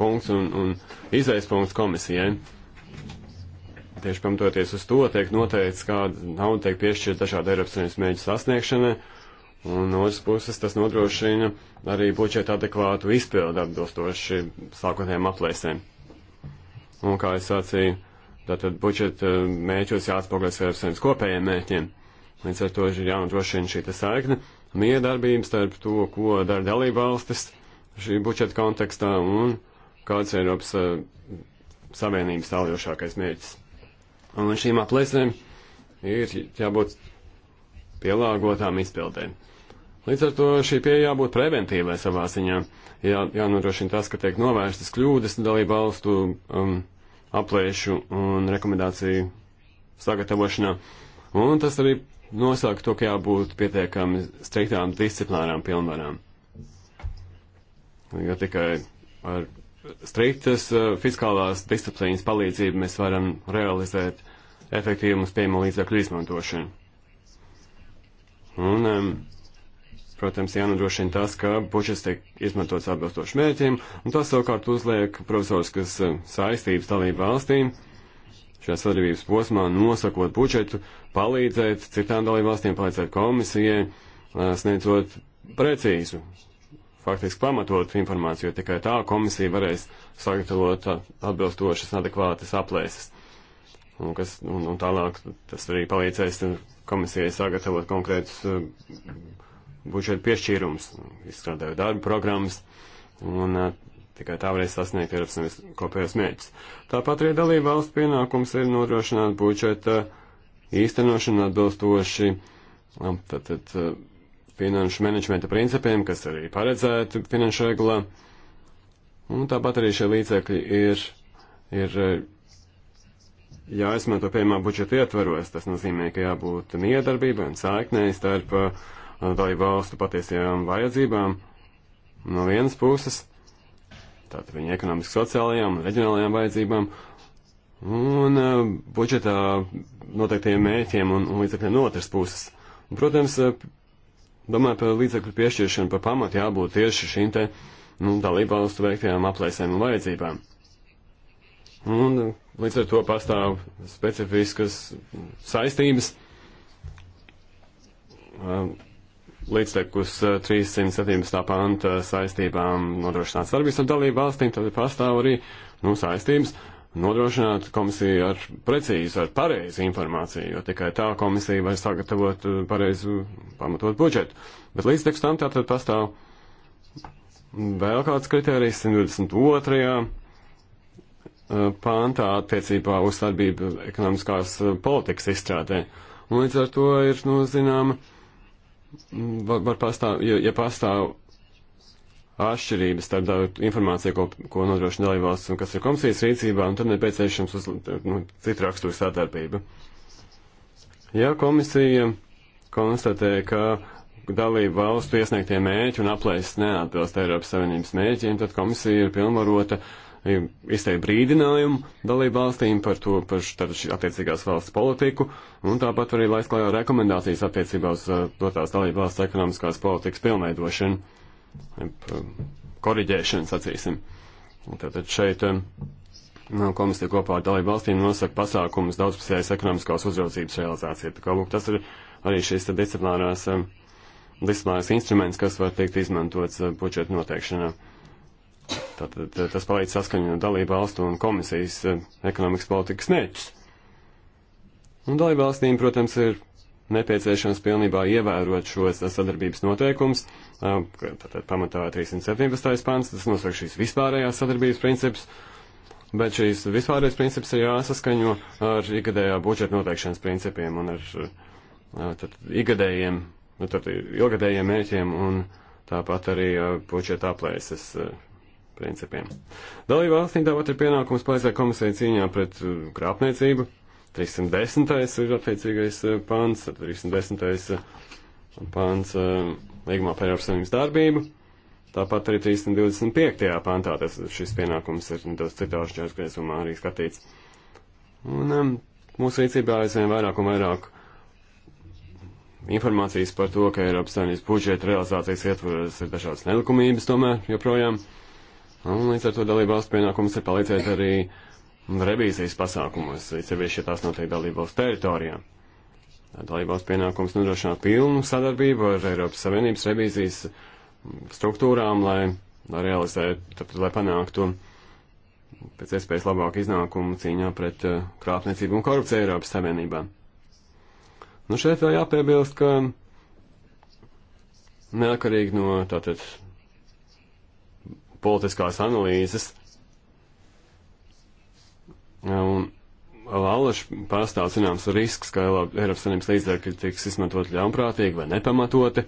punkts un, un izaispunkts komisijai. Tieši pamatoties uz to tiek noteikts, kāda nauda tiek piešķirta dažādu Eiropas Savienības mēģu sasniegšanai, un no otras puses tas nodrošina arī budžeta adekvātu izpildu atbilstoši sākotnējām aplēsēm. Un kā es sacīju, tātad budžeta mēķos jāatspoguļas Eiropas Savienības kopējiem mēķiem. Līdz ar to ir jānodrošina šī saikne, miedarbības starp to, ko dara dalība valstis šī budžeta kontekstā un kāds ir Eiropas eh, Savienības tāljošākais mērķis. Un šīm aplēsēm ir jābūt pielāgotām izpildēm. Līdz ar to šī pieeja jābūt preventīvai savā ziņā. Jā, jānodrošina tas, ka tiek novērstas kļūdas dalību valstu um, aplēšu un rekomendāciju sagatavošanā. Un tas arī nosaka to, ka jābūt pietiekami striktām disciplinārām pilnvarām. Jo tikai ar striktas eh, fiskālās disciplīnas palīdzību mēs varam realizēt efektīvu mums pieejamo līdzekļu izmantošanu. Un, protams, jānodrošina tas, ka budžets tiek izmantots atbilstoši mērķiem, un tas savukārt uzliek profesoriskas eh, saistības dalību valstīm šajā sadarbības posmā nosakot budžetu, palīdzēt citām dalību valstīm, palīdzēt komisijai, eh, sniedzot precīzu faktiski pamatotu informāciju, jo tikai tā komisija varēs sagatavot uh, atbilstošas, adekvātas aplēses. Un, kas, un, un tālāk tas arī palīdzēs komisijai sagatavot konkrētus uh, budžeta piešķīrumus, izstrādājot darba programmas, un uh, tikai tā varēs sasniegt Eiropas Savienības kopējos mērķus. Tāpat arī dalība valsts pienākums ir nodrošināt budžeta īstenošanu atbilstoši um, tad, tad, uh, finanšu menedžmenta principiem, kas arī paredzēti finanšu regulā. Un tāpat arī šie līdzekļi ir, ir eh, jāizmanto pirmā budžeta ietvaros. Tas nozīmē, ka jābūt miedarbībai un saiknēji starp eh, dalību valstu patiesajām vajadzībām no vienas puses, tātad viņa ekonomiski sociālajām un reģionālajām vajadzībām, un uh, budžetā noteiktajiem mērķiem un, un līdzekļiem no otras puses. Un, protams, Domāju, par līdzekļu piešķiršanu par pamatu jābūt tieši šīm te nu, dalībvalstu veiktajām aplēsēm un vajadzībām. Un līdz ar to pastāv specifiskas saistības um, līdztekus 317. Uh, panta saistībām nodrošināt sadarbības ar dalību valstīm, tad pastāv arī nu, saistības nodrošināt komisiju ar precīzu, ar pareizu informāciju, jo tikai tā komisija var sagatavot uh, pareizu pamatot budžetu. Bet līdz tekstam tātad pastāv vēl kāds kriterijs 122. Uh, pāntā attiecībā uz sadarbību ekonomiskās uh, politikas izstrādē. Un līdz ar to ir, nu, zinām, var, var pastāv, ja, ja pastāv atšķirības starp informāciju, ko, ko nodrošina dalībvalsts un kas ir komisijas rīcībā, un tad nepieciešams uz nu, citu raksturu sadarbību. Ja komisija konstatē, ka dalību valstu iesniegtie mērķi un aplēses neatbilst Eiropas Savienības mērķiem, tad komisija ir pilnvarota izteikt brīdinājumu dalību valstīm par to, par šī attiecīgās valsts politiku, un tāpat arī laist klājā rekomendācijas attiecībā uz uh, dotās dalību valsts ekonomiskās politikas pilnveidošanu. Um, koriģēšanu, sacīsim. Tātad šeit nu, komisija kopā ar dalību valstīm nosaka pasākumus daudzpusējais ekonomiskās uzraudzības realizācija. Tā kā, lūk, tas ir arī šīs disciplinārās, um, disciplinārās instruments, kas var tikt izmantots uh, budžeta noteikšanā. Tātad uh, tas palīdz saskaņot dalību valstu un komisijas uh, ekonomikas politikas mērķus. Un dalību valstīm, protams, ir nepieciešams pilnībā ievērot šos sadarbības noteikumus tātad pamatā 317. pants, tas nosaka šīs vispārējās sadarbības princips, bet šīs vispārējais princips ir jāsaskaņo ar ikgadējā budžeta noteikšanas principiem un ar tad, ikgadējiem, nu, tad, ilgadējiem mērķiem un tāpat arī budžeta aplēses principiem. Dalība valstīm tāpat ir pienākums palīdzēt komisijai cīņā pret krāpniecību. 310. ir attiecīgais pants, 310. pants līgumā par Eiropas Savienības darbību. Tāpat arī 325. pantā tas, šis pienākums ir nedaudz citāšu četras griezumā arī skatīts. Un um, mūsu rīcībā aizvien vairāk un vairāk informācijas par to, ka Eiropas Savienības budžeta realizācijas ietvaros ir dažādas nelikumības tomēr joprojām. Un līdz ar to dalībvalsts pienākums ir palīdzēt arī revīzijas pasākumos, sevišķi, ja tās notiek dalībvalsts teritorijām dalībvalsts pienākums nodrošināt pilnu sadarbību ar Eiropas Savienības revīzijas struktūrām, lai, lai realizētu, tātad, lai panāktu pēc iespējas labāku iznākumu cīņā pret uh, krāpniecību un korupciju Eiropas Savienībā. Nu, šeit vēl jāpiebilst, ka neatkarīgi no tātad politiskās analīzes Galaši pastāv zināms risks, ka Eiropas Savienības līdzekļi tiks izmantot ļaunprātīgi vai nepamatoti.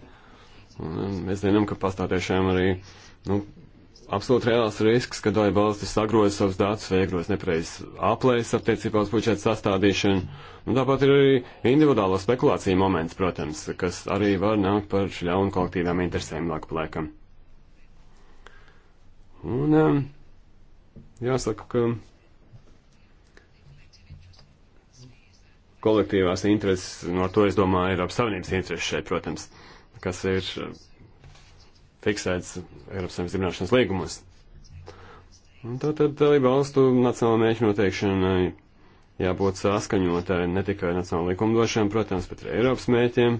Un mēs zinām, ka pastāv tiešām arī nu, absolūti reāls risks, ka daļa valstis sagroza savus datus vai iegros nepareizs aplēs attiecībā uz budžeta sastādīšanu. Un tāpat ir arī individuālo spekulāciju moments, protams, kas arī var nākt par ļaunu kolektīvām interesēm laika plēkam. Un um, jāsaka, ka kolektīvās intereses, no to es domāju Eiropas Savienības intereses šeit, protams, kas ir uh, fiksēts Eiropas Savienības dibināšanas līgumos. Tātad dalība valstu nacionāla mērķa noteikšanai jābūt saskaņotai ne tikai nacionāla likumdošana, protams, bet arī Eiropas mērķiem.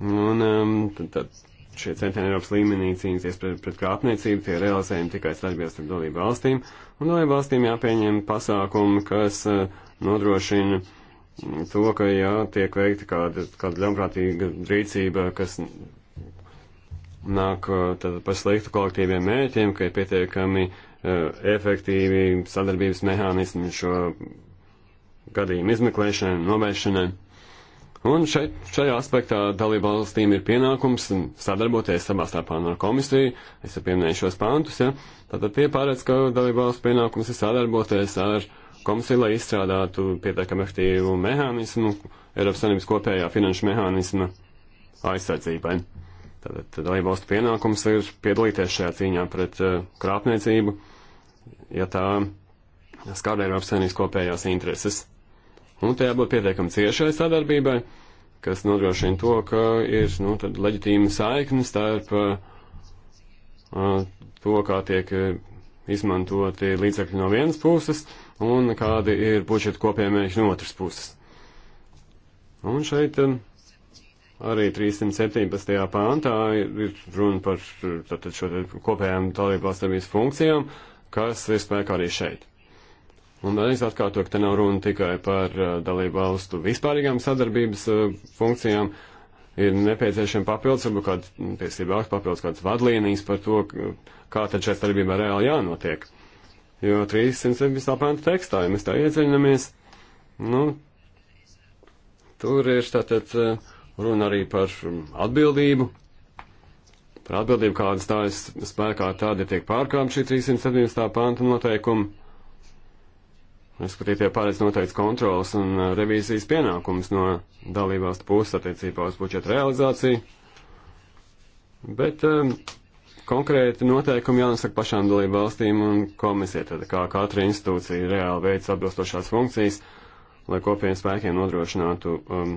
Un um, tad, tad šie centieni Eiropas līmenī cīnīties pret, pret krāpniecību, tie realizējumi tikai starpībās ar dalību valstīm, un dalību valstīm jāpieņem pasākumi, kas uh, nodrošina to, ka, jā, tiek veikta kāda, kāda ļaunprātīga rīcība, kas nāk uh, tad par sliktu kolektīviem mērķiem, ka ir pietiekami uh, efektīvi sadarbības mehānismi šo gadījumu izmeklēšanai, novēršanai. Un šeit, šajā aspektā dalība valstīm ir pienākums sadarboties savā starpā no komisiju. Es jau pieminēju šos pāntus, ja. Tātad tie pārēc, ka dalība valsts pienākums ir sadarboties ar uh, komisija, lai izstrādātu pietiekami efektīvu mehānismu Eiropas Savienības kopējā finanšu mehānisma aizsardzībai. Tātad dalību valstu pienākums ir piedalīties šajā cīņā pret uh, krāpniecību, ja tā skar Eiropas Savienības kopējās intereses. Un te jābūt pietiekami ciešai sadarbībai, kas nodrošina to, ka ir nu, leģitīma saikne starp uh, to, kā tiek izmantoti līdzekļi no vienas puses un kādi ir budžeta kopiemērķi no otras puses. Un šeit um, arī 317. pāntā ir, ir runa par tātad šo kopējām dalību valstsarbības funkcijām, kas ir spēkā arī šeit. Un vēlreiz atkārtoju, ka te nav runa tikai par uh, dalību valstu vispārīgām sadarbības uh, funkcijām, ir nepieciešama papildus, varbūt kāda tiesība akta papildus kādas vadlīnijas par to, kā tad šai starpībā reāli jānotiek jo 317. pānta tekstā, ja mēs tā iedziļinamies, nu, tur ir tātad runa arī par atbildību, par atbildību, kādas stājas spēkā tāda tiek pārkāpta šī 317. panta noteikuma. Respektīvi, tie pārēc noteikts kontrols un revīzijas pienākums no dalībvalstu puses attiecībā uz budžeta realizāciju. Bet konkrēti noteikumi jānosaka pašām dalību valstīm un komisija, tad kā katra institūcija reāli veic atbilstošās funkcijas, lai kopiem spēkiem nodrošinātu um,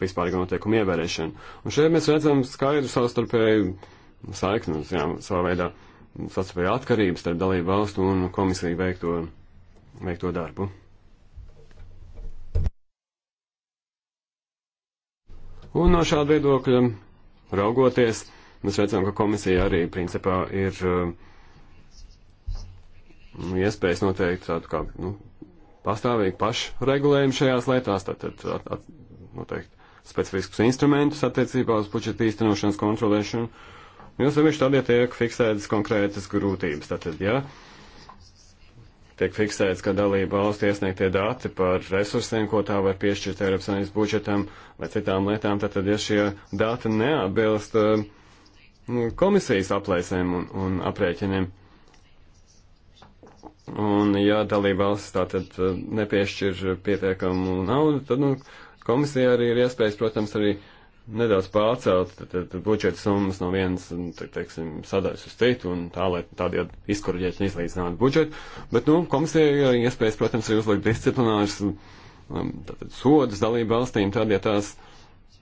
vispārīgu noteikumu ievērēšanu. Un šeit mēs redzam skaidru savstarpēju saikni, zinām, savā veidā savstarpēju atkarības starp dalību valstu un komisiju veikto, veikto darbu. Un no šāda viedokļa raugoties, Mēs redzam, ka komisija arī principā ir nu, iespējas noteikt tādu kā nu, pastāvīgu pašregulējumu šajās lietās, tātad at, at, noteikti specifiskus instrumentus attiecībā uz budžeta īstenošanas kontrolēšanu. Jūs sevišķi tad, ja tiek fiksētas konkrētas grūtības, tātad, ja tiek fiksēts, ka dalība valsts iesniegtie dati par resursiem, ko tā var piešķirt Eiropas Savienības budžetam vai citām lietām, tātad, ja šie dati neatbilst uh, komisijas aplēsēm un, un aprēķiniem. Un, ja dalībvalsts tātad uh, nepiešķir pietiekamu naudu, tad nu, komisija arī ir iespējas, protams, arī nedaudz pārcelt budžeta summas no vienas te, teiksim, sadaļas uz citu, un tā, lai tādējādi izkurģēšana izlīdzinātu budžetu. Bet nu, komisija ir iespējas, protams, arī uzlikt disciplināras um, sodas dalību valstīm, tad, ja tās uh,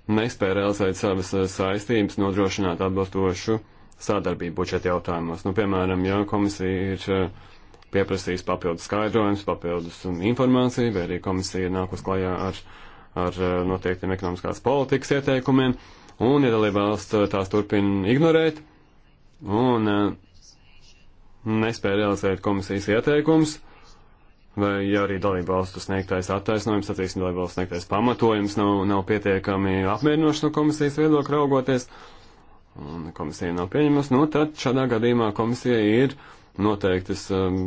nespēja realizēt savas eh, saistības, nodrošināt atbilstošu sadarbību budžeta jautājumos. Nu, piemēram, ja komisija ir eh, pieprasījusi papildus skaidrojums, papildus um, informāciju, vai arī komisija ir nākus klajā ar, ar eh, noteiktiem ekonomiskās politikas ieteikumiem, un ja dalībvalsts tās turpina ignorēt un nespēja realizēt komisijas ieteikumus, vai ja arī dalību valstu sniegtais attaisnojums, attieksim, dalību valstu sniegtais pamatojums nav, nav pietiekami apmierinošs no komisijas viedokļa raugoties, un komisija nav pieņemas, nu tad šādā gadījumā komisija ir noteiktas um,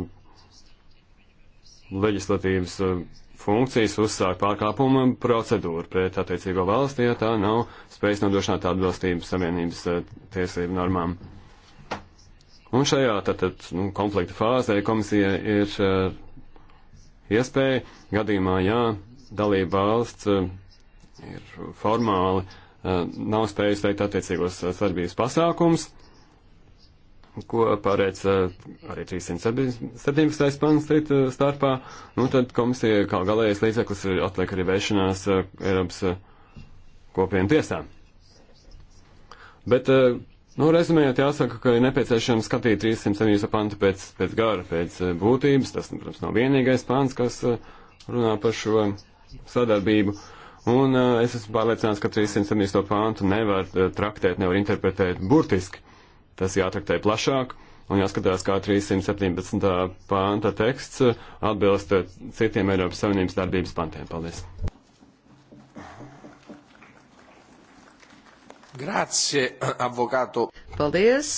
leģislatīvas um, funkcijas uzsākt pārkāpuma procedūru pret attiecīgo valsti, ja tā nav spējas nodrošināt atbilstību savienības uh, tiesību normām. Un šajā tātad, nu, konflikta fāzē komisija ir uh, iespēja gadījumā, ja dalība valsts eh, ir formāli eh, nav spējusi veikt attiecīgos eh, sadarbības pasākums, ko pārēc arī 317. pants cita starpā, nu tad komisija kā galējais līdzeklis atliek arī vēršanās Eiropas kopienu tiesām. Bet Nu, rezumējot, jāsaka, ka ir nepieciešams skatīt 307. pantu pēc, pēc gara, pēc eh, būtības. Tas, protams, nav vienīgais pants, kas eh, runā par šo sadarbību. Un uh, es esmu pārliecināts, ka 307. pantu nevar traktēt, nevar interpretēt burtiski. Tas jātraktē plašāk un jāskatās, kā 317. panta teksts atbilst citiem Eiropas Savienības darbības pantiem. Paldies! Grazie, avvokato. Paldies.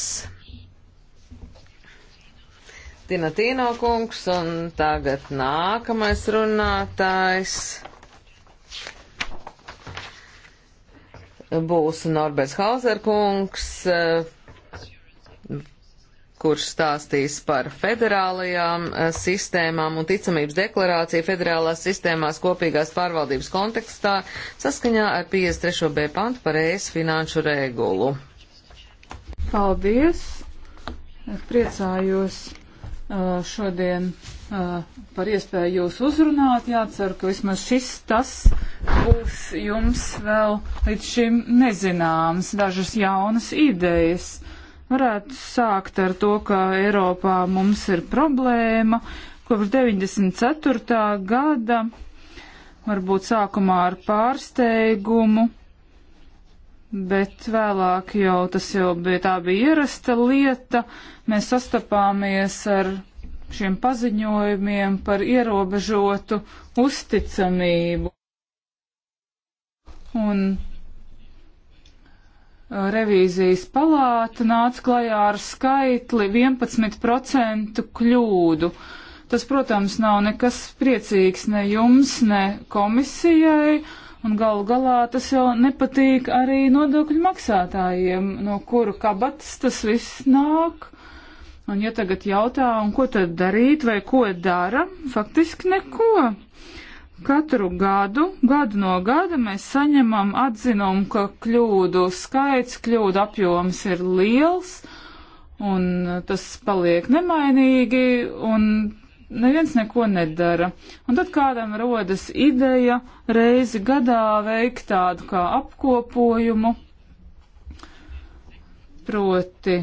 Tinatīno kungs un tagad nākamais runātājs. būs Norberts Hauser kungs, kurš stāstīs par federālajām eh, sistēmām un ticamības deklarāciju federālās sistēmās kopīgās pārvaldības kontekstā saskaņā ar 53. b pantu par ES finanšu regulu. Paldies! Priecājos eh, šodien eh, par iespēju jūs uzrunāt. Jācer, ka vismaz šis tas būs jums vēl līdz šim nezināms, dažas jaunas idejas Varētu sākt ar to, ka Eiropā mums ir problēma kopš 94. gada, varbūt sākumā ar pārsteigumu, bet vēlāk jau tas jau bija tā bija ierasta lieta. Mēs sastapāmies ar šiem paziņojumiem par ierobežotu uzticamību. Un revīzijas palāta nāca klajā ar skaitli 11% kļūdu. Tas, protams, nav nekas priecīgs ne jums, ne komisijai, un galu galā tas jau nepatīk arī nodokļu maksātājiem, no kuru kabatas tas viss nāk. Un ja tagad jautā, un ko tad darīt, vai ko dara, faktiski neko. Katru gadu, gadu no gada mēs saņemam atzinumu, ka kļūdu skaits, kļūdu apjoms ir liels un tas paliek nemainīgi un neviens neko nedara. Un tad kādam rodas ideja reizi gadā veikt tādu kā apkopojumu, proti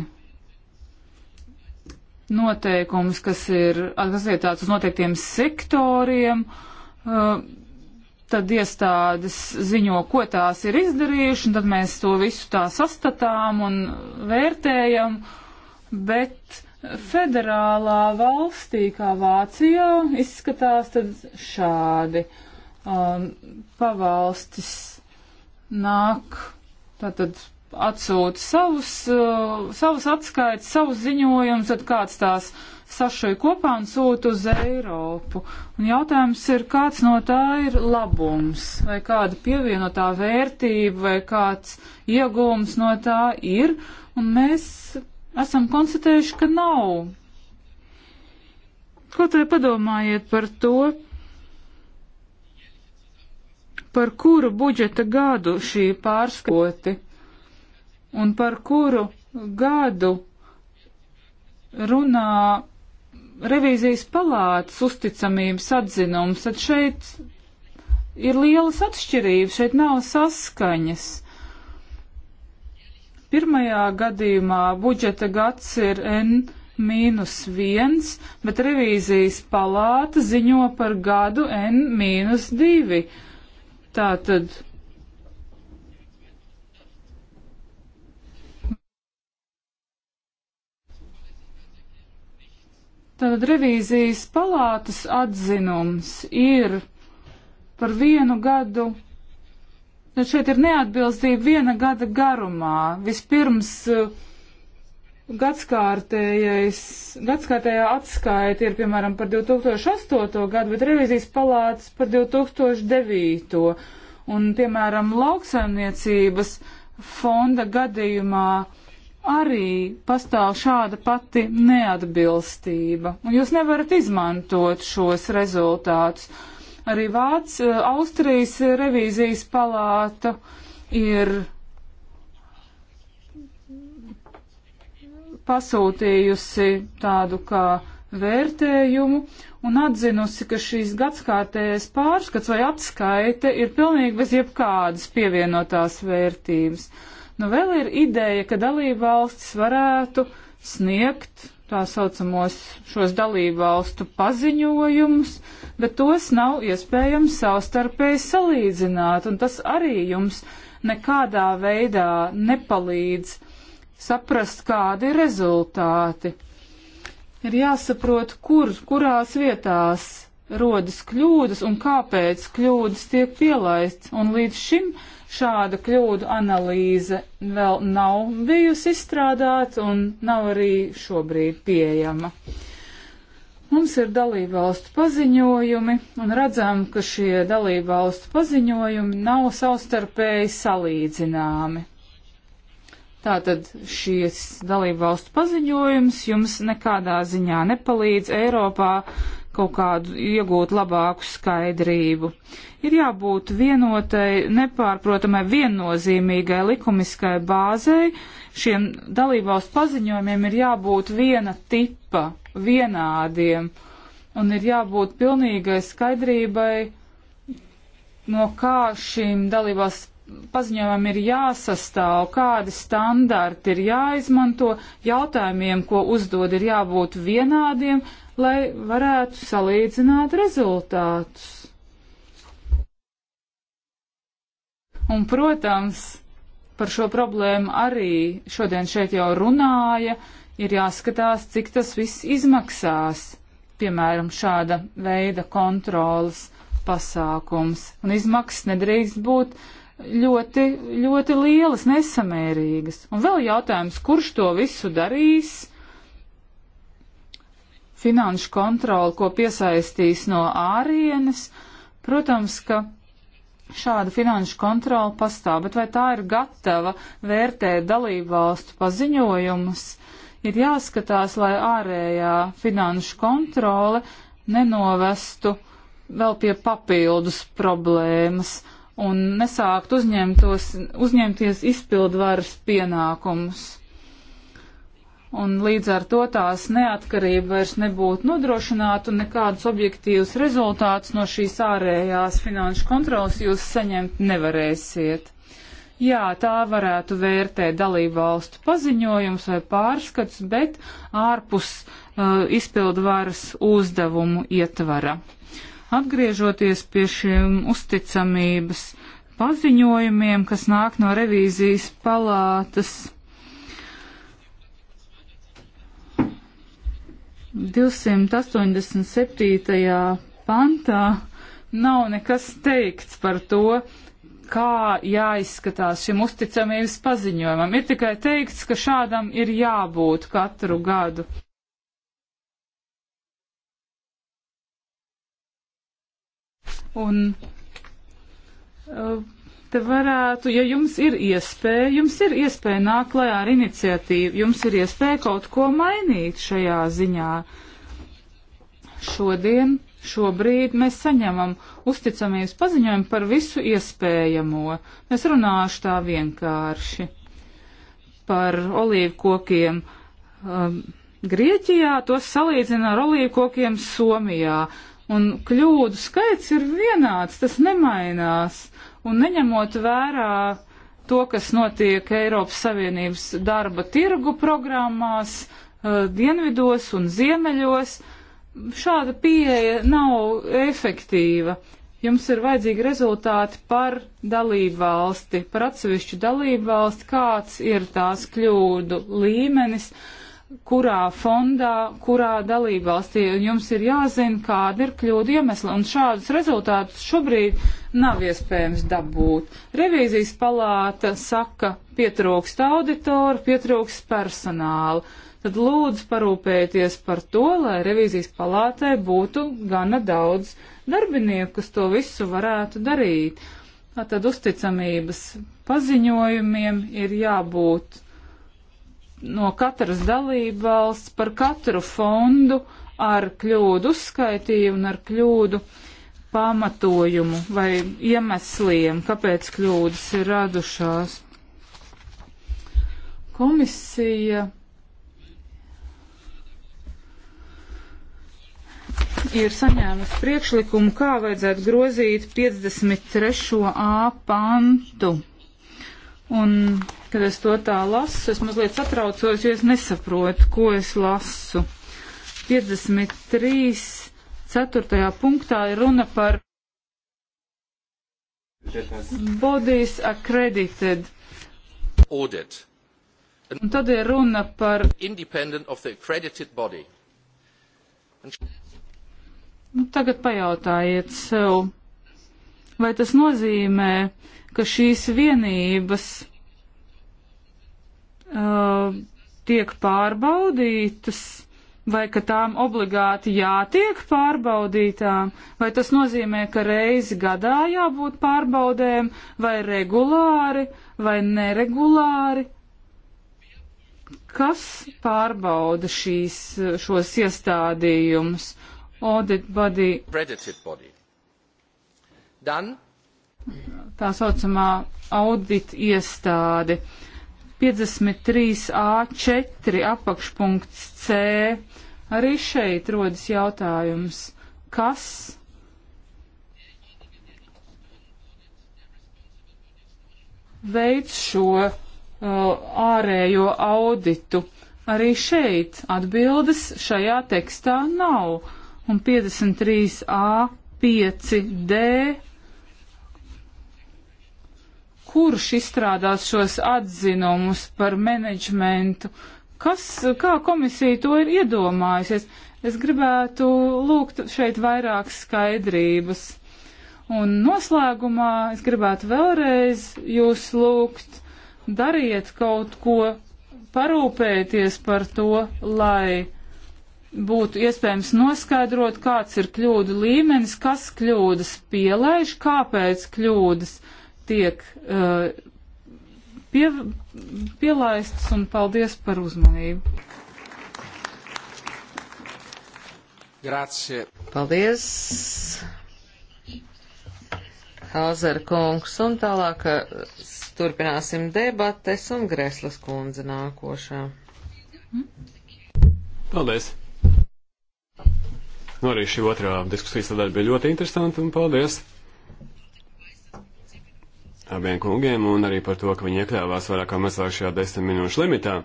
noteikums, kas ir atgasietāts uz noteiktiem sektoriem, uh, Uh, tad iestādes ziņo, ko tās ir izdarījuši, un tad mēs to visu tā sastatām un vērtējam, bet federālā valstī, kā Vācijā, izskatās tad šādi. Um, pavalstis nāk, tātad atsūta savus, uh, savus atskaits, savus ziņojumus, tad kāds tās uh, sašuj kopā un sūta uz Eiropu. Un jautājums ir, kāds no tā ir labums, vai kāda pievienotā vērtība, vai kāds iegūms no tā ir, un mēs esam konstatējuši, ka nav. Ko tai padomājiet par to, par kuru budžeta gadu šī pārskoti un par kuru gadu runā revīzijas palātas uzticamības atzinums, tad šeit ir lielas atšķirības, šeit nav saskaņas. Pirmajā gadījumā budžeta gads ir N-1, bet revīzijas palāta ziņo par gadu N-2. Tātad Tātad revīzijas palātas atzinums ir par vienu gadu Nu, šeit ir neatbilstība viena gada garumā. Vispirms eh, gadskārtējā atskaita ir, piemēram, par 2008. gadu, bet revizijas palātas par 2009. Un, piemēram, lauksaimniecības fonda gadījumā arī pastāv šāda pati neatbilstība, un jūs nevarat izmantot šos rezultātus. Arī Vāc, eh, Austrijas revīzijas palāta ir pasūtījusi tādu kā vērtējumu un atzinusi, ka šīs gadskārtējais pārskats vai atskaite ir pilnīgi bez jebkādas pievienotās vērtības. Uh, Nu, vēl ir ideja, ka dalība valstis varētu sniegt tā saucamos šos dalību valstu paziņojumus, bet tos nav iespējams savstarpēji salīdzināt, un tas arī jums nekādā veidā nepalīdz saprast, kādi ir rezultāti. Ir jāsaprot, kur, kurās vietās rodas kļūdas un kāpēc kļūdas tiek pielaists, un līdz šim Šāda kļūdu analīze vēl nav bijusi izstrādāta un nav arī šobrīd pieejama. Mums ir dalībvalstu paziņojumi un redzam, ka šie dalībvalstu paziņojumi nav savstarpēji salīdzināmi. Tātad šīs dalībvalstu paziņojums jums nekādā ziņā nepalīdz Eiropā kaut kādu iegūt labāku skaidrību. Ir jābūt vienotai, nepārprotamai, viennozīmīgai likumiskai bāzei. Šiem dalībvalstu paziņojumiem ir jābūt viena tipa, vienādiem, un ir jābūt pilnīgai skaidrībai, no kā šīm dalībvalstu paziņojumam ir jāsastāv, kādi standarti ir jāizmanto, jautājumiem, ko uzdod, ir jābūt vienādiem, lai varētu salīdzināt rezultātus. Un, protams, par šo problēmu arī šodien šeit jau runāja, ir jāskatās, cik tas viss izmaksās, piemēram, šāda veida kontrolas pasākums. Un izmaksas nedrīkst būt ļoti, ļoti lielas, nesamērīgas. Un vēl jautājums, kurš to visu darīs? finanšu kontroli, ko piesaistīs no ārienes. Protams, ka šāda finanšu kontrola pastāv, bet vai tā ir gatava vērtēt dalību valstu paziņojumus, ir jāskatās, lai ārējā finanšu kontrole nenovestu vēl pie papildus problēmas un nesākt uzņemtos, uzņemties izpildvaras pienākumus un līdz ar to tās neatkarība vairs nebūtu nodrošināta un nekādus objektīvus rezultātus no šīs ārējās finanšu kontrolas jūs saņemt nevarēsiet. Jā, tā varētu vērtēt dalību valstu paziņojums vai pārskats, bet ārpus uh, izpildu varas uzdevumu ietvara. Atgriežoties pie šiem uzticamības paziņojumiem, kas nāk no revīzijas palātas, 287. pantā nav nekas teikts par to, kā jāizskatās šim uzticamības paziņojumam. Ir tikai teikts, ka šādam ir jābūt katru gadu. Un uh, te varētu, ja jums ir iespēja, jums ir iespēja nākt klajā ar iniciatīvu, jums ir iespēja kaut ko mainīt šajā ziņā. Šodien, šobrīd mēs saņemam uzticamies paziņojumu par visu iespējamo. Es runāšu tā vienkārši par olīvu kokiem. Um, Grieķijā tos salīdzina ar olīvu kokiem Somijā. Un kļūdu skaits ir vienāds, tas nemainās un neņemot vērā to, kas notiek Eiropas Savienības darba tirgu programmās, eh, dienvidos un ziemeļos, šāda pieeja nav efektīva. Jums ir vajadzīgi rezultāti par dalību valsti, par atsevišķu dalību valsti, kāds ir tās kļūdu līmenis. Uh, kurā fondā, kurā dalībvalstī, un jums ir jāzina, kāda ir kļūda iemesla, un šādus rezultātus šobrīd nav iespējams dabūt. Revīzijas palāta saka, pietrūkst auditoru, pietrūkst personāla. Tad lūdzu parūpējieties par to, lai revīzijas palātai būtu gana daudz darbinieku, kas to visu varētu darīt. Tātad uzticamības paziņojumiem ir jābūt no katras dalībvalsts par katru fondu ar kļūdu uzskaitīju un ar kļūdu pamatojumu vai iemesliem, kāpēc kļūdas ir radušās. Komisija ir saņēmusi priekšlikumu, kā vajadzētu grozīt 53. A pantu. Un kad es to tā lasu, es mazliet satraucos, jo es nesaprotu, ko es lasu. 53. 4. punktā ir runa par bodies accredited. Audit. Un tad ir runa par independent of the accredited body. And... Nu, tagad pajautājiet sev, vai tas nozīmē, ka šīs vienības uh, tiek pārbaudītas, vai ka tām obligāti jātiek pārbaudītām, vai tas nozīmē, ka reizi gadā jābūt pārbaudēm, vai regulāri, vai neregulāri. Kas pārbauda šīs, šos iestādījumus? Audit body. body. Dan. Tā saucamā audit iestāde. Uh, 53A4 apakšpunkts C. Arī šeit rodas jautājums, kas veids šo uh, ārējo auditu. Arī šeit atbildes šajā tekstā nav. Un 53A5D kurš izstrādās šos atzinumus par menedžmentu, kas, kā komisija to ir iedomājusies. Es gribētu lūgt šeit vairāk skaidrības. Un noslēgumā es gribētu vēlreiz jūs lūgt, dariet kaut ko, parūpēties par to, lai būtu iespējams noskaidrot, kāds ir kļūdu līmenis, kas kļūdas pielaiž, kāpēc kļūdas. Uh, tiek uh, pie, pielaistas un paldies par uzmanību. Grācie. Paldies, Hauser kungs, un tālāk uh, turpināsim debates un Greslas kundze nākošā. Paldies! Nu, arī šī otrā diskusijas sadaļa bija ļoti interesanta, un paldies abiem kungiem un arī par to, ka viņi iekļāvās vairāk kā mazāk šajā desmit minūšu limitā.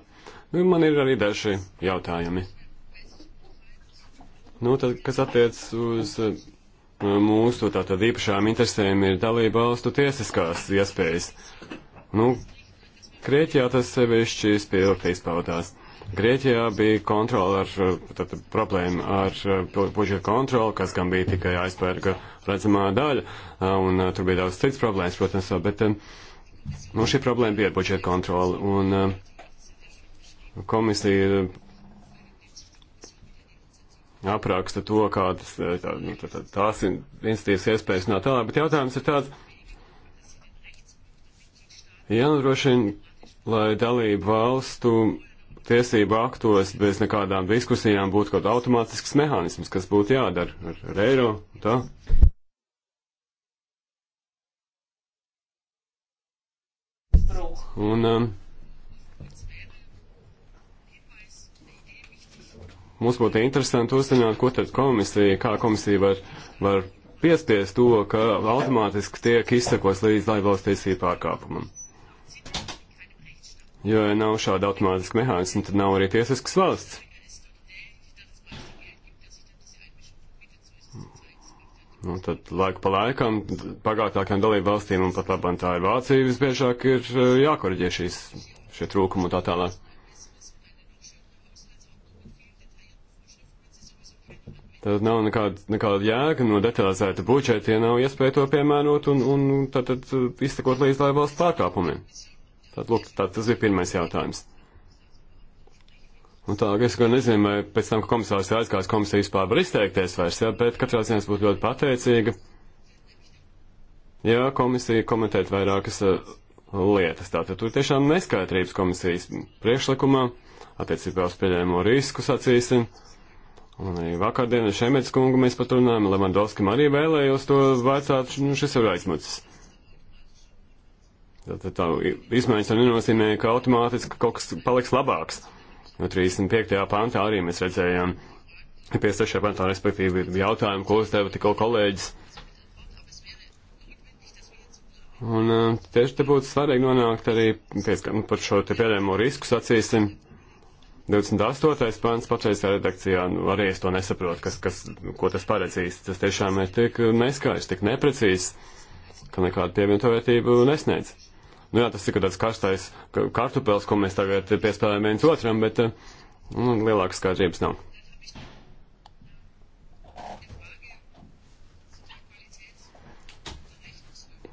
Nu, man ir arī daži jautājumi. Nu, tad, kas attiec uz uh, mūsu tātad īpašām interesēm, ir dalība valstu tiesiskās iespējas. Nu, Krieķijā tas sevišķi spilgti izpaudās. Grieķijā bija kontrola ar, tad, problēma ar budžeta kontroli, kas gan bija tikai aizpērga redzamā daļa, un tur bija daudz cits problēmas, protams, bet nu, šī problēma bija ar budžeta kontroli, un komisija apraksta to, kādas tā, nu, tā, tā, tās institīvas iespējas nav tālāk, bet jautājums ir tāds, jānodrošina, nu lai dalību valstu tiesību aktos bez nekādām diskusijām būtu kaut automātisks mehānisms, kas būtu jādara ar, ar eiro un tā. Un um, mums būtu interesanti uzzināt, ko tad komisija, kā komisija var, var piespiest to, ka automātiski tiek izsakos līdz laivvalsts tiesību pārkāpumam. Jo ja nav šāda automātiska mehānisma, tad nav arī tiesiskas valsts. Nu, tad laiku pa laikam pagātākajām dalību valstīm, un pat labāk tā ir Vācija, visbiežāk ir e, jākoriģē šīs, šie trūkumi un tā tālāk. Tad nav nekāda, nekāda jēga no detalizēta budžeta, ja nav iespēja to piemērot un, un tad, tad e, iztekot līdz lai valsts pārkāpumiem. Tad, lūk, tā, tas bija pirmais jautājums. Un tā, es gan nezinu, vai pēc tam, ka komisārs ir aizgājis, komisija vispār var izteikties vairs, jā, bet katrā ziņā es būtu ļoti pateicīga, ja komisija komentētu vairākas uh, lietas. Tātad tur tiešām neskaidrības komisijas priekšlikumā attiecībā uz pieļaujamo risku sacīsim. Un arī vakardien ar Šemets kungu mēs pat runājam, Levandovskim arī vēlējos to vaicāt, nu, šis ir aizmucis. Tad tā izmaiņas jau nenozīmē, ka automātiski kaut kas paliks labāks. No 35. pāntā arī mēs redzējām, 56. pantā, respektīvi, ir jautājumi, ko uzdeva tikko kolēģis. Un um, tieši te būtu svarīgi nonākt arī pēc, nu, par šo te pēdējo risku sacīsim. 28. pants patreizajā redakcijā, nu, arī es to nesaprotu, kas, kas, ko tas paredzīs. Tas tiešām ir tik neskaidrs, tik neprecīzs, ka nekādu pievienotovērtību nesniedz. Nu jā, tas ir tāds karstais kartupēls, ko mēs tagad piespēlējam viens otram, bet eh, nu, lielākas skaidrības nav.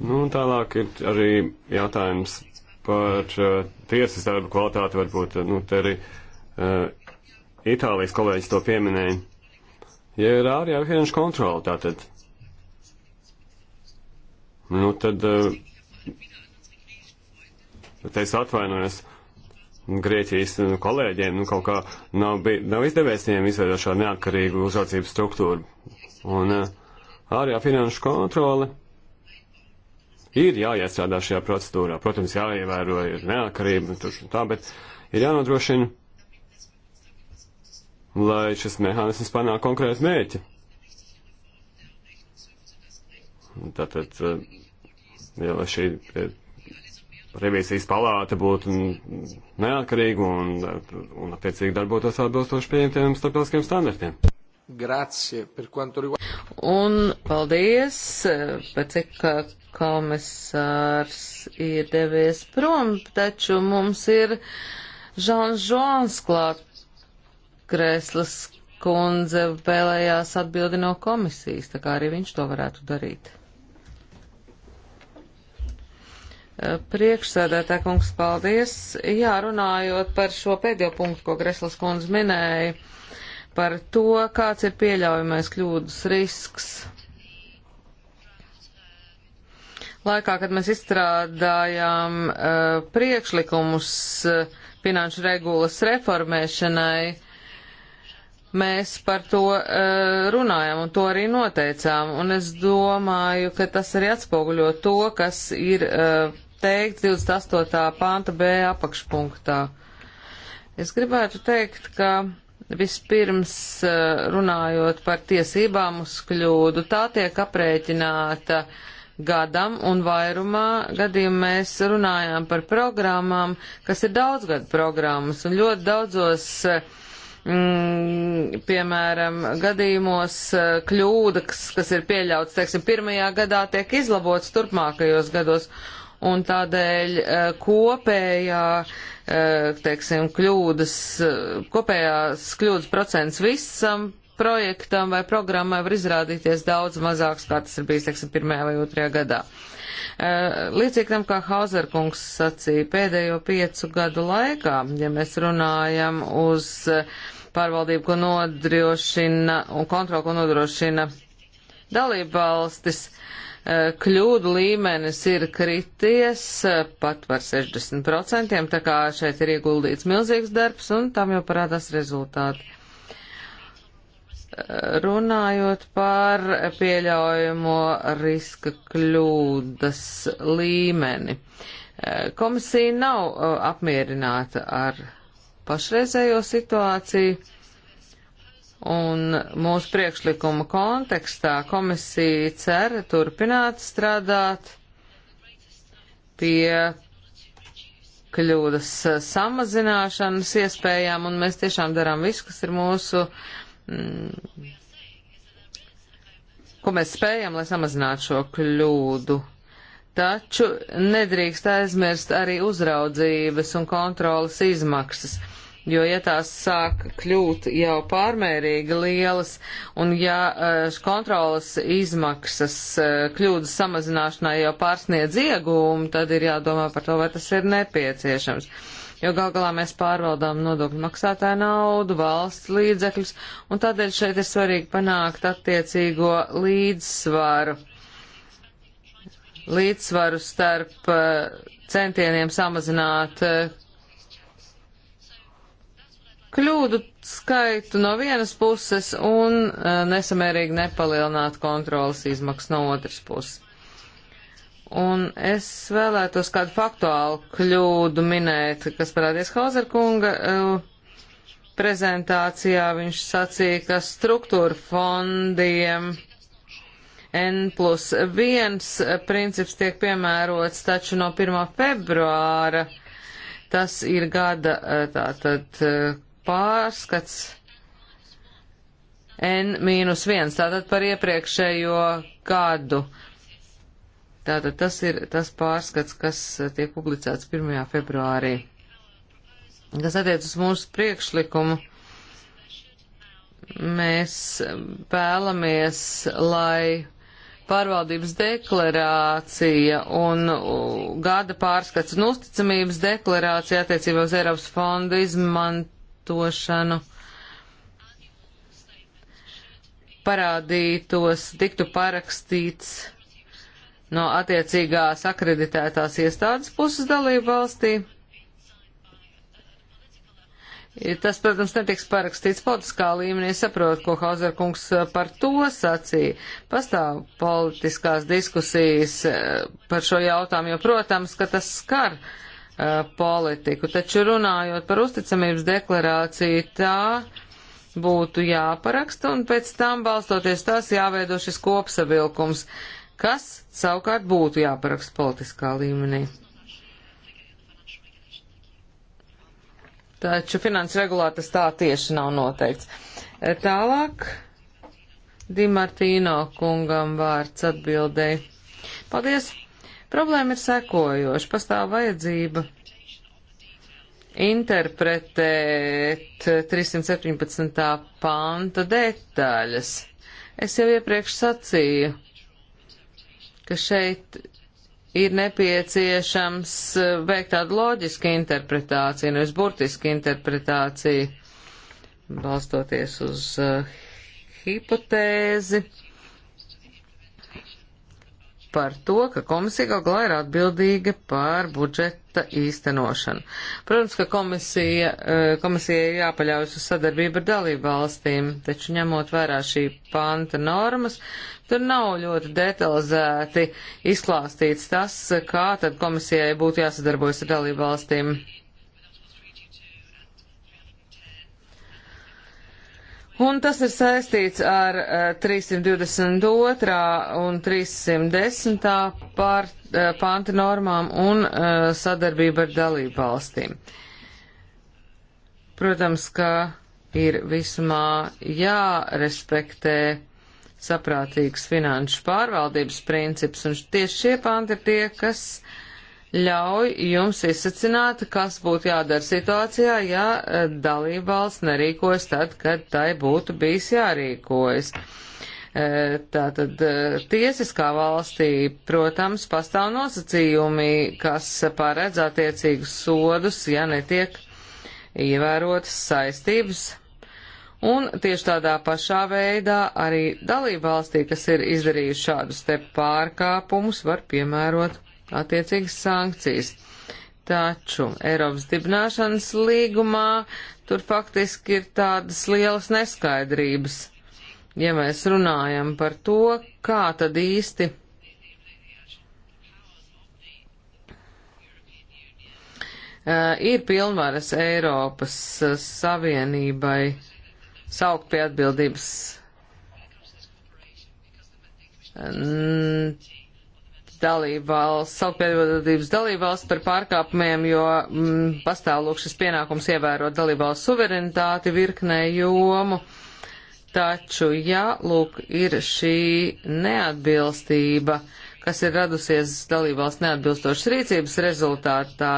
Nu, tālāk ir arī jautājums par uh, tiesas darbu kvalitāti, varbūt, eh, nu, te arī uh, Itālijas kolēģis to pieminēja. Ja ir ārējā finanšu kontrola, tātad, nu, tad uh, bet es atvainojos Grieķijas nu, kolēģiem, nu kaut kā nav, bij, nav izdevies viņiem izveidot šādu neatkarīgu uzraucības struktūru. Un eh, ārējā finanšu kontrole ir jāiestrādā šajā procedūrā. Protams, jāievēro ir neatkarība, tur un tā, bet ir jānodrošina, lai šis mehānisms panāk konkrētu mērķi. Tātad, eh, ja šī eh, revīzijas palāta būtu neatkarīga un, un attiecīgi darbotos atbilstoši pieņemtiem starptautiskiem standartiem. Grazie, per quanto riguarda. Un paldies, pēc cik komisārs ir devies prom, taču mums ir Žans Žons klāt Kreslas kundze vēlējās atbildi no komisijas, tā kā arī viņš to varētu darīt. Eh, priekšsēdētā kungs, paldies. Jā, runājot par šo pēdējo punktu, ko Greslas kundze minēja, par to, kāds ir pieļaujamais kļūdas risks. Laikā, kad mēs izstrādājām uh, eh, priekšlikumus uh, finanšu regulas reformēšanai, mēs par to uh, runājam un to arī noteicām. Un es domāju, ka tas arī atspoguļo to, kas ir uh, teikts 28. panta B apakšpunktā. Es gribētu teikt, ka vispirms eh, runājot par tiesībām uz kļūdu, tā tiek aprēķināta gadam, un vairumā gadījumā mēs runājām par programmām, kas ir daudzgadu programmas, un ļoti daudzos eh, mm, piemēram, gadījumos eh, kļūdas, kas ir pieļauts, teiksim, pirmajā gadā tiek izlabots turpmākajos gados un tādēļ eh, kopējā, eh, teiksim, kļūdas, eh, kopējās kļūdas procents visam projektam vai programmai var izrādīties daudz mazāks, kā tas ir bijis, teiksim, pirmajā vai otrajā gadā. Līdzīgi tam, kā Hauserkungs sacīja, pēdējo piecu gadu laikā, ja mēs runājam uz pārvaldību, ko nodrošina un kontroli, ko nodrošina dalību valstis, uh, Kļūdu līmenis ir krities pat par 60%, tā kā šeit ir ieguldīts milzīgs darbs un tam jau parādās rezultāti. Runājot par pieļaujamo riska kļūdas līmeni, komisija nav uh, apmierināta ar pašreizējo situāciju Un mūsu priekšlikuma kontekstā komisija cer turpināt strādāt pie kļūdas samazināšanas iespējām, un mēs tiešām darām visu, kas ir mūsu, mm, ko mēs spējam, lai samazinātu šo kļūdu. Taču nedrīkst aizmirst arī uzraudzības un kontrolas izmaksas. Uh, jo, ja tās sāk kļūt jau pārmērīgi lielas, un ja uh, kontrolas izmaksas uh, kļūdas samazināšanai jau pārsniedz iegūmu, tad ir jādomā par to, vai tas ir nepieciešams. Jo gal galā mēs pārvaldām nodokļu maksātāju naudu, valsts līdzekļus, un tādēļ šeit ir svarīgi panākt attiecīgo līdzsvaru. Līdzsvaru starp uh, centieniem samazināt uh, kļūdu skaitu no vienas puses un uh, nesamērīgi nepalielināt kontrolas izmaksas no otras puses. Un es vēlētos kādu faktuālu kļūdu minēt, kas parādījies Hauserkunga uh, e, prezentācijā. Viņš sacīja, ka struktūra fondiem N plus 1 princips tiek piemērots, taču no 1. februāra tas ir gada e, tātad pārskats N-1, tātad par iepriekšējo gadu. Tātad tas ir tas pārskats, kas tiek publicēts 1. februārī. Kas attiec uz mūsu priekšlikumu, mēs vēlamies, lai pārvaldības deklarācija un gada pārskats un uzticamības deklarācija attiecībā uz Eiropas fondu izmant izmantošanu parādītos, tiktu parakstīts no attiecīgās akreditētās iestādes puses dalību valstī. Tas, protams, netiks parakstīts politiskā līmenī. Es saprotu, ko Hauserkungs par to sacīja. Pastāv politiskās diskusijas eh, par šo jautājumu, jo, protams, ka tas skar uh, Uh, politiku. Taču runājot par uzticamības deklarāciju, tā būtu jāparaksta un pēc tam balstoties tās jāveido šis kopsavilkums, kas savukārt būtu jāparaksta politiskā līmenī. Taču finanses regulā tas tā tieši nav noteikts. E, tālāk Dimartīno kungam vārds atbildēja. Paldies Problēma ir sekojoša. Pastāv vajadzība interpretēt 317. panta detaļas. Es jau iepriekš sacīju, ka šeit ir nepieciešams veikt tādu loģisku interpretāciju, nevis burtisku interpretāciju, balstoties uz uh, hipotēzi par to, ka komisija kaut galā ir atbildīga par budžeta īstenošanu. Protams, ka komisija, eh, komisija ir jāpaļaujas uz sadarbību ar dalību valstīm, taču ņemot vērā šī panta normas, tur nav ļoti detalizēti izklāstīts tas, kā tad komisijai būtu jāsadarbojas ar dalību valstīm. Un tas ir saistīts ar 322. Eh, un 310. Pār, panti normām un eh, sadarbību ar dalību valstīm. Protams, ka ir visumā jārespektē saprātīgs finanšu pārvaldības princips, un tieši šie panti ir tie, kas uh, ļauj jums izsacināt, kas būtu jādara situācijā, ja e, dalībvalsts nerīkojas tad, kad tai būtu bijis jārīkojas. E, tātad e, tiesiskā valstī, protams, pastāv nosacījumi, kas paredz attiecīgus sodus, ja netiek ievērotas saistības. Un tieši tādā pašā veidā arī dalība valstī, kas ir izdarījusi šādus te pārkāpumus, var piemērot attiecīgas sankcijas. Taču Eiropas dibināšanas līgumā tur faktiski ir tādas lielas neskaidrības, ja mēs runājam par to, kā tad īsti Uh, ir pilnvaras Eiropas eh, Savienībai saukt pie atbildības mm, dalībvalsts, saukt pievienotības dalībvalsts par pārkāpumiem, jo mm, pastāv lūk šis pienākums ievērot dalībvalsts suverenitāti virknē jomu. Taču, ja lūk ir šī neatbilstība, kas ir radusies dalībvalsts neatbilstošas rīcības rezultātā,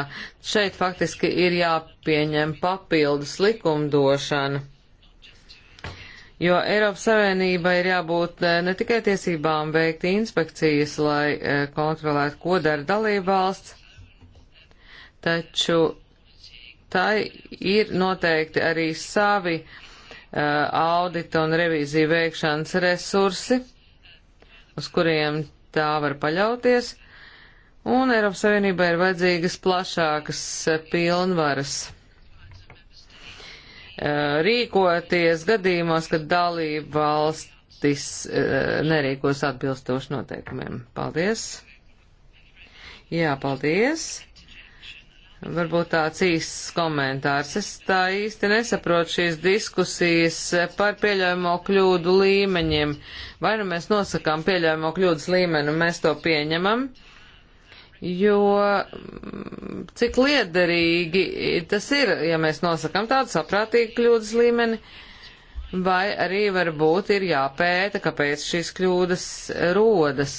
šeit faktiski ir jāpieņem papildus likumdošana jo Eiropas Savienība ir jābūt eh, ne tikai tiesībām veikt inspekcijas, lai eh, kontrolētu, ko dara dalībvalsts, taču tai ir noteikti arī savi uh, audita un revīzija veikšanas resursi, uz kuriem tā var paļauties, un Eiropas Savienībai ir vajadzīgas plašākas pilnvaras Uh, rīkoties gadījumos, kad dalība valstis uh, nerīkos atbilstoši noteikumiem. Paldies! Jā, paldies! Varbūt tāds īsts komentārs. Es tā īsti nesaprotu šīs diskusijas par pieļaujamo kļūdu līmeņiem. Vai nu mēs nosakām pieļaujamo kļūdas līmeni un mēs to pieņemam, uh, Jo mm, cik liederīgi tas ir, ja mēs nosakam tādu saprātīgu kļūdas līmeni, vai arī varbūt ir jāpēta, kāpēc šīs kļūdas rodas.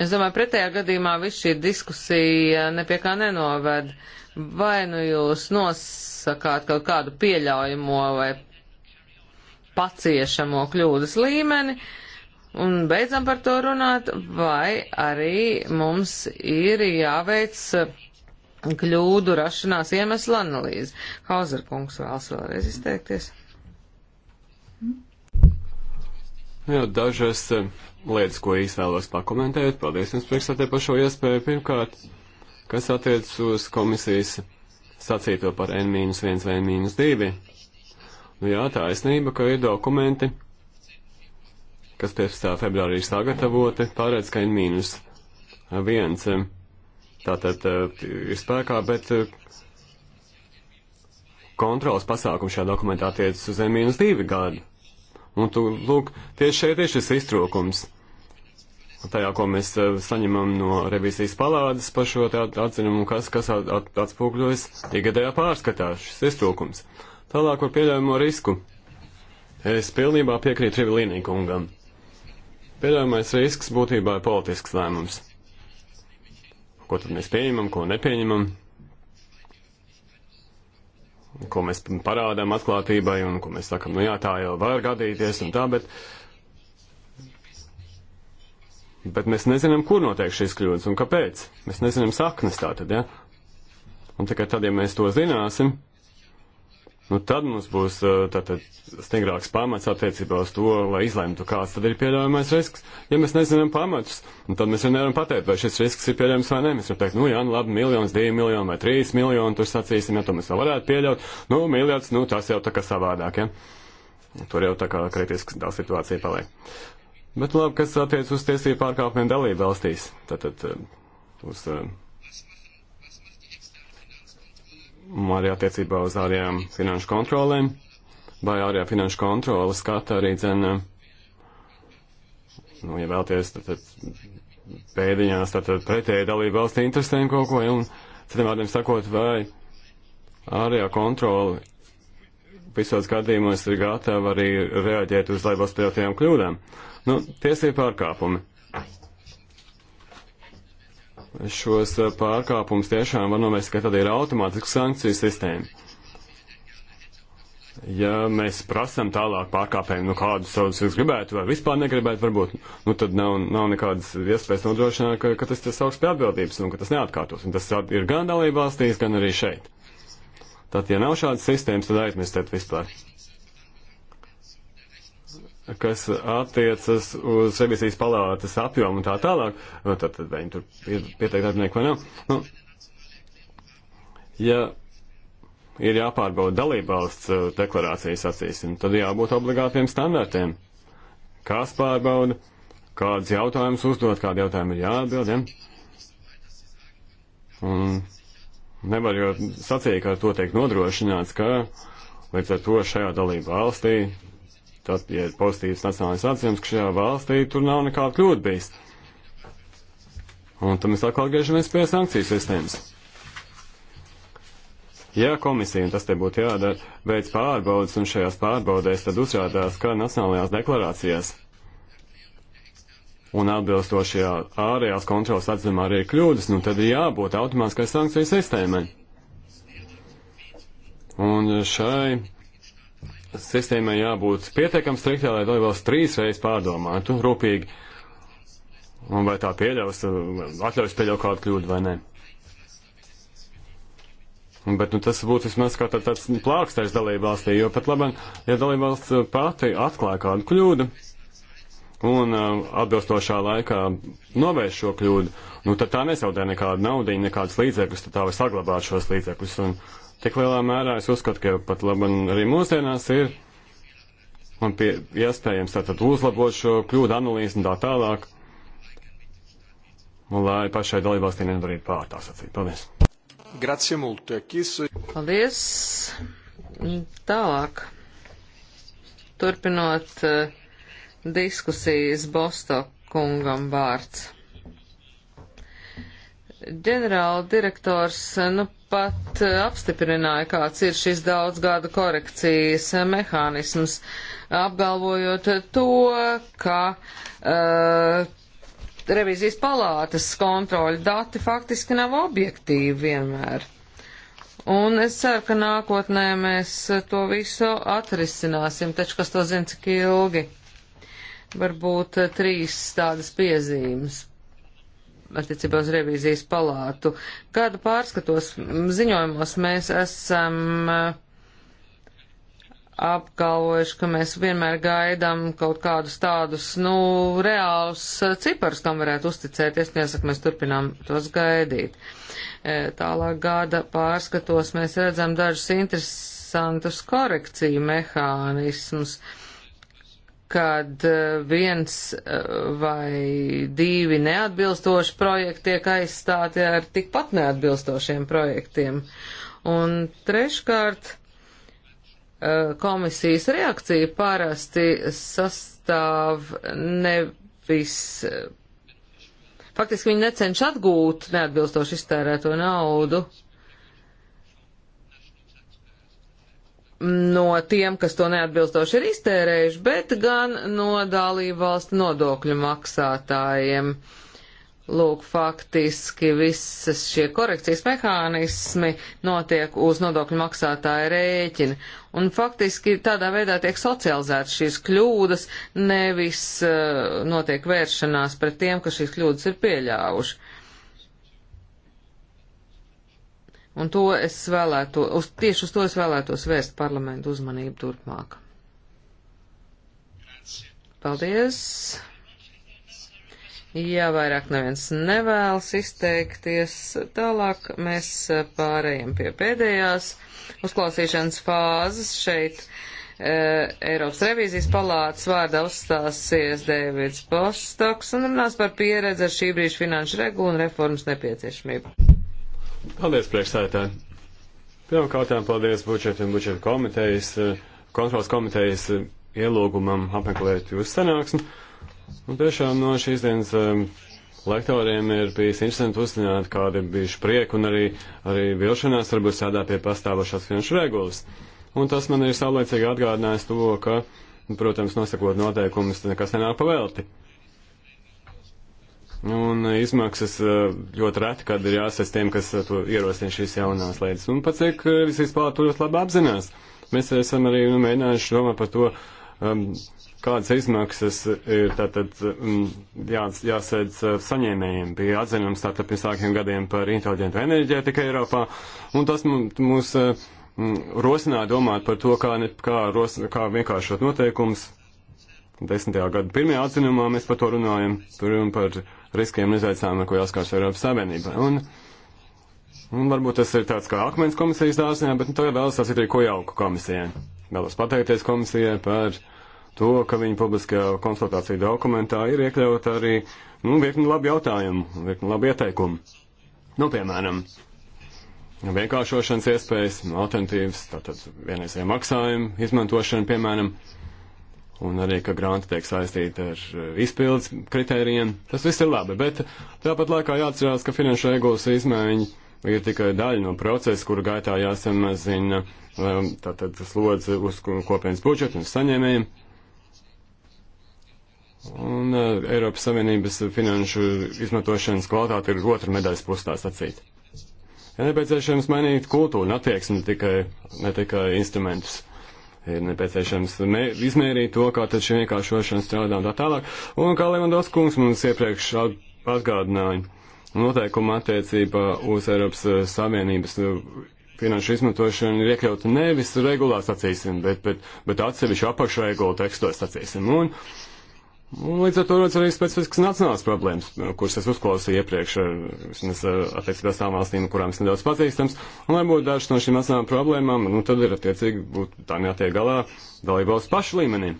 Es domāju, pretējā gadījumā viss šī diskusija nepie kā nenoved. Vai nu jūs nosakāt kaut kādu pieļaujamo vai paciešamo kļūdas līmeni, uh, un beidzam par to runāt, vai arī mums ir jāveic uh, kļūdu rašanās iemeslu analīze. Hauser kungs vēlas vēlreiz izteikties. Nu jā, dažas uh, lietas, ko īstenēlos pakomentēt, paldies jums priekšsatē par šo iespēju. Pirmkārt, kas attiec uz komisijas sacīto par N-1 vai N-2. Nu jā, taisnība, ka ir dokumenti, kas 15. februārī ir sagatavoti, pārēc, ka ir mīnus viens. Tātad eh, ir spēkā, bet eh, kontrolas pasākums šajā dokumentā tiecas uz mīnus divi gadi. Un tu, lūk, tieši šeit ir šis iztrūkums. Tajā, ko mēs eh, saņemam no revizijas palādes par šo atzinumu, kas, kas at, atspūgļojas ikgadējā pārskatā, šis iztrūkums. Tālāk par pieļaujamo risku. Es pilnībā piekrītu Rivilīnī kungam. Pieļaujamais risks būtībā ir politisks lēmums. Ko tad mēs pieņemam, ko nepieņemam, ko mēs parādām atklātībai un ko mēs sakam, nu jā, tā jau var gadīties un tā, bet, bet mēs nezinām, kur notiek šīs kļūdas un kāpēc. Mēs nezinām saknes tā tad, ja? Un tikai tad, ja mēs to zināsim, nu tad mums būs tātad stingrāks pamats attiecībā uz to, lai izlemtu, kāds tad ir pieļaujamais risks. Ja mēs nezinām pamatus, nu, tad mēs jau nevaram pateikt, vai šis risks ir pieļaujams vai nē. Mēs varam teikt, nu jā, nu labi, miljons, divi miljoni vai trīs miljoni, tur sacīsim, ja to mēs vēl varētu pieļaut. Nu, miljards, nu tas jau tā kā savādāk, ja. Tur jau tā kā kritiski tā situācija paliek. Bet labi, kas attiec uz tiesību pārkāpumiem dalību valstīs. Tātad uz. Uh, arī attiecībā uz ārējām finanšu kontrolēm, vai ārējā finanšu kontrole skata arī dzen, nu, ja vēlties, tad, tad pēdiņās, tad, tad pretēji dalību valsts interesēm kaut ko, un citiem vārdiem sakot, vai ārējā kontrole visos gadījumos ir gatava arī reaģēt uz laibos pieļautajām kļūdām. Nu, tiesība pārkāpumi šos eh, pārkāpumus tiešām var novērst, ka tad ir automātiska sankciju sistēma. Ja mēs prasam tālāk pārkāpējiem, nu kādu savus es gribētu vai vispār negribētu, varbūt, nu tad nav, nav nekādas iespējas nodrošināt, ka, ka tas tas sauks pie atbildības un ka tas neatkārtos. Un tas ir gan dalībvalstīs, gan arī šeit. Tad, ja nav šādas sistēmas, tad aizmirstiet vispār kas attiecas uz revizijas palātas apjomu un tā tālāk, nu, tad, tad viņi tur pieteikti darbinieku vai nav. Nu, ja ir jāpārbauda dalībvalsts uh, deklarācijas acīsim, tad jābūt obligātiem standartiem. Kas pārbauda, kādas jautājumas uzdot, kādi jautājumi ir jāatbild, ja? Un nevar jau sacīt, ka ar to tiek nodrošināts, ka līdz ar to šajā dalību valstī Tas, ja ir pozitīvs nacionālais atzīmes, ka šajā valstī tur nav nekāda kļūda bijis. Un tad mēs atkal griežamies pie sankciju sistēmas. Ja komisija, un tas te būtu jādara, veids pārbaudas un šajās pārbaudēs tad uzrādās, ka nacionālajās deklarācijās un atbilstošajā ārējās kontrolas atzimā arī ir kļūdas, nu tad ir jābūt automātiskai sankciju sistēmai. Un šai sistēmai jābūt pietiekami striktai, lai dalībvalsts trīs reizes pārdomātu rūpīgi, un vai tā pieļaus, atļaus pieļaut kādu kļūdu vai nē. Bet nu, tas būtu vismaz kā tā, tāds plākstais dalībvalstī, jo pat labam, ja dalībvalsts pati atklāja kādu kļūdu un uh, atbilstošā laikā novērš šo kļūdu, nu tad tā nesaudē nekādu naudu, nekādus līdzekļus, tad tā var saglabāt šos līdzekļus. Un, uh, Tik lielā mērā es uzskatu, ka pat labi arī mūsdienās ir un pie, iespējams tātad uzlabot šo kļūdu analīzi un tā tālāk, un lai pašai dalībvalstī nedarītu pārtā sacīt. Paldies! Grazie multe, kisu! Paldies! Tālāk. Turpinot uh, diskusijas Bostokungam vārds. Ģenerāla direktors, nu, pat eh, apstiprināja, kāds ir šis daudzgada korekcijas eh, mehānisms, apgalvojot to, ka uh, eh, revizijas palātas kontroļu dati faktiski nav objektīvi vienmēr. Un es ceru, ka nākotnē mēs to visu atrisināsim, taču kas to zina, cik ilgi. Varbūt trīs tādas piezīmes attiecībā uz revīzijas palātu. Kādu pārskatos ziņojumos mēs esam eh, apgalvojuši, ka mēs vienmēr gaidām kaut kādus tādus, nu, reālus eh, ciparus, kam varētu uzticēties, nesaka, mēs turpinām tos gaidīt. Eh, tālāk gada pārskatos mēs redzam dažus interesantus korekciju mehānismus. Uh, kad eh, viens eh, vai divi neatbilstoši projekti tiek aizstāti ar tikpat neatbilstošiem projektiem. Un treškārt, eh, komisijas reakcija parasti sastāv nevis. Faktiski viņi necenš atgūt neatbilstoši iztērēto naudu, no tiem, kas to neatbilstoši ir iztērējuši, bet gan no dalību valstu nodokļu maksātājiem. Lūk, faktiski visas šie korekcijas mehānismi notiek uz nodokļu maksātāja rēķina. Un faktiski tādā veidā tiek socializētas šīs kļūdas, nevis uh, notiek vēršanās pret tiem, kas šīs kļūdas ir pieļāvuši. Uh, Un to es vēlēto, uz, tieši uz to es vēlētos vērst parlamentu uzmanību turpmāk. Paldies! Ja vairāk neviens nevēlas izteikties, tālāk mēs pārējiem pie pēdējās uzklausīšanas fāzes šeit. Uh, Eiropas revīzijas palātas vārdā uzstāsies Dēvids Bostoks un runās par pieredzi ar šī brīža finanšu regulu un reformas nepieciešamību. Paldies, priekšsētāji. Pirmkārt, paldies budžeta un budžeta komitejas, eh, kontrols komitejas eh, ielūgumam apmeklēt jūsu sanāksmi. Un tiešām no šīs dienas um, lektoriem ir bijis interesanti uzzināt, kāda ir bijuši prieka un arī, arī vilšanās varbūt sēdā pie pastāvošās finanšu regulas. Un tas man ir saulēcīgi atgādinājis to, ka, protams, nosakot noteikumus, nekas nenāk pavēlti. velti. Un izmaksas eh, ļoti reti, kad ir jāsas tiem, kas eh, to ierosina šīs jaunās lietas. Un pats tiek eh, visīs palātos labi apzinās. Mēs esam arī nu, mēģinājuši domāt par to, um, kādas izmaksas ir tātad um, mm, jā, jāsēdz saņēmējiem. Bija atzinums tātad pirms sākiem gadiem par inteliģentu enerģētiku Eiropā. Un tas mūs uh, rosināja domāt par to, kā, ne, kā, ros, kā vienkāršot noteikumus. Desmitajā gada pirmajā atzinumā mēs par to runājam. Tur un par riskiem un izaicinājumiem, ar ko jāskars Eiropas Savienībai. Un, un varbūt tas ir tāds kā akmens komisijas dāsnē, bet nu, to jau vēlas tas ir arī ko jauku komisijai. Vēlos pateikties komisijai par to, ka viņa publiskajā konsultāciju dokumentā ir iekļaut arī nu, virkni labi jautājumu, virkni labi ieteikumu. Nu, piemēram, vienkāršošanas iespējas, alternatīvas, tātad vienreizēja maksājuma izmantošana, piemēram un arī, ka granti tiek saistīti ar eh, izpildes kritērijiem. Tas viss ir labi, bet tāpat laikā jāatcerās, ka finanšu regulas izmaiņa ir tikai daļa no procesa, kuru gaitā jāsamazina um, tātad slodze uz kopienas budžetu un saņēmējiem. Un uh, Eiropas Savienības finanšu izmantošanas kvalitāte ir otra medaļas pustā sacīt. Ja nepieciešams mainīt kultūru un attieksmi, ne tikai, ne tikai instrumentus ir nepieciešams ne, izmērīt to, kā tad šī vienkāršošana strādā un tā tālāk. Un kā Lemandos kungs mums iepriekš atgādināja, noteikuma attiecībā uz Eiropas eh, Savienības eh, finanšu izmantošanu ir iekļauta nevis regulā, sacīsim, bet, bet, bet atsevišķu apakšregulu tekstos, sacīsim. Un, uh, Un līdz ar to rodas arī specifiskas nacionālas problēmas, kuras es uzklausīju iepriekš, vismaz attiecībā tām valstīm, kurām es nedaudz pazīstams. Un lai būtu dažas no šīm nacionālām problēmām, nu tad ir attiecīgi būt tām jātiek galā dalībvalsts pašu līmenī.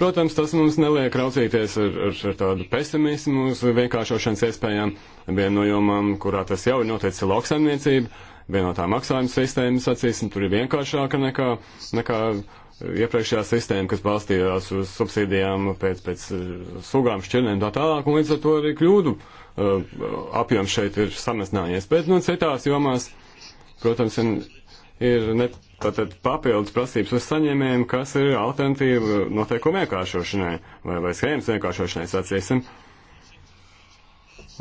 Protams, tas mums neliek raucīties ar, ar, ar tādu pesimismu uz vienkāršošanas iespējām, viena no jomām, kurā tas jau ir noticis lauksaimniecība, viena no tām maksājuma sistēmas, acīsim, tur ir vienkāršāka nekā, nekā iepriekšējā sistēma, kas balstījās uz subsīdijām pēc, pēc eh, sugām, šķirnēm tā tālāk, un līdz ar to arī kļūdu uh, apjoms šeit ir samazinājies. Bet, nu, citās jomās, protams, ir ne, tātad papildus prasības uz saņēmējiem, kas ir alternatīva noteikumu vienkāršošanai vai, vai schēmas vienkāršošanai, sacīsim.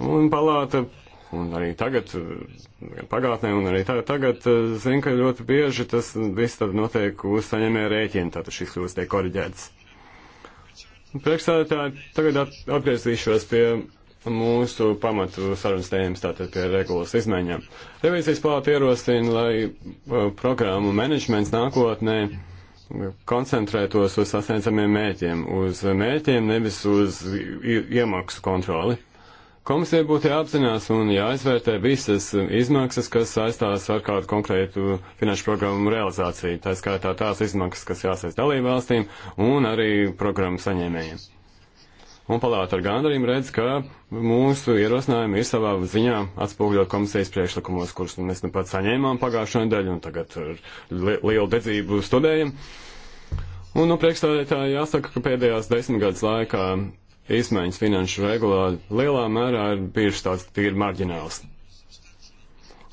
Un palāta Un arī tagad, eh, gan pagātnē, un arī tā, tagad, eh, zinu, ka ļoti bieži tas viss tad notiek uz saņemē rēķina, tātad šīs kļūst tiek koriģētas. Priekšstādātāji, tagad atgriezīšos pie mūsu pamatu sarunas tēmas, tātad pie regulas izmaiņām. Revīzijas palāta ierosina, lai eh, programmu menedžments nākotnē koncentrētos uz sasniedzamiem mēķiem, uz mēķiem, nevis uz iemaksu kontroli. Komisija būtu jāapzinās un jāizvērtē visas izmaksas, kas saistās ar kādu konkrētu finanšu programmu realizāciju. Tā skaitā tās izmaksas, kas jāsaist dalību valstīm un arī programmu saņēmējiem. Un palāta ar gandarījumu redz, ka mūsu ierosinājumi ir savā ziņā atspūgļot komisijas priekšlikumos, kurus mēs nu pat saņēmām pagājušo nedēļu un tagad ar li lielu dedzību studējam. Un, nu, priekšstādētāji jāsaka, ka pēdējās desmit gadus laikā izmaiņas finanšu regulā lielā mērā ir bijušas tāds tīri marģināls.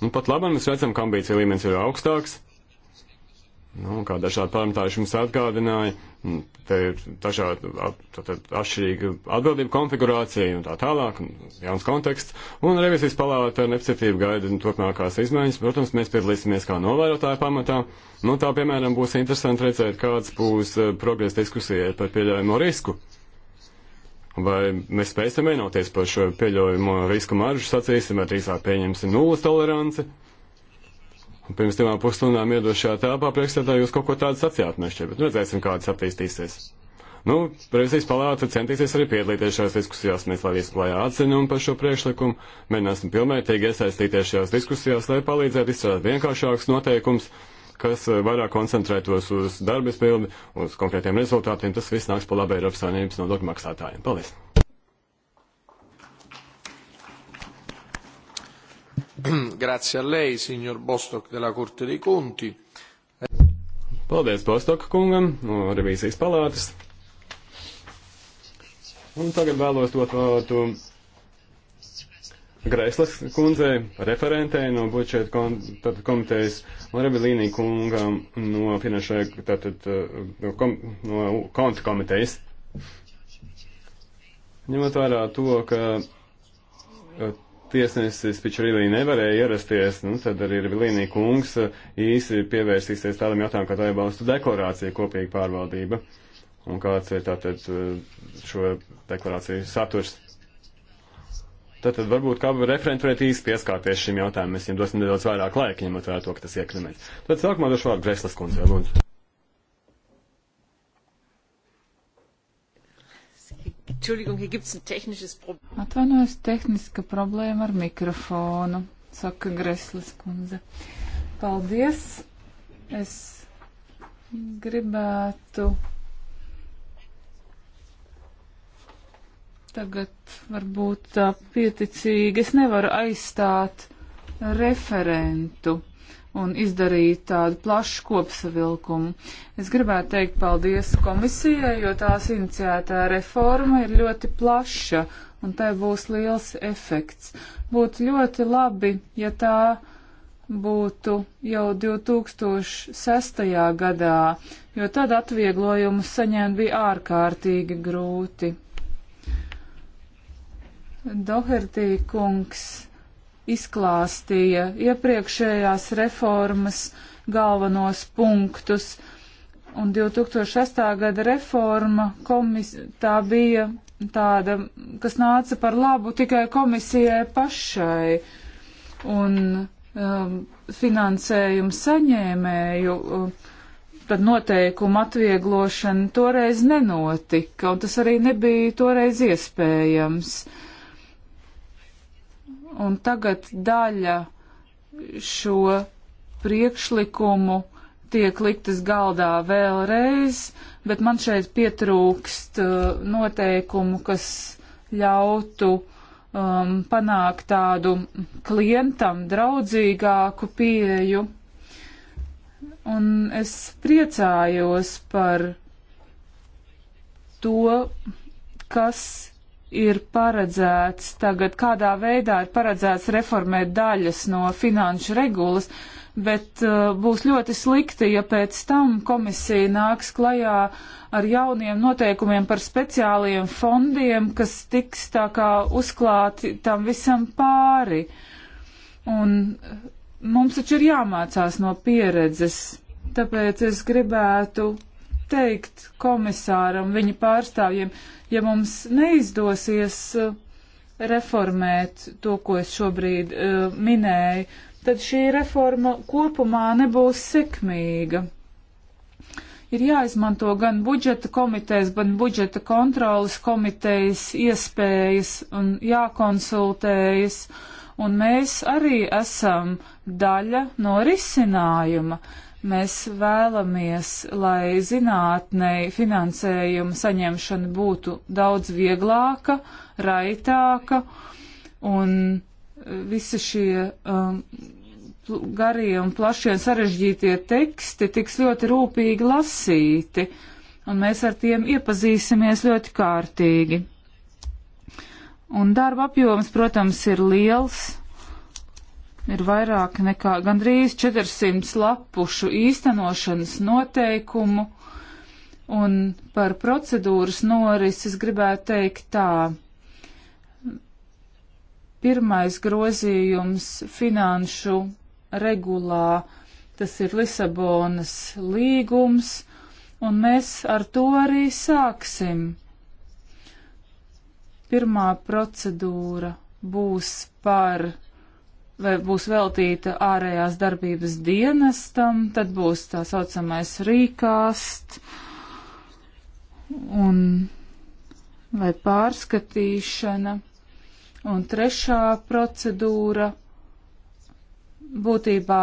Un nu, pat labam mēs redzam, ka ambīcija līmenis ir augstāks. Nu, kā dažādi pārmetāji mums atgādināja, mm, te ir dažādi atšķirīga atbildība konfigurācija un tā tālāk, un jauns konteksts, un revizijas palāta ar nepacietību gaida turpmākās izmaiņas. Protams, mēs piedalīsimies kā novērotāja pamatā. Nu, tā, piemēram, būs interesanti redzēt, kāds būs eh, progresa diskusijai par pieļaujamo risku. Vai mēs spēsim vienoties par šo pieļaujamo riska maržu sacīsim, vai drīzāk pieņemsim nulles toleranci? Un pirms divām pusstundām iedošajā telpā priekšstādā jūs kaut ko tādu sacījāt nešķiet, bet nu redzēsim, kādas attīstīsies. Nu, revizijas palāta centīsies arī piedalīties šajās diskusijās, mēs laidīsim klājā atzinumu par šo priekšlikumu, mēģināsim pilnvērtīgi iesaistīties šajās diskusijās, lai palīdzētu izstrādāt vienkāršākus noteikumus, kas eh, vairāk koncentrētos uz darba izpildi, uz konkrētiem rezultātiem, tas viss nāks pa labi Eiropas Savienības nodokļu maksātājiem. Paldies! Grazie a lei, signor Bostock della Corte dei Conti. Paldies Bostock kungam no revīzijas palātas. Un tagad vēlos dot vārdu Graislas kundzei, referentei no budžeta kom komitejas, un Rebilīnī kungam no finanšēja, tātad no, kom no konta komitejas. Ņemot vērā to, ka uh, tiesnesis Pičurīlī nevarēja ierasties, nu, tad arī Rebilīnī kungs uh, īsi pievērsīsies tādam jautājumam, kā tā ir balstu deklarācija kopīga pārvaldība, un kāds ir tātad uh, šo deklarāciju saturs. Tātad varbūt kā referenti varētu īsti pieskārties šim jautājumam. Mēs viņam dosim nedaudz vairāk laika, ņemot vērā to, ka tas iekrimēts. Tad sākumā došu vārdu Greslas kundzei, lūdzu. Entschuldigung, hier gibt es ein technisches Problem. Atvainojos, tehniska problēma ar mikrofonu, saka Greslas kundze. Paldies! Es gribētu tagad varbūt tā pieticīgi. Es nevaru aizstāt referentu un izdarīt tādu plašu kopsavilkumu. Es gribētu teikt paldies komisijai, jo tās iniciētā reforma ir ļoti plaša un tai būs liels efekts. Būtu ļoti labi, ja tā būtu jau 2006. gadā, jo tad atvieglojumus saņemt bija ārkārtīgi grūti. Dohertī kungs izklāstīja iepriekšējās reformas galvenos punktus. Un 2006. gada reforma komis, tā bija tāda, kas nāca par labu tikai komisijai pašai. Un um, finansējumu saņēmēju, um, tad noteikumu atvieglošana toreiz nenotika, un tas arī nebija toreiz iespējams. Uh, Un tagad daļa šo priekšlikumu tiek liktas galdā vēlreiz, bet man šeit pietrūkst uh, noteikumu, kas ļautu um, panākt tādu klientam draudzīgāku pieeju. Un es priecājos par to, kas ir paredzēts tagad, kādā veidā ir paredzēts reformēt daļas no finanšu regulas, bet uh, būs ļoti slikti, ja pēc tam komisija nāks klajā ar jauniem noteikumiem par speciāliem fondiem, kas tiks tā kā uzklāti tam visam pāri. Un uh, mums taču ir jāmācās no pieredzes, tāpēc es gribētu teikt komisāram, viņa pārstāvjiem, ja mums neizdosies uh, reformēt to, ko es šobrīd uh, minēju, tad šī reforma kopumā nebūs sekmīga. Ir jāizmanto gan budžeta komitejas, gan budžeta kontrolas komitejas iespējas un jākonsultējas, un mēs arī esam daļa no risinājuma. Uh, Mēs vēlamies, lai zinātnei finansējuma saņemšana būtu daudz vieglāka, raitāka un e, visi šie um, garie un plašie un sarežģītie teksti tiks ļoti rūpīgi lasīti un mēs ar tiem iepazīsimies ļoti kārtīgi. Un darba apjoms, protams, ir liels, ir vairāk nekā gandrīz 400 lapušu īstenošanas noteikumu, un par procedūras norises gribētu teikt tā. Pirmais grozījums finanšu regulā, tas ir Lisabonas līgums, un mēs ar to arī sāksim. Pirmā procedūra būs par vai būs veltīta ārējās darbības dienestam, tad būs tā saucamais rīkāst un vai pārskatīšana. Un trešā procedūra būtībā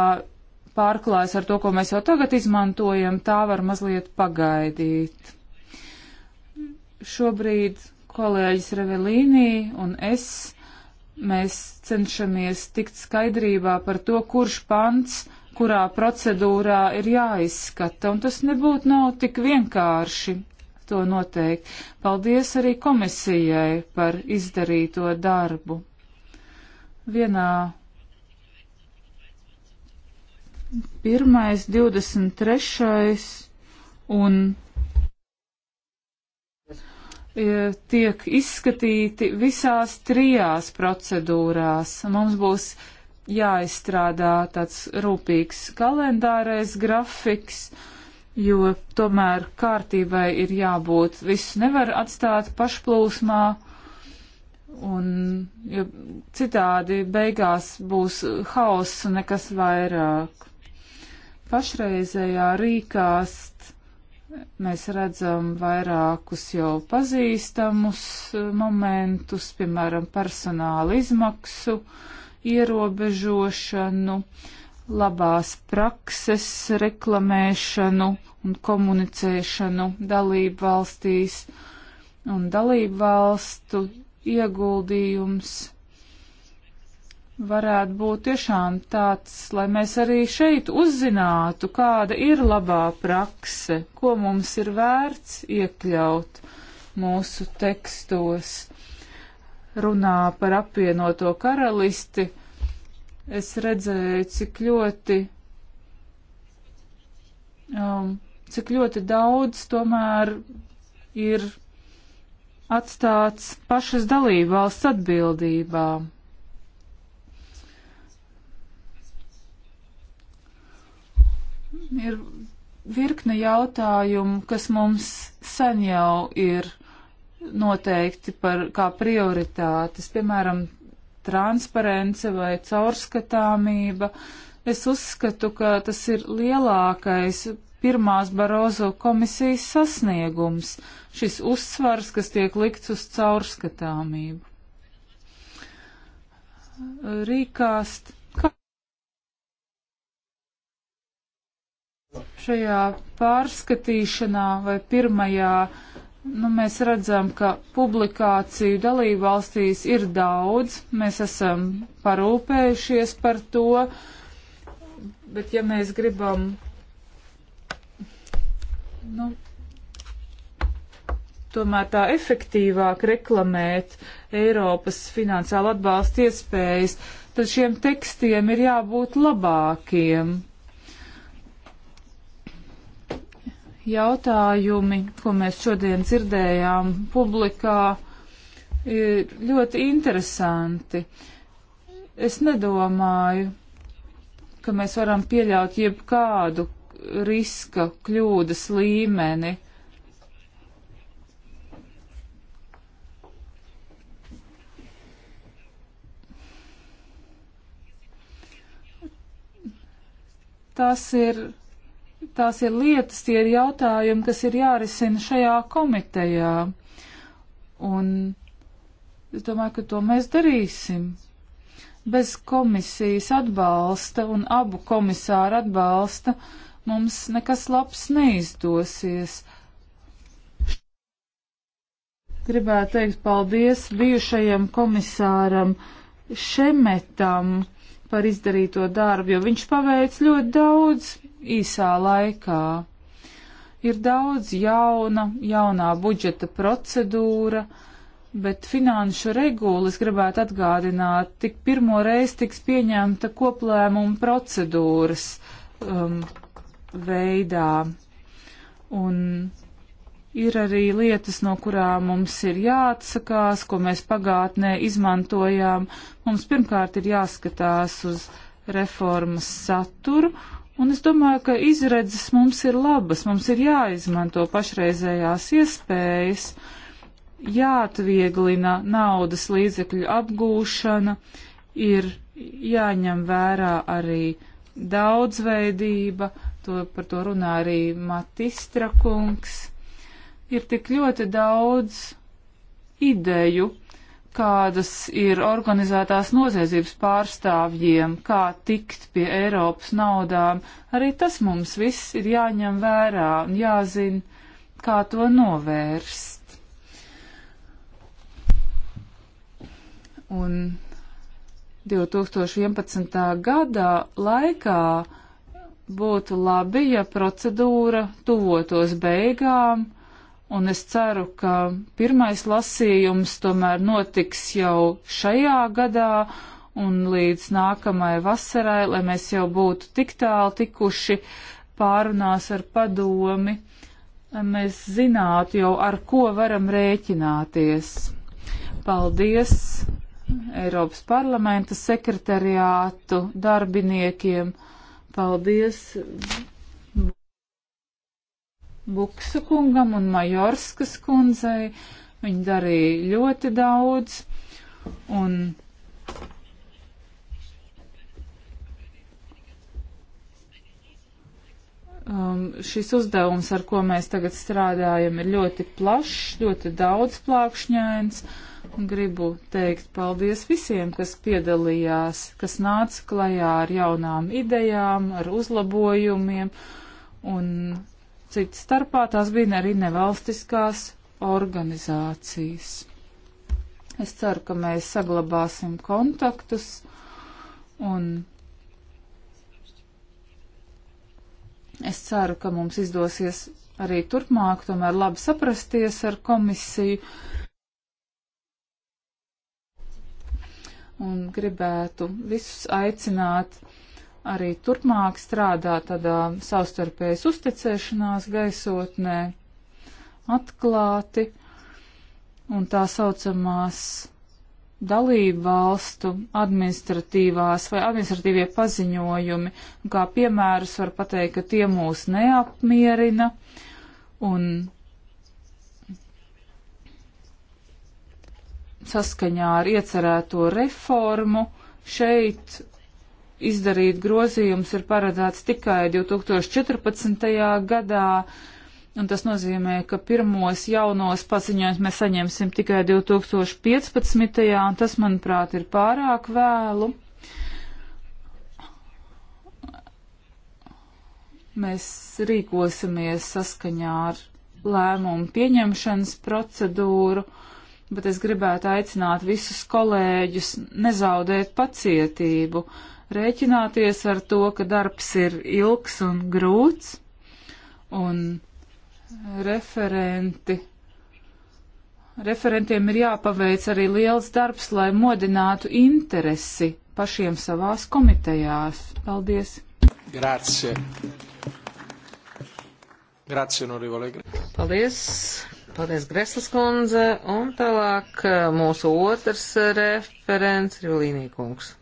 pārklājas ar to, ko mēs jau tagad izmantojam, tā var mazliet pagaidīt. Šobrīd kolēģis Revelīnī un es mēs cenšamies tikt skaidrībā par to, kurš pants, kurā procedūrā ir jāizskata, un tas nebūtu nav tik vienkārši to noteikt. Paldies arī komisijai par izdarīto darbu. Vienā pirmais, 23. un E, tiek izskatīti visās trijās procedūrās. Mums būs jāizstrādā tāds rūpīgs kalendārais grafiks, jo tomēr kārtībai ir jābūt. Visu nevar atstāt pašplūsmā, un jo citādi beigās būs hauss un nekas vairāk. Pašreizējā rīkāst Mēs redzam vairākus jau pazīstamus e, momentus, piemēram, personāla izmaksu ierobežošanu, labās prakses reklamēšanu un komunicēšanu dalību valstīs un dalību valstu ieguldījums varētu būt tiešām tāds, lai mēs arī šeit uzzinātu, kāda ir labā prakse, ko mums ir vērts iekļaut mūsu tekstos. Runā par apvienoto karalisti. Es redzēju, cik ļoti, um, cik ļoti daudz tomēr ir atstāts pašas dalībvalsts atbildībām. ir virkne jautājumu, kas mums sen jau ir noteikti par kā prioritātes, piemēram, transparence vai caurskatāmība. Es uzskatu, ka tas ir lielākais pirmās Barozo komisijas sasniegums, šis uzsvars, kas tiek likts uz caurskatāmību. Rīkāst Šajā pārskatīšanā vai pirmajā nu, mēs redzam, ka publikāciju dalību valstīs ir daudz. Mēs esam parūpējušies par to, bet ja mēs gribam. Nu, tomēr tā efektīvāk reklamēt Eiropas finansiālu atbalstu iespējas, tad šiem tekstiem ir jābūt labākiem. jautājumi, ko mēs šodien dzirdējām publikā, ir ļoti interesanti. Es nedomāju, ka mēs varam pieļaut jebkādu riska kļūdas līmeni. Tas ir Tās ir lietas, tie ir jautājumi, kas ir jārisina šajā komitejā. Un es domāju, ka to mēs darīsim. Bez komisijas atbalsta un abu komisāru atbalsta mums nekas labs neizdosies gribētu teikt paldies bijušajam komisāram Šemetam par izdarīto darbu, jo viņš paveic ļoti daudz īsā laikā. Ir daudz jauna, jaunā budžeta procedūra, bet finanšu regulas gribētu atgādināt, tik pirmo reizi tiks pieņemta koplēmuma procedūras um, veidā. Un ir arī lietas, no kurām mums ir jāatsakās, ko mēs pagātnē izmantojām. Mums pirmkārt ir jāskatās uz reformas saturu, un es domāju, ka izredzes mums ir labas, mums ir jāizmanto pašreizējās iespējas, jāatvieglina naudas līdzekļu apgūšana, ir jāņem vērā arī daudzveidība, to, par to runā arī Matistra kungs ir tik ļoti daudz ideju, kādas ir organizētās noziedzības pārstāvjiem, kā tikt pie Eiropas naudām. Arī tas mums viss ir jāņem vērā un jāzina, kā to novērst. Un 2011. gadā laikā būtu labi, ja procedūra tuvotos beigām un es ceru, ka pirmais lasījums tomēr notiks jau šajā gadā un līdz nākamajai vasarai, lai mēs jau būtu tik tālu tikuši pārunās ar padomi, lai mēs zinātu jau, ar ko varam rēķināties. Paldies Eiropas parlamenta sekretariātu darbiniekiem. Paldies Buksu kungam un Majorskas kundzei. Viņi darīja ļoti daudz. Un um, šis uzdevums, ar ko mēs tagad strādājam, ir ļoti plašs, ļoti daudz plākšņains. Un gribu teikt paldies visiem, kas piedalījās, kas nāca klajā ar jaunām idejām, ar uzlabojumiem. Un Cits starpā tās bija arī nevalstiskās organizācijas. Es ceru, ka mēs saglabāsim kontaktus un es ceru, ka mums izdosies arī turpmāk tomēr labi saprasties ar komisiju. Un gribētu visus aicināt arī turpmāk strādā tādā savstarpējas uzticēšanās gaisotnē, atklāti, un tā saucamās dalību valstu administratīvās vai administratīvie paziņojumi, un kā piemērus var pateikt, ka tie mūs neapmierina, un saskaņā ar iecerēto reformu šeit izdarīt grozījums ir paredzēts tikai 2014. gadā. Un tas nozīmē, ka pirmos jaunos paziņojumus mēs saņemsim tikai 2015. un tas, manuprāt, ir pārāk vēlu. Mēs rīkosimies saskaņā ar lēmumu pieņemšanas procedūru, bet es gribētu aicināt visus kolēģus nezaudēt pacietību. Uh, rēķināties ar to, ka darbs ir ilgs un grūts, un referenti, referentiem ir jāpaveic arī liels darbs, lai modinātu interesi pašiem savās komitejās. Paldies! Grazie! Grazie, onorevole. Paldies! Paldies, Greslas kundze! Un tālāk eh, mūsu otrs eh, referents Rivlīnī kungs.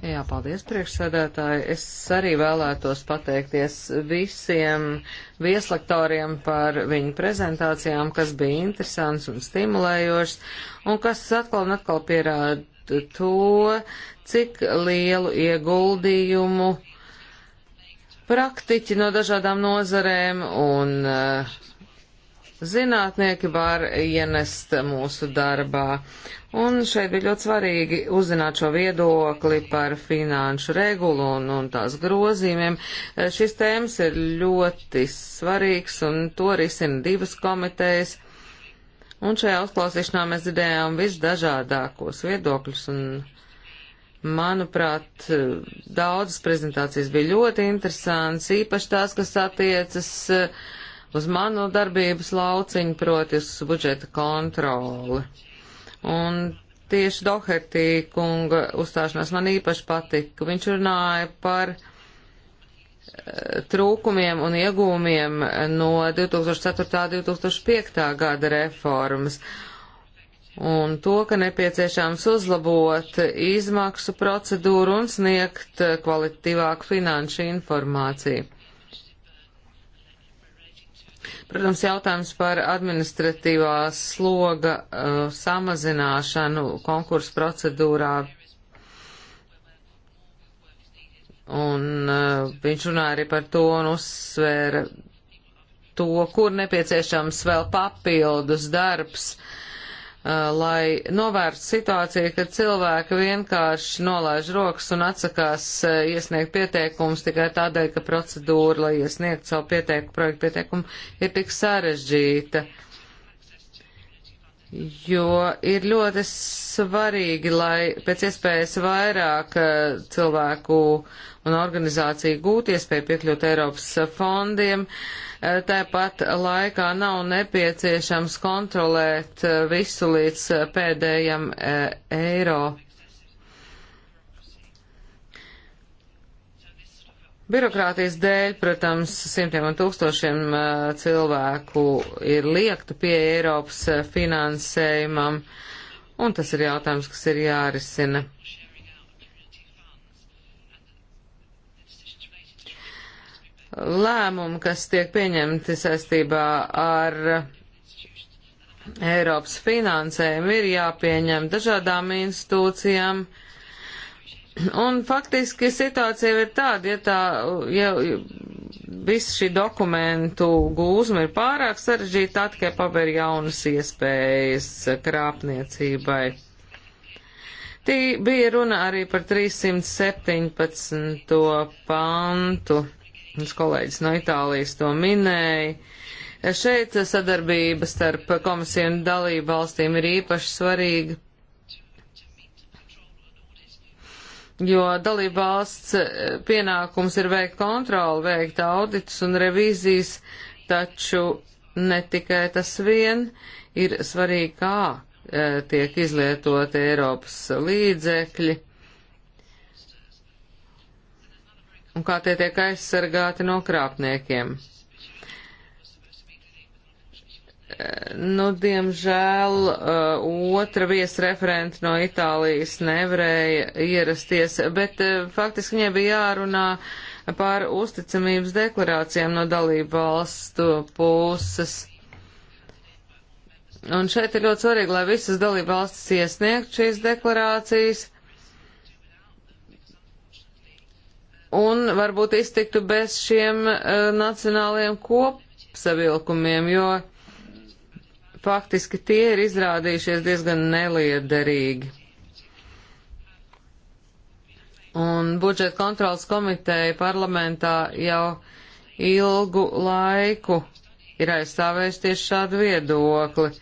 Jā, paldies priekšsēdētāji. Es arī vēlētos pateikties visiem vieslektoriem par viņu prezentācijām, kas bija interesants un stimulējošs, un kas atkal un atkal pierāda to, cik lielu ieguldījumu praktiķi no dažādām nozarēm un uh, zinātnieki var ienest mūsu darbā. Un šeit bija ļoti svarīgi uzzināt šo viedokli par finanšu regulu un, un tās grozīmiem. E, šis tēmas ir ļoti svarīgs un to risina divas komitejas. Un šajā uzklausīšanā mēs dzirdējām visdažādākos viedokļus un, manuprāt, e, daudzas prezentācijas bija ļoti interesants, īpaši tās, kas attiecas uh, uz manu darbības lauciņu, proti uz budžeta kontroli. Un tieši Dohertī kunga uzstāšanās man īpaši patika. Viņš runāja par eh, trūkumiem un iegūmiem no 2004. un 2005. gada reformas un to, ka nepieciešams uzlabot izmaksu procedūru un sniegt kvalitīvāku finanšu informāciju. Protams, jautājums par administratīvā sloga uh, samazināšanu konkursu procedūrā. Un uh, viņš runāja arī par to un uzsvēra to, kur nepieciešams vēl papildus darbs, Uh, lai novērstu situāciju, kad cilvēki vienkārši nolaiž rokas un atsakās uh, iesniegt pieteikumus tikai tādēļ, ka procedūra, lai iesniegtu savu pieteikumu, projektu pieteikumu, ir tik sarežģīta. Jo ir ļoti svarīgi, lai pēc iespējas vairāk uh, cilvēku un organizāciju gūtu iespēju piekļūt Eiropas fondiem. Uh, Eh, tāpat laikā nav nepieciešams kontrolēt eh, visu līdz eh, pēdējam eiro. Birokrātijas dēļ, protams, simtiem un tūkstošiem cilvēku ir liektu pie Eiropas finansējumam, un tas ir jautājums, kas ir jārisina. lēmumi, kas tiek pieņemti saistībā ar Eiropas finansējumu, ir jāpieņem dažādām institūcijām. Un faktiski situācija ir tāda, ja tā, ja viss šī dokumentu gūzma ir pārāk sarežģīta, tā tikai paver jaunas iespējas krāpniecībai. Tī bija runa arī par 317. pantu Mums kolēģis no Itālijas to minēja. Šeit sadarbība starp komisiju un dalību valstīm ir īpaši svarīga, jo dalību valsts eh, pienākums ir veikt kontroli, veikt auditus un revīzijas, taču ne tikai tas vien ir svarīgi, kā eh, tiek izlietot Eiropas līdzekļi un kā tie tiek aizsargāti no krāpniekiem. Nu, diemžēl uh, otra viesreferenta no Itālijas nevarēja ierasties, bet uh, faktiski viņai bija jārunā par uzticamības deklarācijām no dalību valstu puses. Un šeit ir ļoti svarīgi, lai visas dalību valstis iesniegtu šīs deklarācijas. Uh, un varbūt iztiktu bez šiem uh, e, nacionālajiem kopsavilkumiem, jo faktiski tie ir izrādījušies diezgan neliederīgi. Un budžeta kontrolas komiteja parlamentā jau ilgu laiku ir aizstāvējusi tieši šādu viedokli.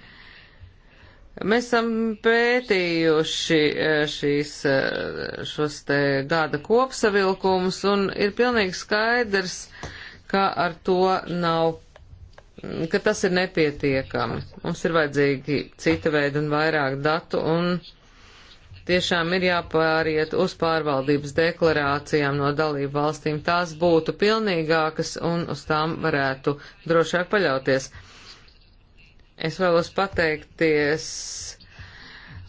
Mēs esam pētījuši e, šīs, e, šos te gada kopsavilkumus un ir pilnīgi skaidrs, ka ar to nav, ka tas ir nepietiekami. Mums ir vajadzīgi cita veida un vairāk datu un tiešām ir jāpāriet uz pārvaldības deklarācijām no dalību valstīm. Tās būtu pilnīgākas un uz tām varētu drošāk paļauties. Es vēlos pateikties,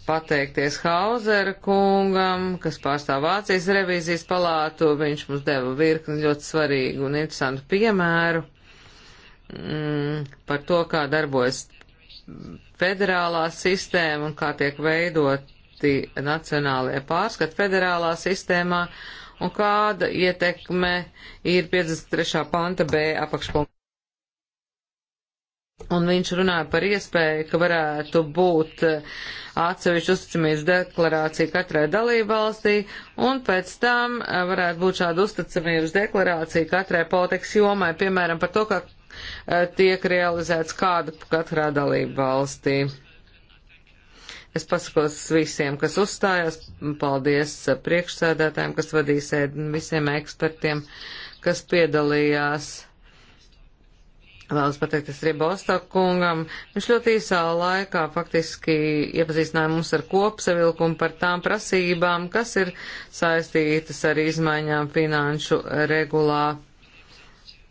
pateikties Hauzera kungam, kas pārstāv Vācijas revīzijas palātu. Viņš mums deva virkni ļoti svarīgu un interesantu piemēru mm, par to, kā darbojas federālā sistēma un kā tiek veidoti nacionālajie pārskati federālā sistēmā un kāda ietekme ir 53. panta B apakšpunktā. Un viņš runāja par iespēju, ka varētu būt eh, atsevišķa uzticamības deklarācija katrai dalībvalstī, un pēc tam eh, varētu būt šāda uzticamības deklarācija katrai politikas jomai, piemēram, par to, kā eh, tiek realizēts kāda katrā dalībvalstī. Es pasakos visiem, kas uzstājās, paldies priekšsēdētājiem, kas vadīja sēdi, visiem ekspertiem, kas piedalījās. Vēlos pateikties arī Bostokungam. Viņš ļoti īsā laikā faktiski iepazīstināja mums ar kopsavilkumu par tām prasībām, kas ir saistītas ar izmaiņām finanšu regulā.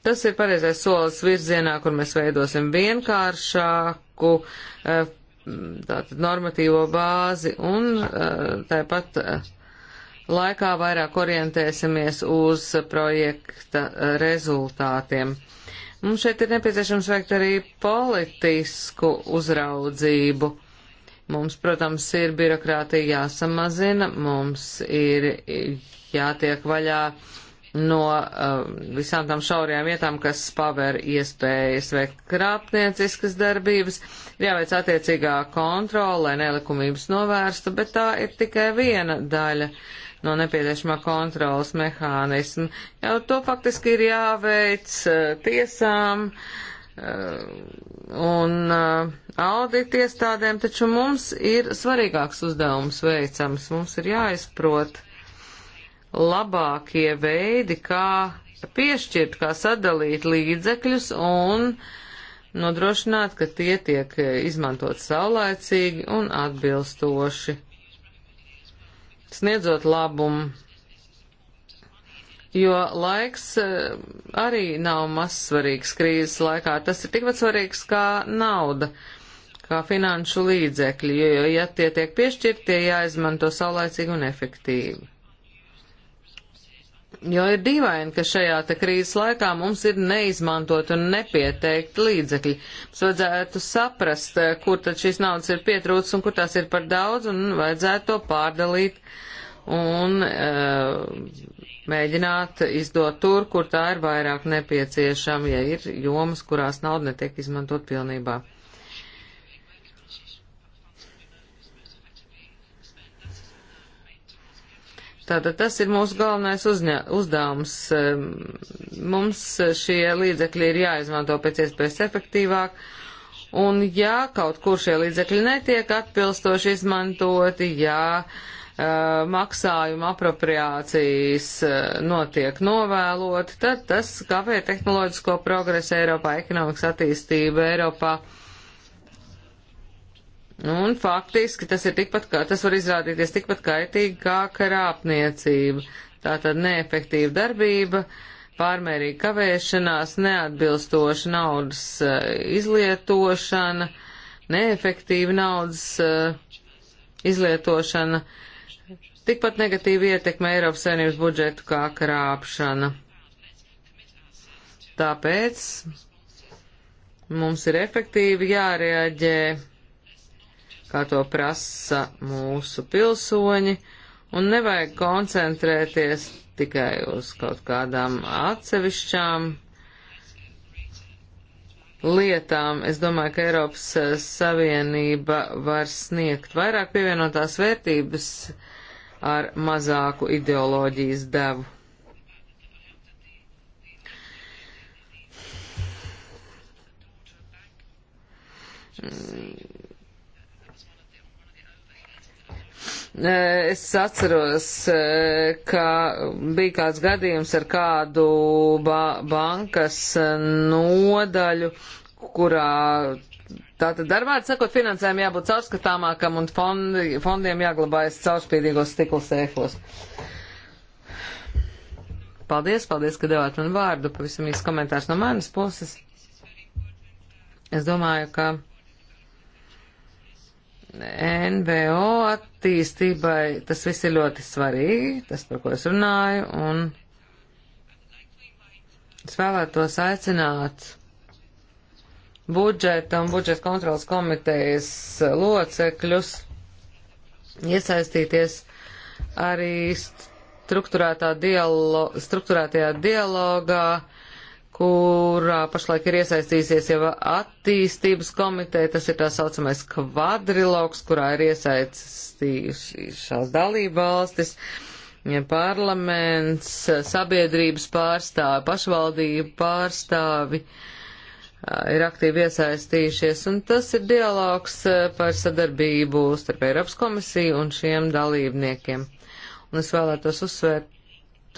Tas ir pareizais solis virzienā, kur mēs veidosim vienkāršāku eh, tātad, normatīvo bāzi un eh, tāpat eh, laikā vairāk orientēsimies uz projekta rezultātiem. Mums šeit ir nepieciešams veikt arī politisku uzraudzību. Mums, protams, ir birokrātija jāsamazina, mums ir jātiek vaļā no uh, visām tām šaurajām vietām, kas paver iespējas veikt krāpnieciskas darbības, jāveic attiecīgā kontrola, lai nelikumības novērstu, bet tā ir tikai viena daļa. Uh, no nepieciešamā kontrolas mehānisma. Jau to faktiski ir jāveic eh, tiesām eh, un eh, audīt iestādēm, taču mums ir svarīgāks uzdevums veicams. Mums ir jāizprot labākie veidi, kā piešķirt, kā sadalīt līdzekļus un nodrošināt, ka tie tiek izmantot saulēcīgi un atbilstoši sniedzot labumu, jo laiks eh, arī nav mazsvarīgs krīzes laikā. Tas ir tikpat svarīgs kā nauda, kā finanšu līdzekļi, jo, ja tie tiek piešķirti, tie jāizmanto saulaicīgi un efektīvi. Jo ir dīvaini, ka šajā te krīzes laikā mums ir neizmantot un nepieteikti līdzekļi. Mums vajadzētu saprast, eh, kur tad šīs naudas ir pietrūcis un kur tās ir par daudz, un vajadzētu to pārdalīt un uh, mēģināt izdot tur, kur tā ir vairāk nepieciešama, ja ir jomas, kurās nauda netiek izmantot pilnībā. Tātad tas ir mūsu galvenais uzņa, uzdevums. Mums šie līdzekļi ir jāizmanto pēc iespējas efektīvāk, un ja kaut kur šie līdzekļi netiek atbilstoši izmantoti, ja e, maksājuma apropriācijas e, notiek novēlot, tad tas kavē tehnoloģisko progresu Eiropā, ekonomikas attīstību Eiropā Nu, un faktiski tas ir tikpat, kā, tas var izrādīties tikpat kaitīgi kā krāpniecība. Tā tad neefektīva darbība, pārmērīga kavēšanās, neatbilstoša naudas eh, izlietošana, neefektīva naudas eh, izlietošana, tikpat negatīva ietekme Eiropas Savienības budžetu kā krāpšana. Tāpēc mums ir efektīvi jārēģē kā to prasa mūsu pilsoņi, un nevajag koncentrēties tikai uz kaut kādām atsevišķām lietām. Es domāju, ka Eiropas Savienība var sniegt vairāk pievienotās vērtības ar mazāku ideoloģijas devu. Mm Es atceros, ka bija kāds gadījums ar kādu ba bankas nodaļu, kurā tātad ar vārdu sakot finansējumu jābūt caurskatāmākam un fondi, fondiem jāglabājas caurspīdīgos stikla sēklos. Paldies, paldies, ka devāt man vārdu. Pavisam īsts komentārs no manas puses. Es domāju, ka NVO attīstībai tas viss ir ļoti svarīgi, tas, par ko es runāju, un es vēlētos aicināt budžeta un budžeta kontrolas komitejas locekļus iesaistīties arī struktūrētā dialo, struktūrētajā dialogā kurā pašlaik ir iesaistīsies jau attīstības komiteja, tas ir tā saucamais kvadrilogs, kurā ir iesaistījušās dalībvalstis, parlaments, sabiedrības pārstāvi, pašvaldību pārstāvi ir aktīvi iesaistījušies, un tas ir dialogs par sadarbību starp Eiropas komisiju un šiem dalībniekiem. Un es vēlētos uzsvērt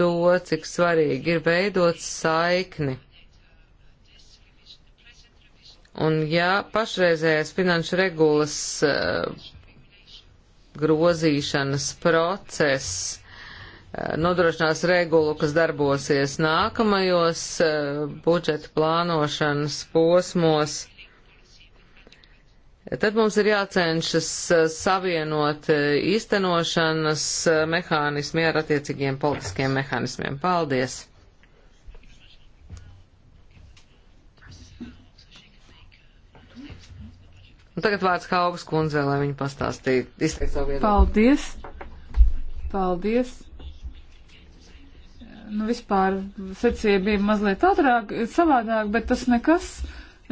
to, cik svarīgi ir veidot saikni Un ja pašreizējais finanšu regulas eh, grozīšanas process eh, nodrošinās regulu, kas darbosies nākamajos eh, budžeta plānošanas posmos, tad mums ir jācenšas savienot īstenošanas mehānismi ar attiecīgiem politiskiem mehānismiem. Paldies! Un tagad vārds Haugas kundzē, lai viņa pastāstītu, izteikt savu viedokli. Paldies! Paldies! Nu, vispār secība bija mazliet ātrāk, savādāk, bet tas nekas.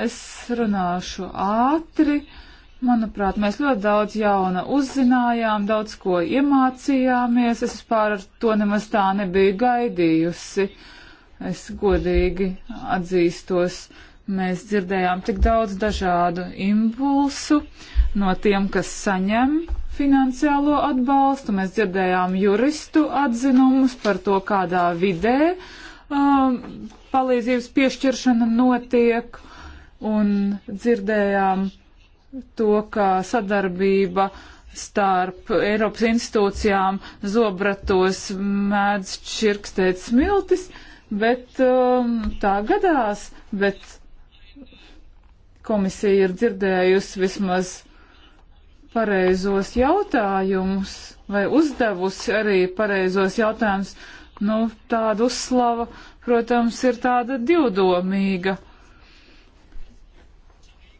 Es runāšu ātri. Manuprāt, mēs ļoti daudz jauna uzzinājām, daudz ko iemācījāmies. Es vispār ar to nemaz tā nebiju gaidījusi. Es godīgi atzīstos. Uh, Mēs dzirdējām tik daudz dažādu impulsu no tiem, kas saņem finansiālo atbalstu. Mēs dzirdējām juristu atzinumus par to, kādā vidē um, palīdzības piešķiršana notiek, un dzirdējām to, ka sadarbība starp Eiropas institūcijām zobratos mēdz čirkstēt smiltis, bet um, tā gadās, bet komisija ir dzirdējusi vismaz pareizos jautājumus vai uzdevusi arī pareizos jautājumus. Nu, tāda uzslava, protams, ir tāda divdomīga.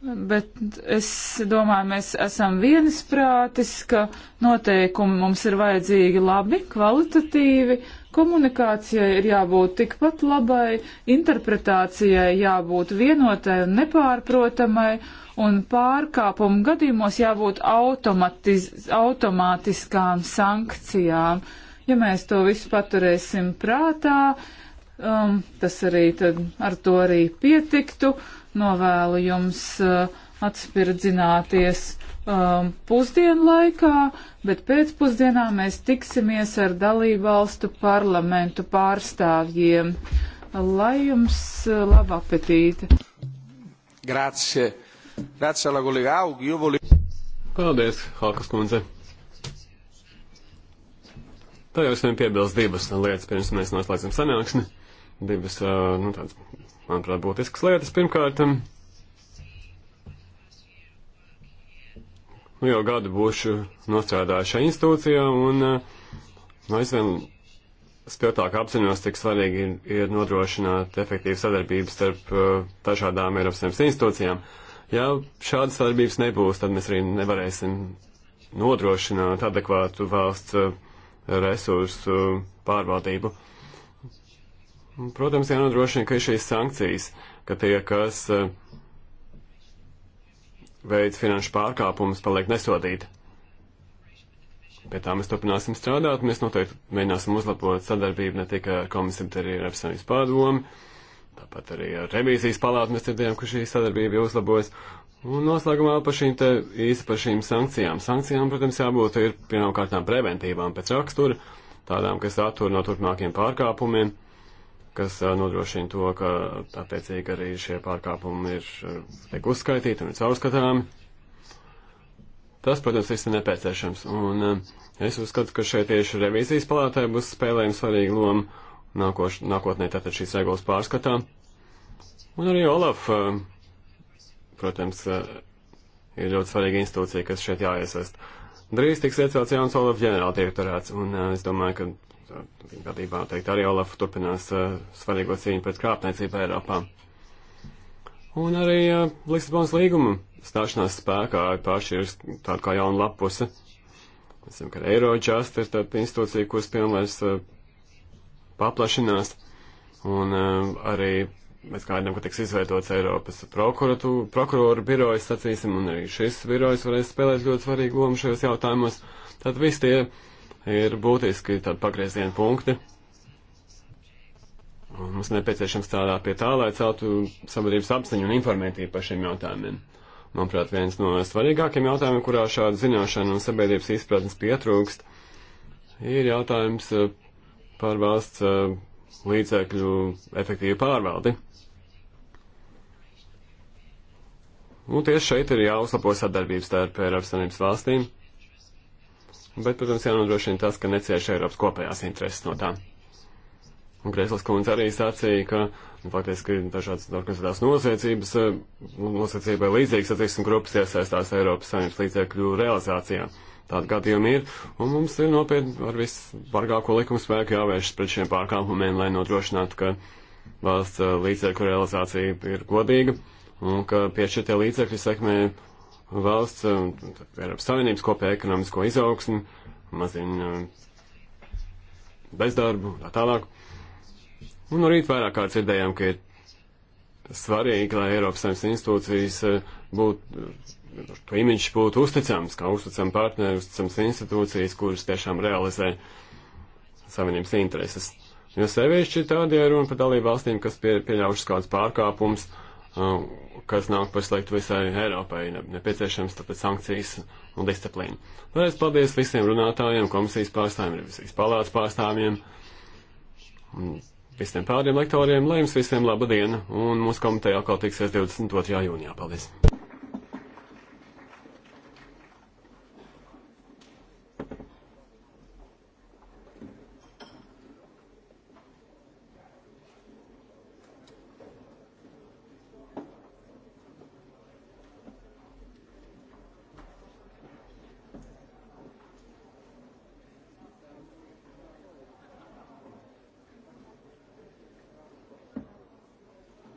Bet es domāju, mēs esam viensprātis, ka noteikumi mums ir vajadzīgi labi, kvalitatīvi, Komunikācijai ir jābūt tikpat labai, interpretācijai jābūt vienotai un nepārprotamai, un pārkāpumu gadījumos jābūt automātiskām sankcijām. Ja mēs to visu paturēsim prātā, um, tas arī tad ar to arī pietiktu. Novēlu jums uh, atspirdzināties um, pusdienu laikā, bet pēcpusdienā mēs tiksimies ar dalībvalstu parlamentu pārstāvjiem. Lai jums uh, laba apetīte! Grazie! Grazie alla collega Aug, io volevo... Paldies, Halkas kundze! Tā jau es vien piebilst divas lietas, pirms mēs noslēdzam sanāksmi. Divas, uh, nu, tādas, manuprāt, būtiskas lietas. Pirmkārt, um, nu, jau gadu būšu nostrādājis šajā institūcijā un nu, aizvien spilgtāk apzinos, cik svarīgi ir, ir nodrošināt efektīvu sadarbību starp uh, dažādām Eiropas Savienības institūcijām. Ja šādas sadarbības nebūs, tad mēs arī nevarēsim nodrošināt adekvātu valsts uh, resursu uh, pārvaldību. Protams, jānodrošina, ka ir šīs sankcijas, ka tie, kas uh, veids finanšu pārkāpumus paliek nesodīti. Pie tā mēs turpināsim strādāt, mēs noteikti mēģināsim uzlabot sadarbību ne tikai ar komisiju, bet arī ar apsaimnības pārdomu, tāpat arī ar revīzijas palātu mēs dzirdējām, ka šī sadarbība jau uzlabojas. Un noslēgumā par šīm te īsi par šīm sankcijām. Sankcijām, protams, jābūt ir pirmkārtām preventīvām pēc rakstura, tādām, kas attur no turpmākiem pārkāpumiem kas nodrošina to, ka attiecīgi arī šie pārkāpumi ir tiek uzskaitīti un ir caurskatāmi. Tas, protams, viss ir nepieciešams. Un es uzskatu, ka šeit tieši revīzijas palātē būs spēlējama svarīga loma nākoš, nākotnē tātad šīs regulas pārskatā. Un arī Olaf, protams, ir ļoti svarīga institūcija, kas šeit jāiesaist. Drīz tiks iecelts jauns Olaf ģenerāldirektorāts, un es domāju, ka viņa vadībā teikt arī Olaf turpinās svarīgo cīņu pret krāpniecību Eiropā. Un arī Lisabonas līguma stāšanās spēkā paši ir tāda kā jauna lapuse. Mēs zinām, ka Eirožast ir tāda institūcija, kuras pilnvairs paplašinās. Un arī mēs gaidām, ka tiks izveidots Eiropas prokuroru birojas, sacīsim, un arī šis birojs varēs spēlēt ļoti svarīgu lomu šajos jautājumos. Tad visi tie ir būtiski tādi pagrieziena punkti. Un mums nepieciešams strādāt pie tā, lai celtu sabiedrības apziņu un informētību par šiem jautājumiem. Manuprāt, viens no svarīgākiem jautājumiem, kurā šāda zināšana un sabiedrības izpratnes pietrūkst, ir jautājums eh, par valsts eh, līdzekļu efektīvu pārvaldi. Nu, tieši šeit ir jāuzlabo sadarbības starp Eiropas Savienības valstīm Bet, protams, jānodrošina tas, ka necieš Eiropas kopējās intereses no tā. Un Grēslas kundze arī sacīja, ka nu, faktiski dažādas organizētās nosacības, eh, nosacībai līdzīgas attieksmes grupas iesaistās Eiropas saimnības līdzekļu realizācijā. Tāda gadījuma ir, un mums ir nopietni ar visvargāko likumu spēku jāvēršas pret šiem pārkāpumiem, lai nodrošinātu, ka valsts eh, līdzekļu realizācija ir godīga un ka piešķirtie līdzekļi sekmē valsts, um, Eiropas Savienības kopējā ekonomisko izaugsmu, mazina um, bezdarbu, tā tālāk. Un no rīta vairāk kā dzirdējām, ka ir svarīgi, lai Eiropas Savienības institūcijas uh, būtu, uh, to imidžs būtu uzticams, kā uzticam partneri, uzticams institūcijas, kuras tiešām realizē Savienības intereses. Jo sevišķi tādi ir runa par dalību valstīm, kas pie, pieļaušas kādas pārkāpumus, uh, kas nāk par sliktu visai Eiropai, nepieciešams tāpēc sankcijas un disciplīna. Vēlreiz paldies visiem runātājiem, komisijas pārstāvjiem, revizijas palātas pārstāvjiem un visiem pāriem lektoriem. Lai jums visiem laba diena un mūsu komiteja atkal tiksies 22. jūnijā. Paldies!